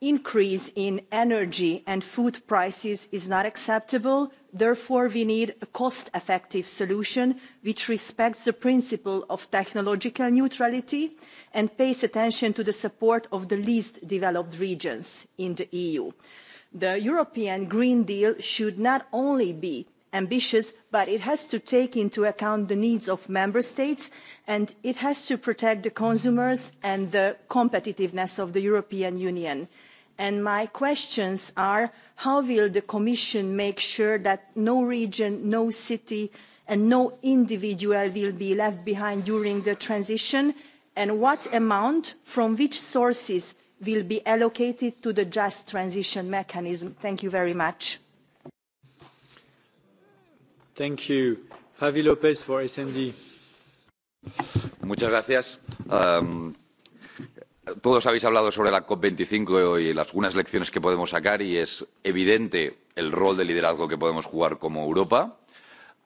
increase in energy and food prices is not acceptable therefore we need a cost effective solution which respects the principle of technological neutrality and pays attention to the support of the least developed regions in the eu. the european green deal should not only be ambitious but it has to take into account the needs of member states and it has to protect the consumers and the competitiveness of the european union. And my questions are how will the commission make sure that no region no city and no individual will be left behind during the transition and what amount from which sources will be allocated to the just transition mechanism? thank you very much. Thank you. Javi López for SND. Muchas gracias. Um, todos habéis hablado sobre la COP25 y las, algunas lecciones que podemos sacar y es evidente el rol de liderazgo que podemos jugar como Europa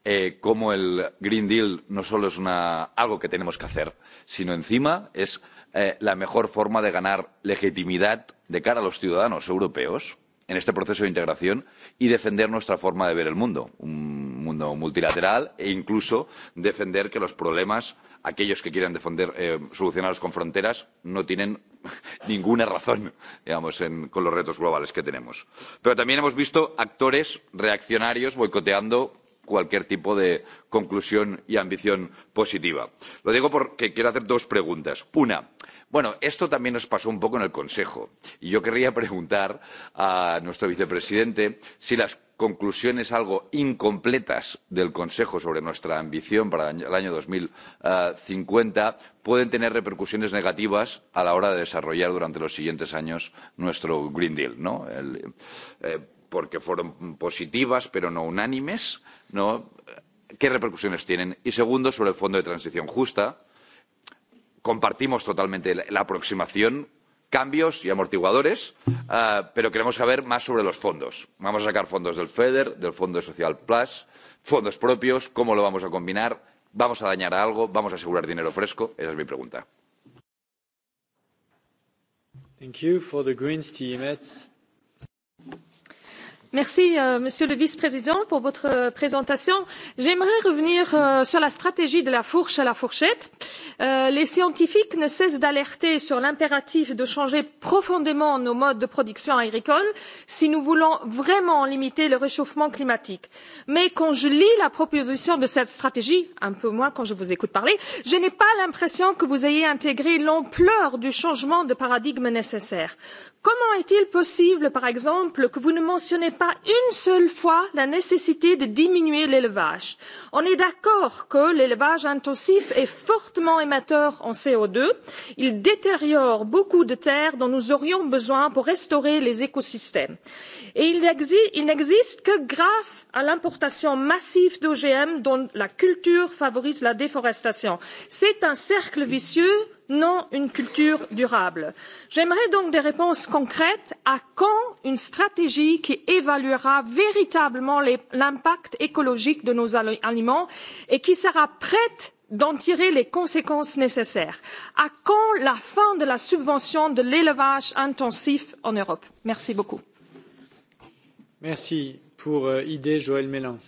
eh, cómo el Green Deal no solo es una, algo que tenemos que hacer, sino encima es eh, la mejor forma de ganar legitimidad de cara a los ciudadanos europeos en este proceso de integración y defender nuestra forma de ver el mundo, un mundo multilateral e incluso defender que los problemas, aquellos que quieran defender, eh, solucionarlos con fronteras, no tienen ninguna razón, digamos, en, con los retos globales que tenemos. Pero también hemos visto actores reaccionarios boicoteando cualquier tipo de conclusión y ambición positiva. Lo digo porque quiero hacer dos preguntas. Una, Bueno, esto también nos pasó un poco en el Consejo. Y yo querría preguntar a nuestro vicepresidente si las conclusiones algo incompletas del Consejo sobre nuestra ambición para el año 2050 eh, pueden tener repercusiones negativas a la hora de desarrollar durante los siguientes años nuestro Green Deal, ¿no? El, eh, porque fueron positivas, pero no unánimes, ¿no? ¿Qué repercusiones tienen? Y segundo, sobre el Fondo de Transición Justa, compartimos totalmente la, la aproximación, cambios y amortiguadores, uh, pero queremos saber más sobre los fondos. Vamos a sacar fondos del FEDER, del Fondo Social Plus, fondos propios, cómo lo vamos a combinar, vamos a dañar a algo, vamos a asegurar dinero fresco. Esa es mi pregunta. Thank you for the Greens team. It's Merci, euh, Monsieur le Vice-président, pour votre euh, présentation. J'aimerais revenir euh, sur la stratégie de la fourche à la fourchette. Euh, les scientifiques ne cessent d'alerter sur l'impératif de changer profondément nos modes de production agricole si nous voulons vraiment limiter le réchauffement climatique. Mais quand je lis la proposition de cette stratégie, un peu moins quand je vous écoute parler, je n'ai pas l'impression que vous ayez intégré l'ampleur du changement de paradigme nécessaire. Comment est-il possible, par exemple, que vous ne mentionnez pas une seule fois la nécessité de diminuer l'élevage On est d'accord que l'élevage intensif est fortement émetteur en CO2. Il détériore beaucoup de terres dont nous aurions besoin pour restaurer les écosystèmes. Et il, exi- il n'existe que grâce à l'importation massive d'OGM dont la culture favorise la déforestation. C'est un cercle vicieux non une culture durable. j'aimerais donc des réponses concrètes à quand une stratégie qui évaluera véritablement l'impact écologique de nos aliments et qui sera prête d'en tirer les conséquences nécessaires? à quand la fin de la subvention de l'élevage intensif en europe? merci beaucoup. Merci pour euh, idée Joël Mélan.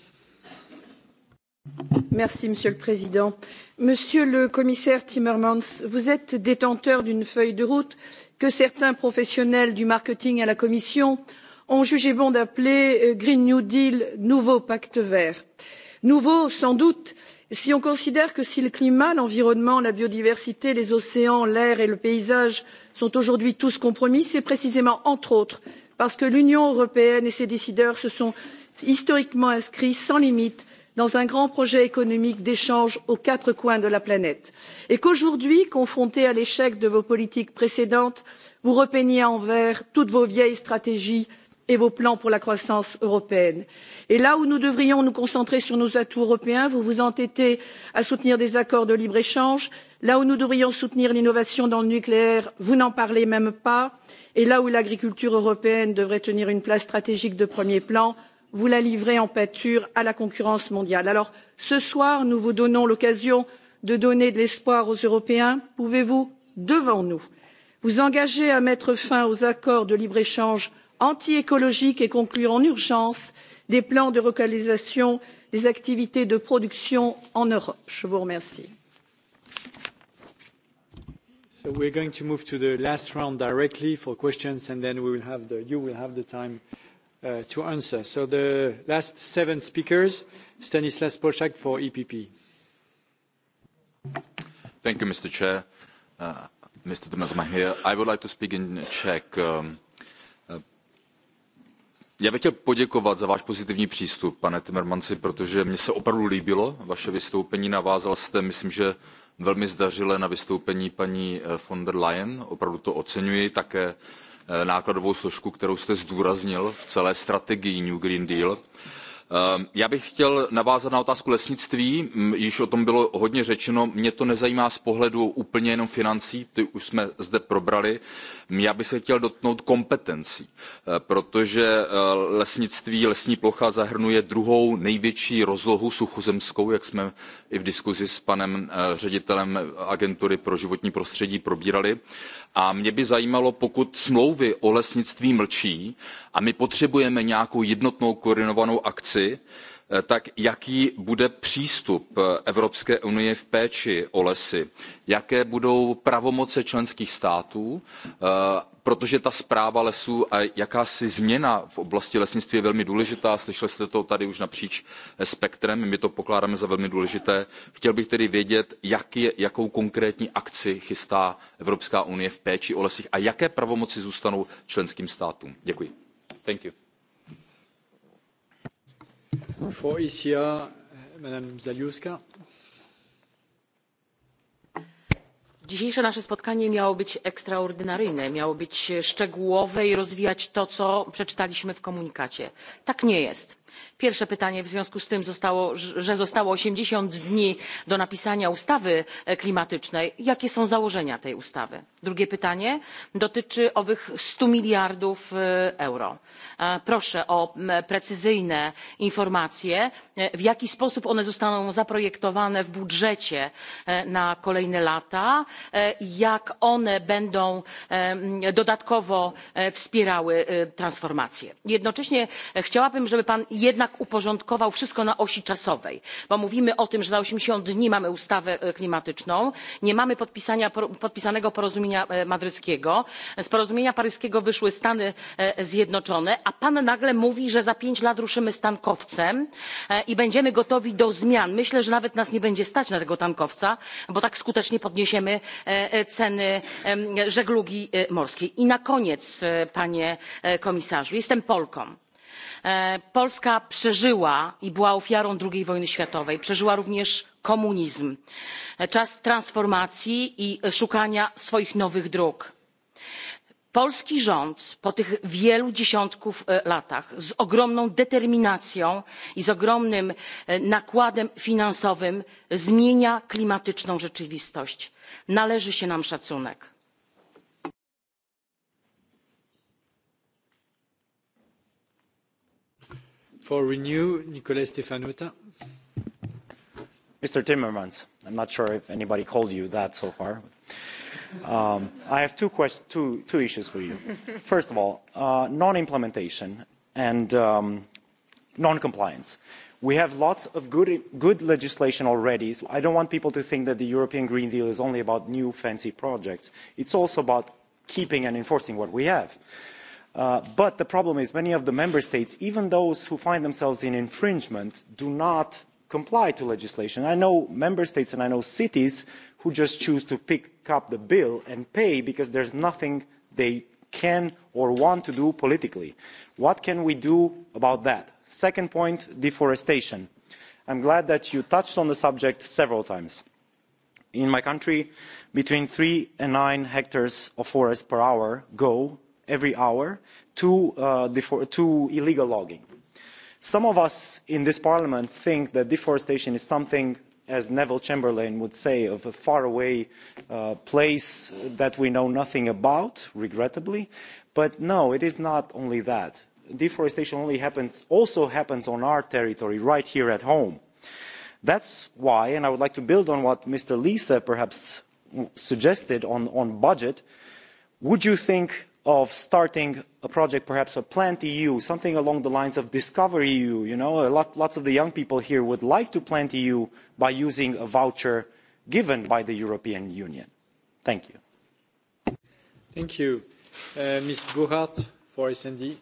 Merci monsieur le président monsieur le commissaire timmermans vous êtes détenteur d'une feuille de route que certains professionnels du marketing à la commission ont jugé bon d'appeler euh, green new deal nouveau pacte vert nouveau sans doute si on considère que si le climat l'environnement la biodiversité les océans l'air et le paysage sont aujourd'hui tous compromis c'est précisément entre autres parce que l'union européenne et ses décideurs se sont historiquement inscrits sans limite dans un grand projet économique d'échange aux quatre coins de la planète et qu'aujourd'hui confrontés à l'échec de vos politiques précédentes vous repeignez en vert toutes vos vieilles stratégies et vos plans pour la croissance européenne. et là où nous devrions nous concentrer sur nos atouts européens vous vous entêtez à soutenir des accords de libre échange là où nous devrions soutenir l'innovation dans le nucléaire vous n'en parlez même pas et là où l'agriculture européenne devrait tenir une place stratégique de premier plan vous la livrez en pâture à la concurrence mondiale. alors ce soir nous vous donnons l'occasion de donner de l'espoir aux européens. pouvez vous devant nous vous engager à mettre fin aux accords de libre échange antiécologiques et conclure en urgence des plans de relocalisation des activités de production en europe? je vous remercie. So we're going to move to the last round directly for questions, and then we will have the, you will have the time uh, to answer. So the last seven speakers, Stanislas Polchak for EPP. Thank you, Mr. Chair. Uh, Mr. Demesma here. I would like to speak in Czech. Um, uh, já bych chtěl poděkovat za váš pozitivní přístup, pane Timmermansi, protože mně se opravdu líbilo vaše vystoupení. Navázal jste, myslím, že velmi zdařile na vystoupení paní eh, von der Leyen. Opravdu to oceňuji. Také uh, Eh, nákladovou složku kterou jste zdůraznil v celé strategii new green deal. Eh, já bych chtěl navázat na otázku lesnictví mm, již o tom bylo hodně řečeno mě to nezajímá z pohledu úplně jenom financí ty už jsme zde probrali já bych se chtěl dotknout kompetencí eh, protože lesnictví lesní plocha zahrnuje druhou největší rozlohu suchozemskou jak jsme i v diskusi s panem ředitelem agentury pro životní prostředí probírali a mě by zajímalo pokud smlouvy o lesnictví mlčí a my potřebujeme nějakou jednotnou koordinovanou akci Eh, tak jaký bude přístup eh, evropské unie v péči o lesy jaké budou pravomoci členských států eh, protože ta správa lesů a jakási změna v oblasti lesnictví je velmi důležitá slyšeli jste to tady už napříč spektrem my to pokládáme za velmi důležité. chtěl bych tedy vědět jak je, jakou konkrétní akci chystá evropská unie v péči o lesy a jaké pravomoci zůstanou členským státům. děkuji. For ECR, Madame Zaliuska. dzisiejsze nasze spotkanie miało być ekstraordynaryjne miało być szczegółowe i rozwijać to co przeczytaliśmy w komunikacie. tak nie jest pierwsze pytanie w związku z tym że zostało osiemdziesiąt dni do napisania ustawy klimatycznej jakie są założenia tej ustawy? drugie pytanie dotyczy owych stu miliardów e, euro. E, proszę o precyzyjne informacje e, w jaki sposób one zostaną zaprojektowane w budżecie na kolejne lata jak one będą dodatkowo wspierały transformację. jednocześnie chciałabym żeby pan jednak uporządkował wszystko na osi czasowej bo mówimy o tym że za osiemdziesiąt dni mamy ustawę e, klimatyczną nie mamy podpisanego porozumienia e, madryckiego z porozumienia paryskiego wyszły stany e, zjednoczone a pan nagle mówi że za pięć lat ruszymy z tankowcem i będziemy gotowi do zmian. myślę że nawet nas nie będzie stać na tego tankowca bo tak skutecznie podniesiemy ceny żeglugi morskiej. i na koniec panie komisarzu jestem polką. E, polska przeżyła i była ofiarą ii wojny światowej przeżyła również komunizm e, czas transformacji i szukania swoich nowych dróg. polski rząd po tych wielu dziesiątku e, latach z ogromną determinacją i z ogromnym nakładem finansowym zmienia klimatyczną rzeczywistość. należy się nam szacunek. For Renew, Nicolas Stefanuta. Mr. Timmermans, I'm not sure if anybody called you that so far. Um, I have two, quest- two, two issues for you. First of all, uh, non-implementation and um, non-compliance. We have lots of good, good legislation already. So I don't want people to think that the European Green Deal is only about new fancy projects. It's also about keeping and enforcing what we have. Uh, Uh, but the problem is many of the member states, even those who find themselves in infringement, do not comply to legislation. I know member states and I know cities who just choose to pick up the bill and pay because there's nothing they can or want to do politically. What can we do about that? Second point, deforestation. I'm glad that you touched on the subject several times. In my country, between 3 and 9 hectares of forest per hour go every hour to, uh, to illegal logging. Some of us in this parliament think that deforestation is something, as Neville Chamberlain would say, of a faraway uh, place that we know nothing about, regrettably. But no, it is not only that. Deforestation only happens, also happens on our territory, right here at home. That's why, and I would like to build on what Mr. Lisa perhaps suggested on, on budget, would you think of starting a project, perhaps a Plant EU, something along the lines of Discover EU. You know, a lot, lots of the young people here would like to Plant EU by using a voucher given by the European Union. Thank you. Thank you. Uh, Ms. Burkhardt for SND.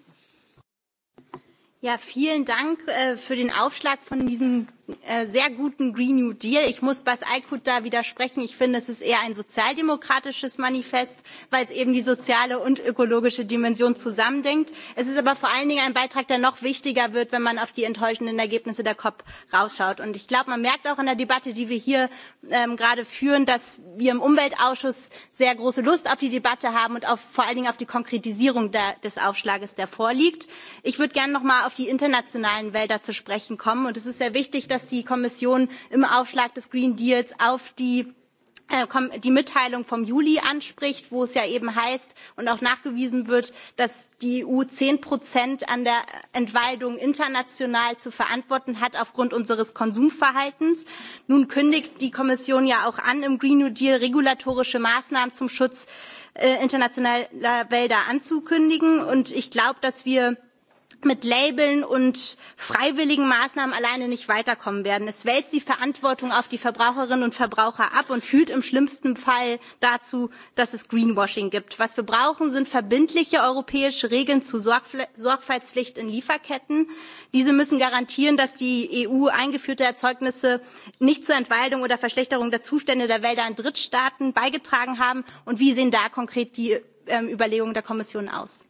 Ja, vielen Dank äh, für den Aufschlag von diesem äh, sehr guten Green New Deal. Ich muss Bas Aykut da widersprechen. Ich finde, es ist eher ein sozialdemokratisches Manifest, weil es eben die soziale und ökologische Dimension zusammendenkt. Es ist aber vor allen Dingen ein Beitrag, der noch wichtiger wird, wenn man auf die enttäuschenden Ergebnisse der COP rausschaut. Und ich glaube, man merkt auch in der Debatte, die wir hier ähm, gerade führen, dass wir im Umweltausschuss sehr große Lust auf die Debatte haben und auf, vor allen Dingen auf die Konkretisierung der, des Aufschlages, der vorliegt. Ich würde gerne noch mal auf die internationalen Wälder zu sprechen kommen. Und es ist sehr wichtig, dass die Kommission im Aufschlag des Green Deals auf die äh, die Mitteilung vom Juli anspricht, wo es ja eben heißt und auch nachgewiesen wird, dass die EU zehn Prozent an der Entwaldung international zu verantworten hat aufgrund unseres Konsumverhaltens. Nun kündigt die Kommission ja auch an, im Green New Deal regulatorische Maßnahmen zum Schutz äh, internationaler Wälder anzukündigen. Und ich glaube, dass wir mit Labeln und freiwilligen Maßnahmen alleine nicht weiterkommen werden. Es wälzt die Verantwortung auf die Verbraucherinnen und Verbraucher ab und führt im schlimmsten Fall dazu, dass es Greenwashing gibt. Was wir brauchen, sind verbindliche europäische Regeln zur Sorgfl Sorgfaltspflicht in Lieferketten. Diese müssen garantieren, dass die EU eingeführte Erzeugnisse nicht zur Entwaldung oder Verschlechterung der Zustände der Wälder in Drittstaaten beigetragen haben. Und wie sehen da konkret die ähm, Überlegungen der Kommission aus?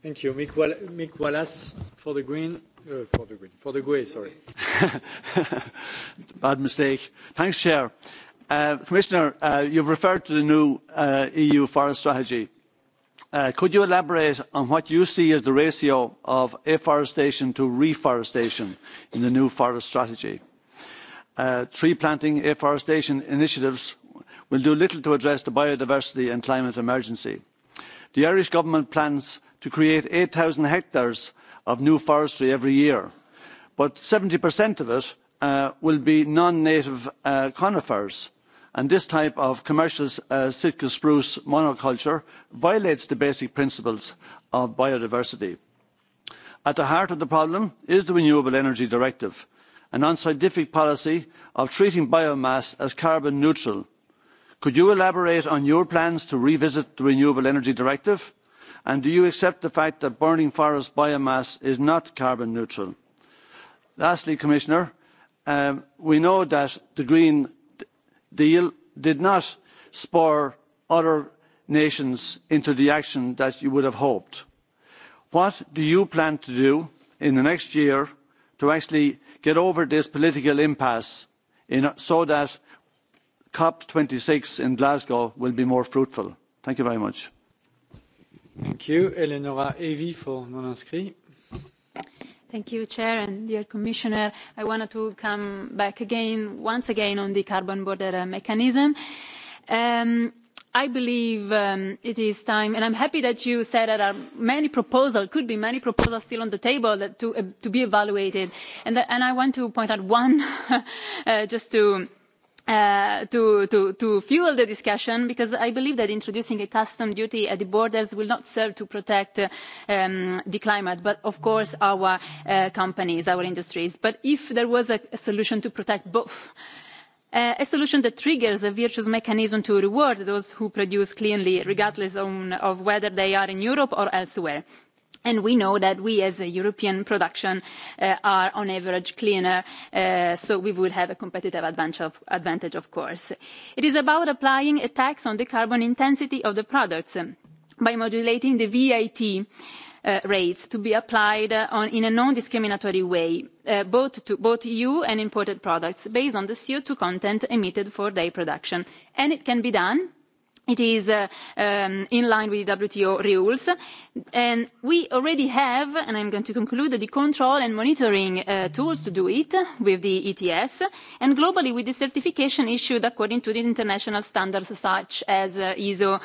Thank you. Mick, Wall Mick Wallace for the Green. Uh, for the Green. For the GUE, sorry. Bad mistake. Thanks, Chair. Uh, Commissioner, uh, you've referred to the new uh, EU forest strategy. Uh, could you elaborate on what you see as the ratio of afforestation to reforestation in the new forest strategy? Uh, tree planting afforestation initiatives will do little to address the biodiversity and climate emergency. The Irish government plans to create 8,000 hectares of new forestry every year, but 70% of it uh, will be non-native uh, conifers. And this type of commercial uh, Sitka spruce monoculture violates the basic principles of biodiversity. At the heart of the problem is the Renewable Energy Directive, an unscientific policy of treating biomass as carbon neutral. Could you elaborate on your plans to revisit the Renewable Energy Directive and do you accept the fact that burning forest biomass is not carbon neutral? lastly commissioner um, we know that the green deal did not spur other nations into the action that you would have hoped. what do you plan to do in the next year to actually get over this political impasse in, so that cop twenty six in glasgow will be more fruitful? thank you very much. Thank you. Eleonora Evi for non-inscrit. Thank you, Chair and dear Commissioner. I wanted to come back again, once again, on the carbon border uh, mechanism. Um, I believe um, it is time, and I'm happy that you said that there are many proposals, could be many proposals still on the table that to, uh, to be evaluated. And, that, and I want to point out one, uh, just to Uh, to, to, to fuel the discussion because I believe that introducing a custom duty at the borders will not serve to protect uh, um, the climate, but of course our uh, companies, our industries. But if there was a, a solution to protect both, uh, a solution that triggers a virtuous mechanism to reward those who produce cleanly, regardless on, of whether they are in Europe or elsewhere and we know that we as a European production uh, are on average cleaner, uh, so we would have a competitive advantage of, advantage, of course. It is about applying a tax on the carbon intensity of the products um, by modulating the VAT uh, rates to be applied uh, on, in a non-discriminatory way, uh, both to both EU and imported products based on the CO2 content emitted for their production. And it can be done It is uh, um, in line with WTO rules. And we already have, and I'm going to conclude, the control and monitoring uh, tools to do it with the ETS, and globally with the certification issued according to the international standards such as uh, ISO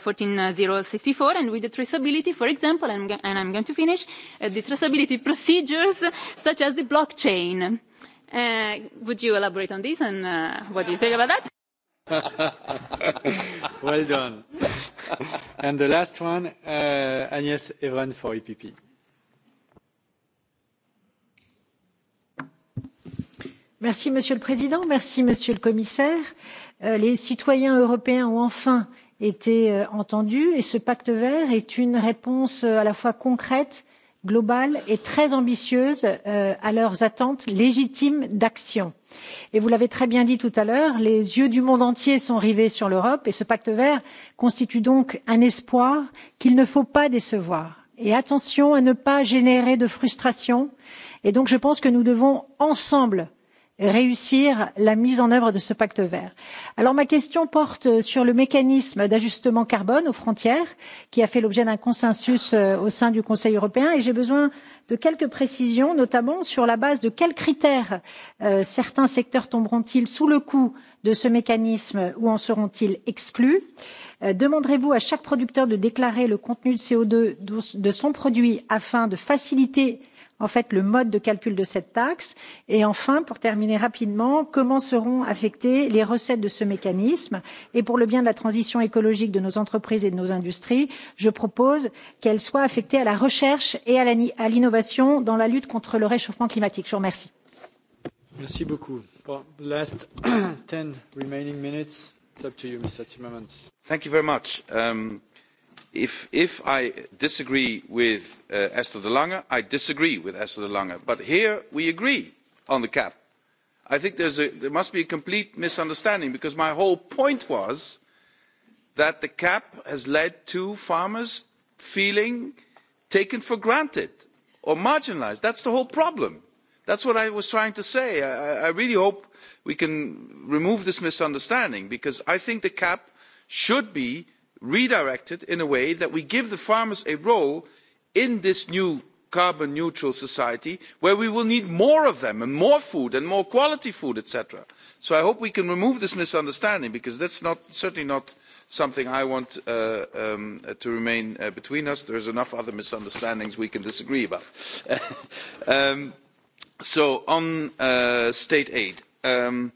14064, uh, and with the traceability, for example, and, and I'm going to finish, uh, the traceability procedures such as the blockchain. Uh, would you elaborate on this, and what do you think about that? well done. And the last one, uh, Agnès Evren for EPP. Merci, Monsieur le Président. Merci, Monsieur le Commissaire. Euh, les citoyens européens ont enfin été euh, entendus et ce pacte vert est une réponse euh, à la fois concrète et globale et très ambitieuse euh, à leurs attentes légitimes d'action. Et vous l'avez très bien dit tout à l'heure, les yeux du monde entier sont rivés sur l'Europe et ce pacte vert constitue donc un espoir qu'il ne faut pas décevoir. Et attention à ne pas générer de frustration. Et donc je pense que nous devons ensemble euh, réussir la mise en œuvre de ce pacte vert. Alors ma question porte sur le mécanisme d'ajustement carbone aux frontières qui a fait l'objet d'un consensus euh, au sein du Conseil européen et j'ai besoin de quelques précisions, notamment sur la base de quels critères euh, certains secteurs tomberont-ils sous le coup de ce mécanisme ou en seront-ils exclus euh, Demanderez-vous à chaque producteur de déclarer le contenu de CO2 de son produit afin de faciliter euh, en fait le mode de calcul de cette taxe et enfin pour terminer rapidement comment seront affectées les recettes de ce mécanisme et pour le bien de la transition écologique de nos entreprises et de nos industries je propose qu'elles soient affectées à la recherche et à l'innovation dans la lutte contre le réchauffement climatique. je vous remercie. Merci beaucoup. Well, last 10 remaining minutes. It's up to you, Mr. Timmermans. Thank you very much. Um, if, if I disagree with uh, Esther de Lange, I disagree with Esther de Lange. But here we agree on the cap. I think there's a, there must be a complete misunderstanding because my whole point was that the cap has led to farmers feeling taken for granted or marginalised. That's the whole problem. That's what I was trying to say. I, I really hope we can remove this misunderstanding because I think the cap should be redirected in a way that we give the farmers a role in this new carbon neutral society where we will need more of them and more food and more quality food etc. so i hope we can remove this misunderstanding because that's not certainly not something i want uh, um, uh, to remain uh, between us there's enough other misunderstandings we can disagree about um, so on uh, state aid um,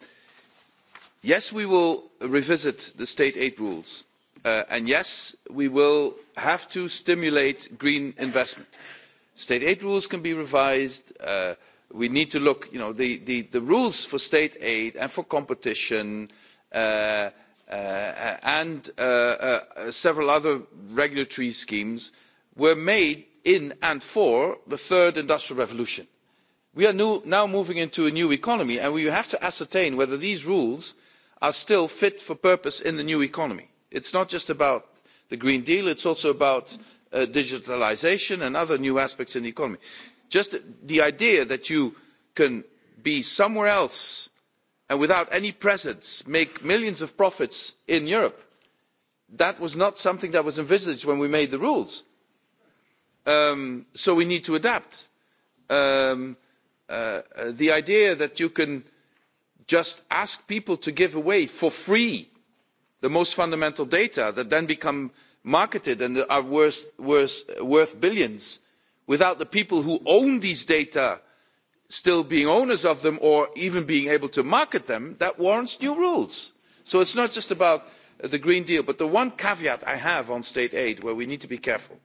yes we will revisit the state aid rules Uh, and yes, we will have to stimulate green investment. State aid rules can be revised. Uh, we need to look, you know, the, the, the rules for state aid and for competition uh, uh, and uh, uh, several other regulatory schemes were made in and for the third industrial revolution. We are new, now moving into a new economy and we have to ascertain whether these rules are still fit for purpose in the new economy it's not just about the green deal it's also about uh, digitalisation and other new aspects in the economy just the idea that you can be somewhere else and without any presence make millions of profits in europe that was not something that was envisaged when we made the rules um, so we need to adapt um, uh, uh the idea that you can just ask people to give away for free the most fundamental data that then become marketed and are worth, worth, worth billions without the people who own these data still being owners of them or even being able to market them, that warrants new rules. So it's not just about the Green Deal, but the one caveat I have on state aid where we need to be careful,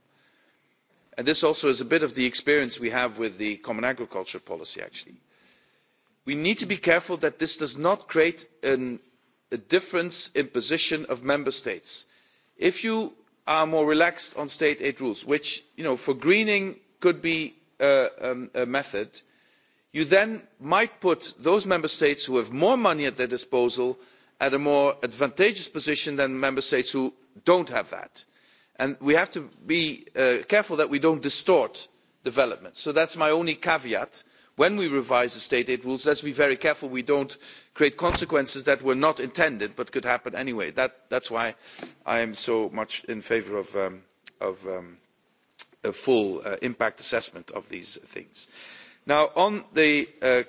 and this also is a bit of the experience we have with the Common Agriculture Policy actually, we need to be careful that this does not create an a difference in position of member states. if you are more relaxed on state aid rules which for greening could be uh, um, a method you then might put those member states who have more money at their disposal in a more advantageous position than member states who don't have that. And we have to be uh, careful that we don't distort development so that's my only caveat when we revise the state aid rules let's be very careful we don't create consequences that were not intended but could happen anyway. That, that's why i am so much in favour of, um, of um, a full uh, impact assessment of these things. now on the uh,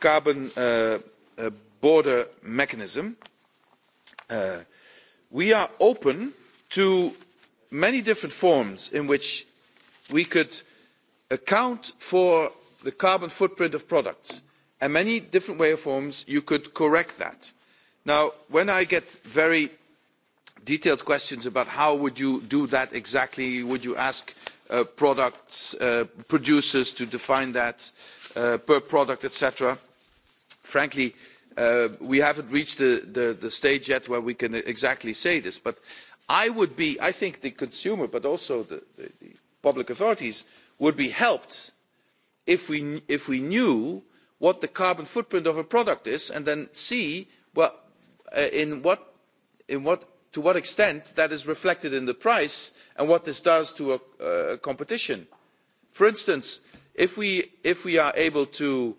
carbon uh, uh border mechanism uh, we are open to many different forms in which we could account for the carbon footprint of products and many different ways and forms you could correct that. now when i get very detailed questions about how would you do that exactly would you ask uh, products uh, producers to define that uh, per product etc frankly uh, we haven't reached the, the, the stage yet where we can exactly say this but i would be i think the consumer but also the, the, the public authorities would be helped if we, if we knew what the carbon footprint of a product is and then see what, uh, in what, in what, to what extent that is reflected in the price and what this does to a, uh, competition. For instance, if we, if we are able to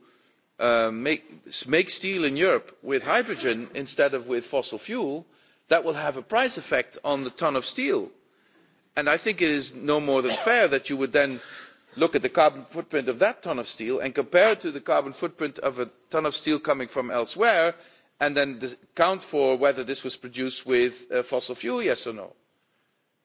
uh, make, make steel in Europe with hydrogen instead of with fossil fuel, that will have a price effect on the ton of steel. And I think it is no more than fair that you would then look at the carbon footprint of that tonne of steel and compare it to the carbon footprint of a tonne of steel coming from elsewhere and then count for whether this was produced with uh, fossil fuel yes or no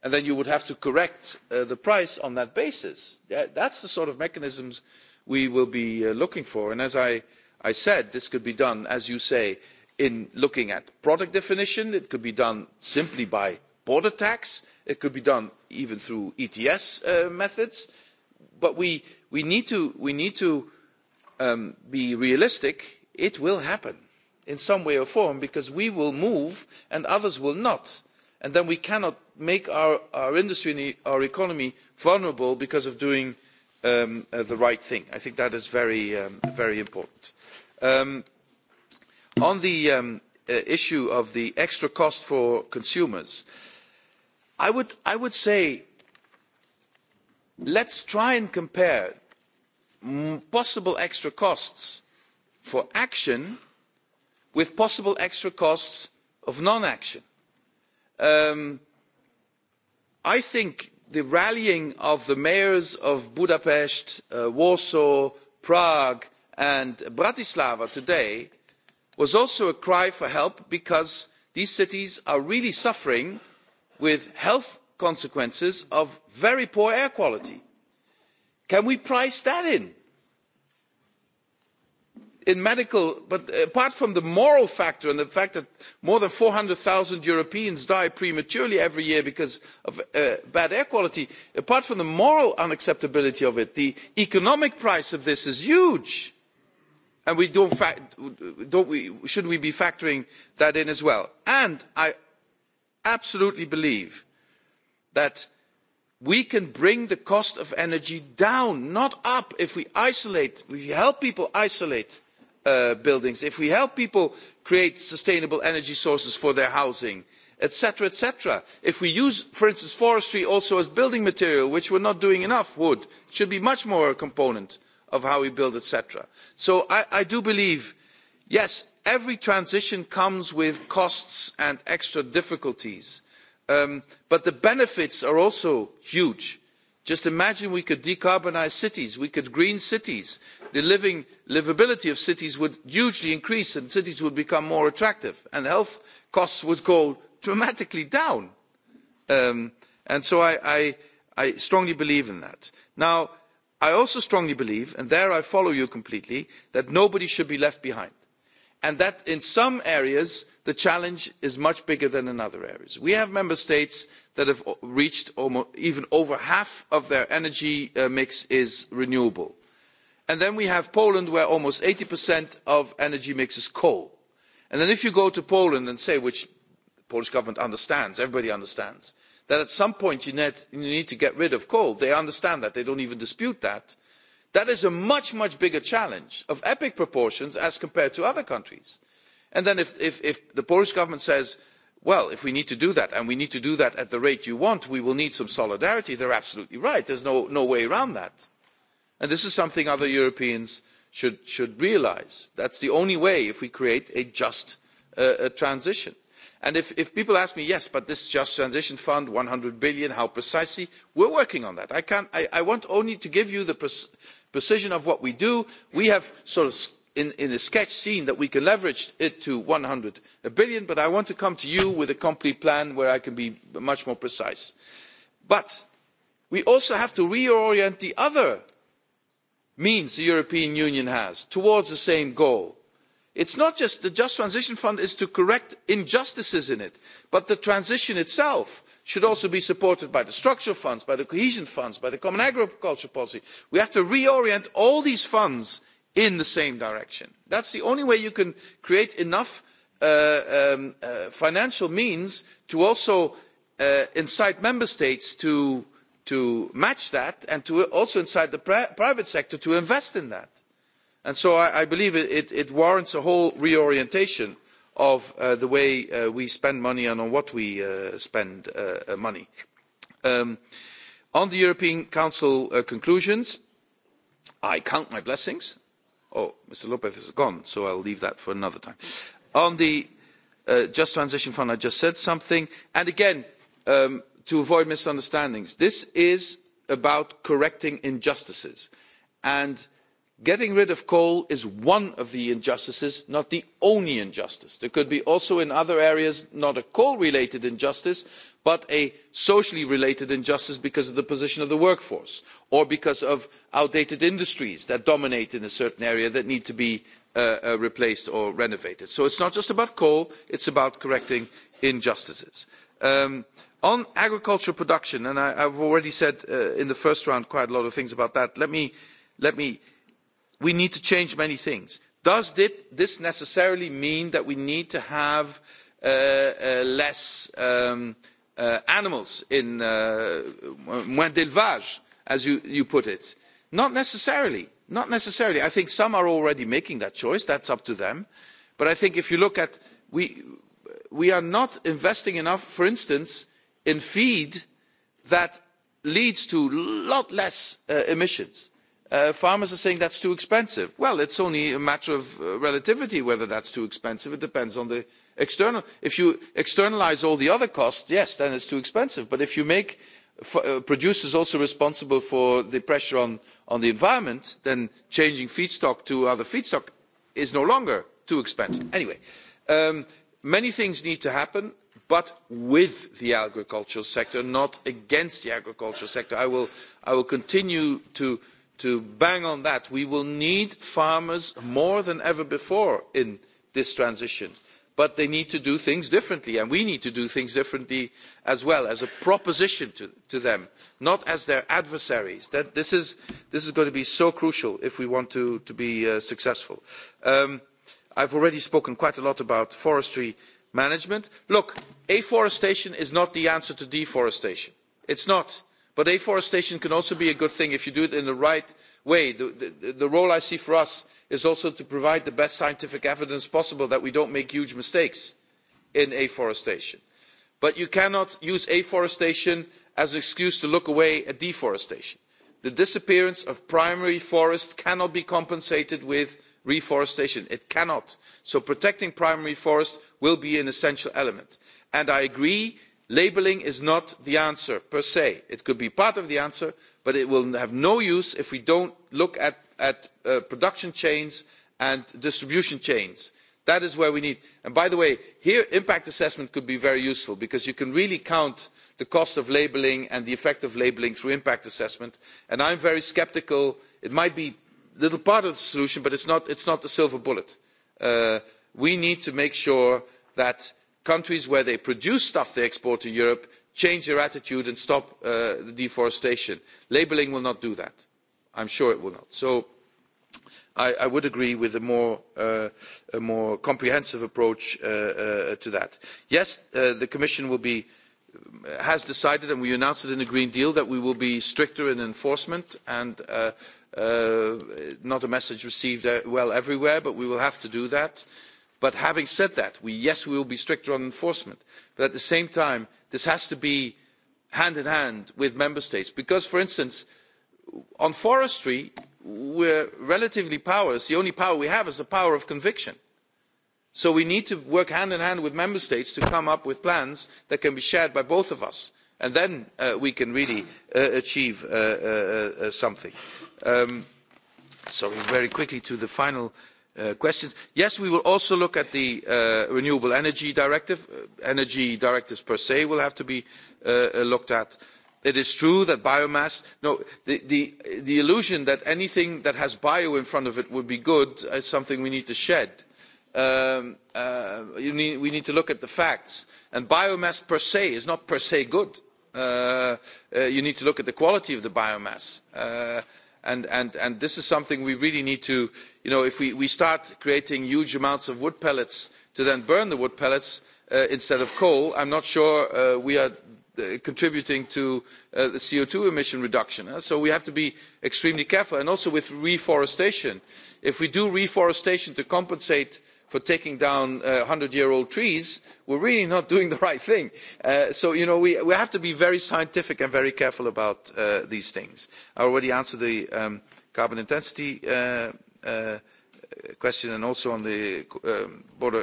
and then you would have to correct uh, the price on that basis. That's the sort of mechanisms we will be uh, looking for. And as I, I said, this could be done, as you say, in looking at product definition. It could be done simply by border tax. It could be done even through ETS uh, methods. Uh, but we, we need to, we need to um, be realistic. It will happen in some way or form because we will move and others will not. And then we cannot make our, our industry and e, our economy vulnerable because of doing um, uh, the right thing. I think that is very, um, very important. Um, on the um, uh, issue of the extra cost for consumers, I would, I would say let's try and compare possible extra costs for action with possible extra costs of non action. Um, I think the rallying of the mayors of Budapest, uh, Warsaw, Prague, and Bratislava today was also a cry for help because these cities are really suffering with health consequences of very poor air quality. can we price that in? in medical but uh, apart from the moral factor and the fact that more than four hundred zero europeans die prematurely every year because of uh, bad air quality apart from the moral unacceptability of it the economic price of this is huge and we don't, fa- don't we, shouldn't we be factoring that in as well? and i absolutely believe that we can bring the cost of energy down not up if we isolate if we help people isolate uh, buildings if we help people create sustainable energy sources for their housing etc etc if we use for instance forestry also as building material which we're not doing enough wood it should be much more a component of how we build etc so i i do believe yes every transition comes with costs and extra difficulties Um, but the benefits are also huge. Just imagine we could decarbonise cities, we could green cities. The living, livability of cities would hugely increase and cities would become more attractive and health costs would go dramatically down. Um, and so I, I, I strongly believe in that. Now, I also strongly believe, and there I follow you completely, that nobody should be left behind. And that in some areas the challenge is much bigger than in other areas. we have member states that have reached almost, even over half of their energy uh, mix is renewable and then we have poland where almost eighty of energy mix is coal and then if you go to poland and say which the polish government understands everybody understands that at some point you need, you need to get rid of coal they understand that they don't even dispute that that is a much much bigger challenge of epic proportions as compared to other countries and then if, if, if the polish government says well if we need to do that and we need to do that at the rate you want we will need some solidarity they're absolutely right there's no, no way around that and this is something other europeans should, should realise that's the only way if we create a just uh, a transition and if, if people ask me yes but this just transition fund 100 billion how precisely we're working on that i can I, I want only to give you the precision of what we do we have sort of in, in a sketch scene that we can leverage it to 100 billion, but I want to come to you with a complete plan where I can be much more precise. But we also have to reorient the other means the European Union has towards the same goal. It's not just the Just Transition Fund is to correct injustices in it, but the transition itself should also be supported by the structural funds, by the cohesion funds, by the common agriculture policy. We have to reorient all these funds in the same direction. that's the only way you can create enough uh, um, uh, financial means to also uh, incite member states to, to match that and to also incite the pri private sector to invest in that. And so I, I believe it, it, it warrants a whole reorientation of uh, the way uh, we spend money and on what we uh, spend uh, uh money. Um, on the European Council uh, conclusions, I count my blessings Oh, Mr. Lopez is gone, so I'll leave that for another time. On the uh, Just Transition Fund, I just said something. And again, um, to avoid misunderstandings, this is about correcting injustices. And getting rid of coal is one of the injustices, not the only injustice. There could be also in other areas not a coal-related injustice, but a socially related injustice because of the position of the workforce or because of outdated industries that dominate in a certain area that need to be uh, uh, replaced or renovated. so it's not just about coal it's about correcting injustices. Um, on agricultural production and I, i've already said uh, in the first round quite a lot of things about that let me let me we need to change many things. Does this necessarily mean that we need to have less um, uh, animals in uh, moins d'élevage, as you, you put it. Not necessarily. Not necessarily. I think some are already making that choice. That's up to them. But I think if you look at, we, we are not investing enough, for instance, in feed that leads to a lot less uh, emissions. Uh, farmers are saying that's too expensive. Well, it's only a matter of uh, relativity whether that's too expensive. It depends on the External, if you externalize all the other costs, yes, then it's too expensive. But if you make f- uh, producers also responsible for the pressure on, on the environment, then changing feedstock to other feedstock is no longer too expensive. Anyway, um, many things need to happen but with the agricultural sector, not against the agricultural sector. I will, I will continue to, to bang on that. We will need farmers more than ever before in this transition but they need to do things differently and we need to do things differently as well as a proposition to, to them not as their adversaries that this is this is going to be so crucial if we want to to be uh, successful um, i've already spoken quite a lot about forestry management look afforestation is not the answer to deforestation it's not but afforestation can also be a good thing if you do it in the right way. The, the, the role I see for us is also to provide the best scientific evidence possible that we don't make huge mistakes in afforestation. But you cannot use afforestation as an excuse to look away at deforestation. The disappearance of primary forests cannot be compensated with reforestation. It cannot. So protecting primary forests will be an essential element. And I agree, labelling is not the answer per se. It could be part of the answer, but it will have no use if we don't look at, at uh, production chains and distribution chains. That is where we need. And by the way, here impact assessment could be very useful because you can really count the cost of labelling and the effect of labelling through impact assessment. And I'm very sceptical. It might be a little part of the solution, but it's not, it's not the silver bullet. Uh, we need to make sure that countries where they produce stuff they export to Europe change their attitude and stop uh, the deforestation. Labelling will not do that. I'm sure it will not. So I, I would agree with a more, uh, a more comprehensive approach uh, uh, to that. Yes, uh, the Commission will be, has decided, and we announced it in the Green Deal, that we will be stricter in enforcement and uh, uh, not a message received uh, well everywhere, but we will have to do that. Uh, But having said that, we, yes, we will be stricter on enforcement. But at the same time, this has to be hand in hand with member states. Because, for instance, on forestry, we're relatively powerless. The only power we have is the power of conviction. So we need to work hand in hand with member states to come up with plans that can be shared by both of us. And then uh, we can really uh, achieve uh, uh, uh, something. Um, sorry, very quickly to the final uh, Uh, questions. Yes, we will also look at the uh, renewable energy directive. Uh, energy directives per se will have to be uh, uh, looked at. It is true that biomass, no, the, the, the illusion that anything that has bio in front of it would be good is something we need to shed. Um, uh, you need, we need to look at the facts. And biomass per se is not per se good. Uh, uh, you need to look at the quality of the biomass. Uh, and, and, and this is something we really need to you know if we, we start creating huge amounts of wood pellets to then burn the wood pellets uh, instead of coal i'm not sure uh, we are uh, contributing to uh, the co2 emission reduction uh, so we have to be extremely careful and also with reforestation if we do reforestation to compensate uh, for taking down uh, 100 year old trees, we're really not doing the right thing. Uh, so, you know, we, we have to be very scientific and very careful about uh, these things. I already answered the um, carbon intensity uh, uh, question and also on the um, border,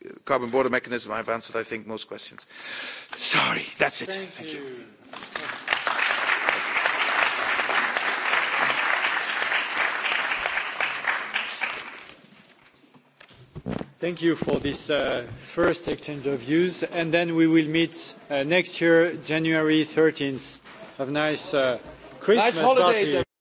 uh, carbon border mechanism. I've answered, I think, most questions. Sorry, that's it. Thank, Thank you. Thank you. Thank you for this uh, first exchange of views, and then we will meet uh, next year, January 13th. Have a nice uh, Christmas nice holidays, party.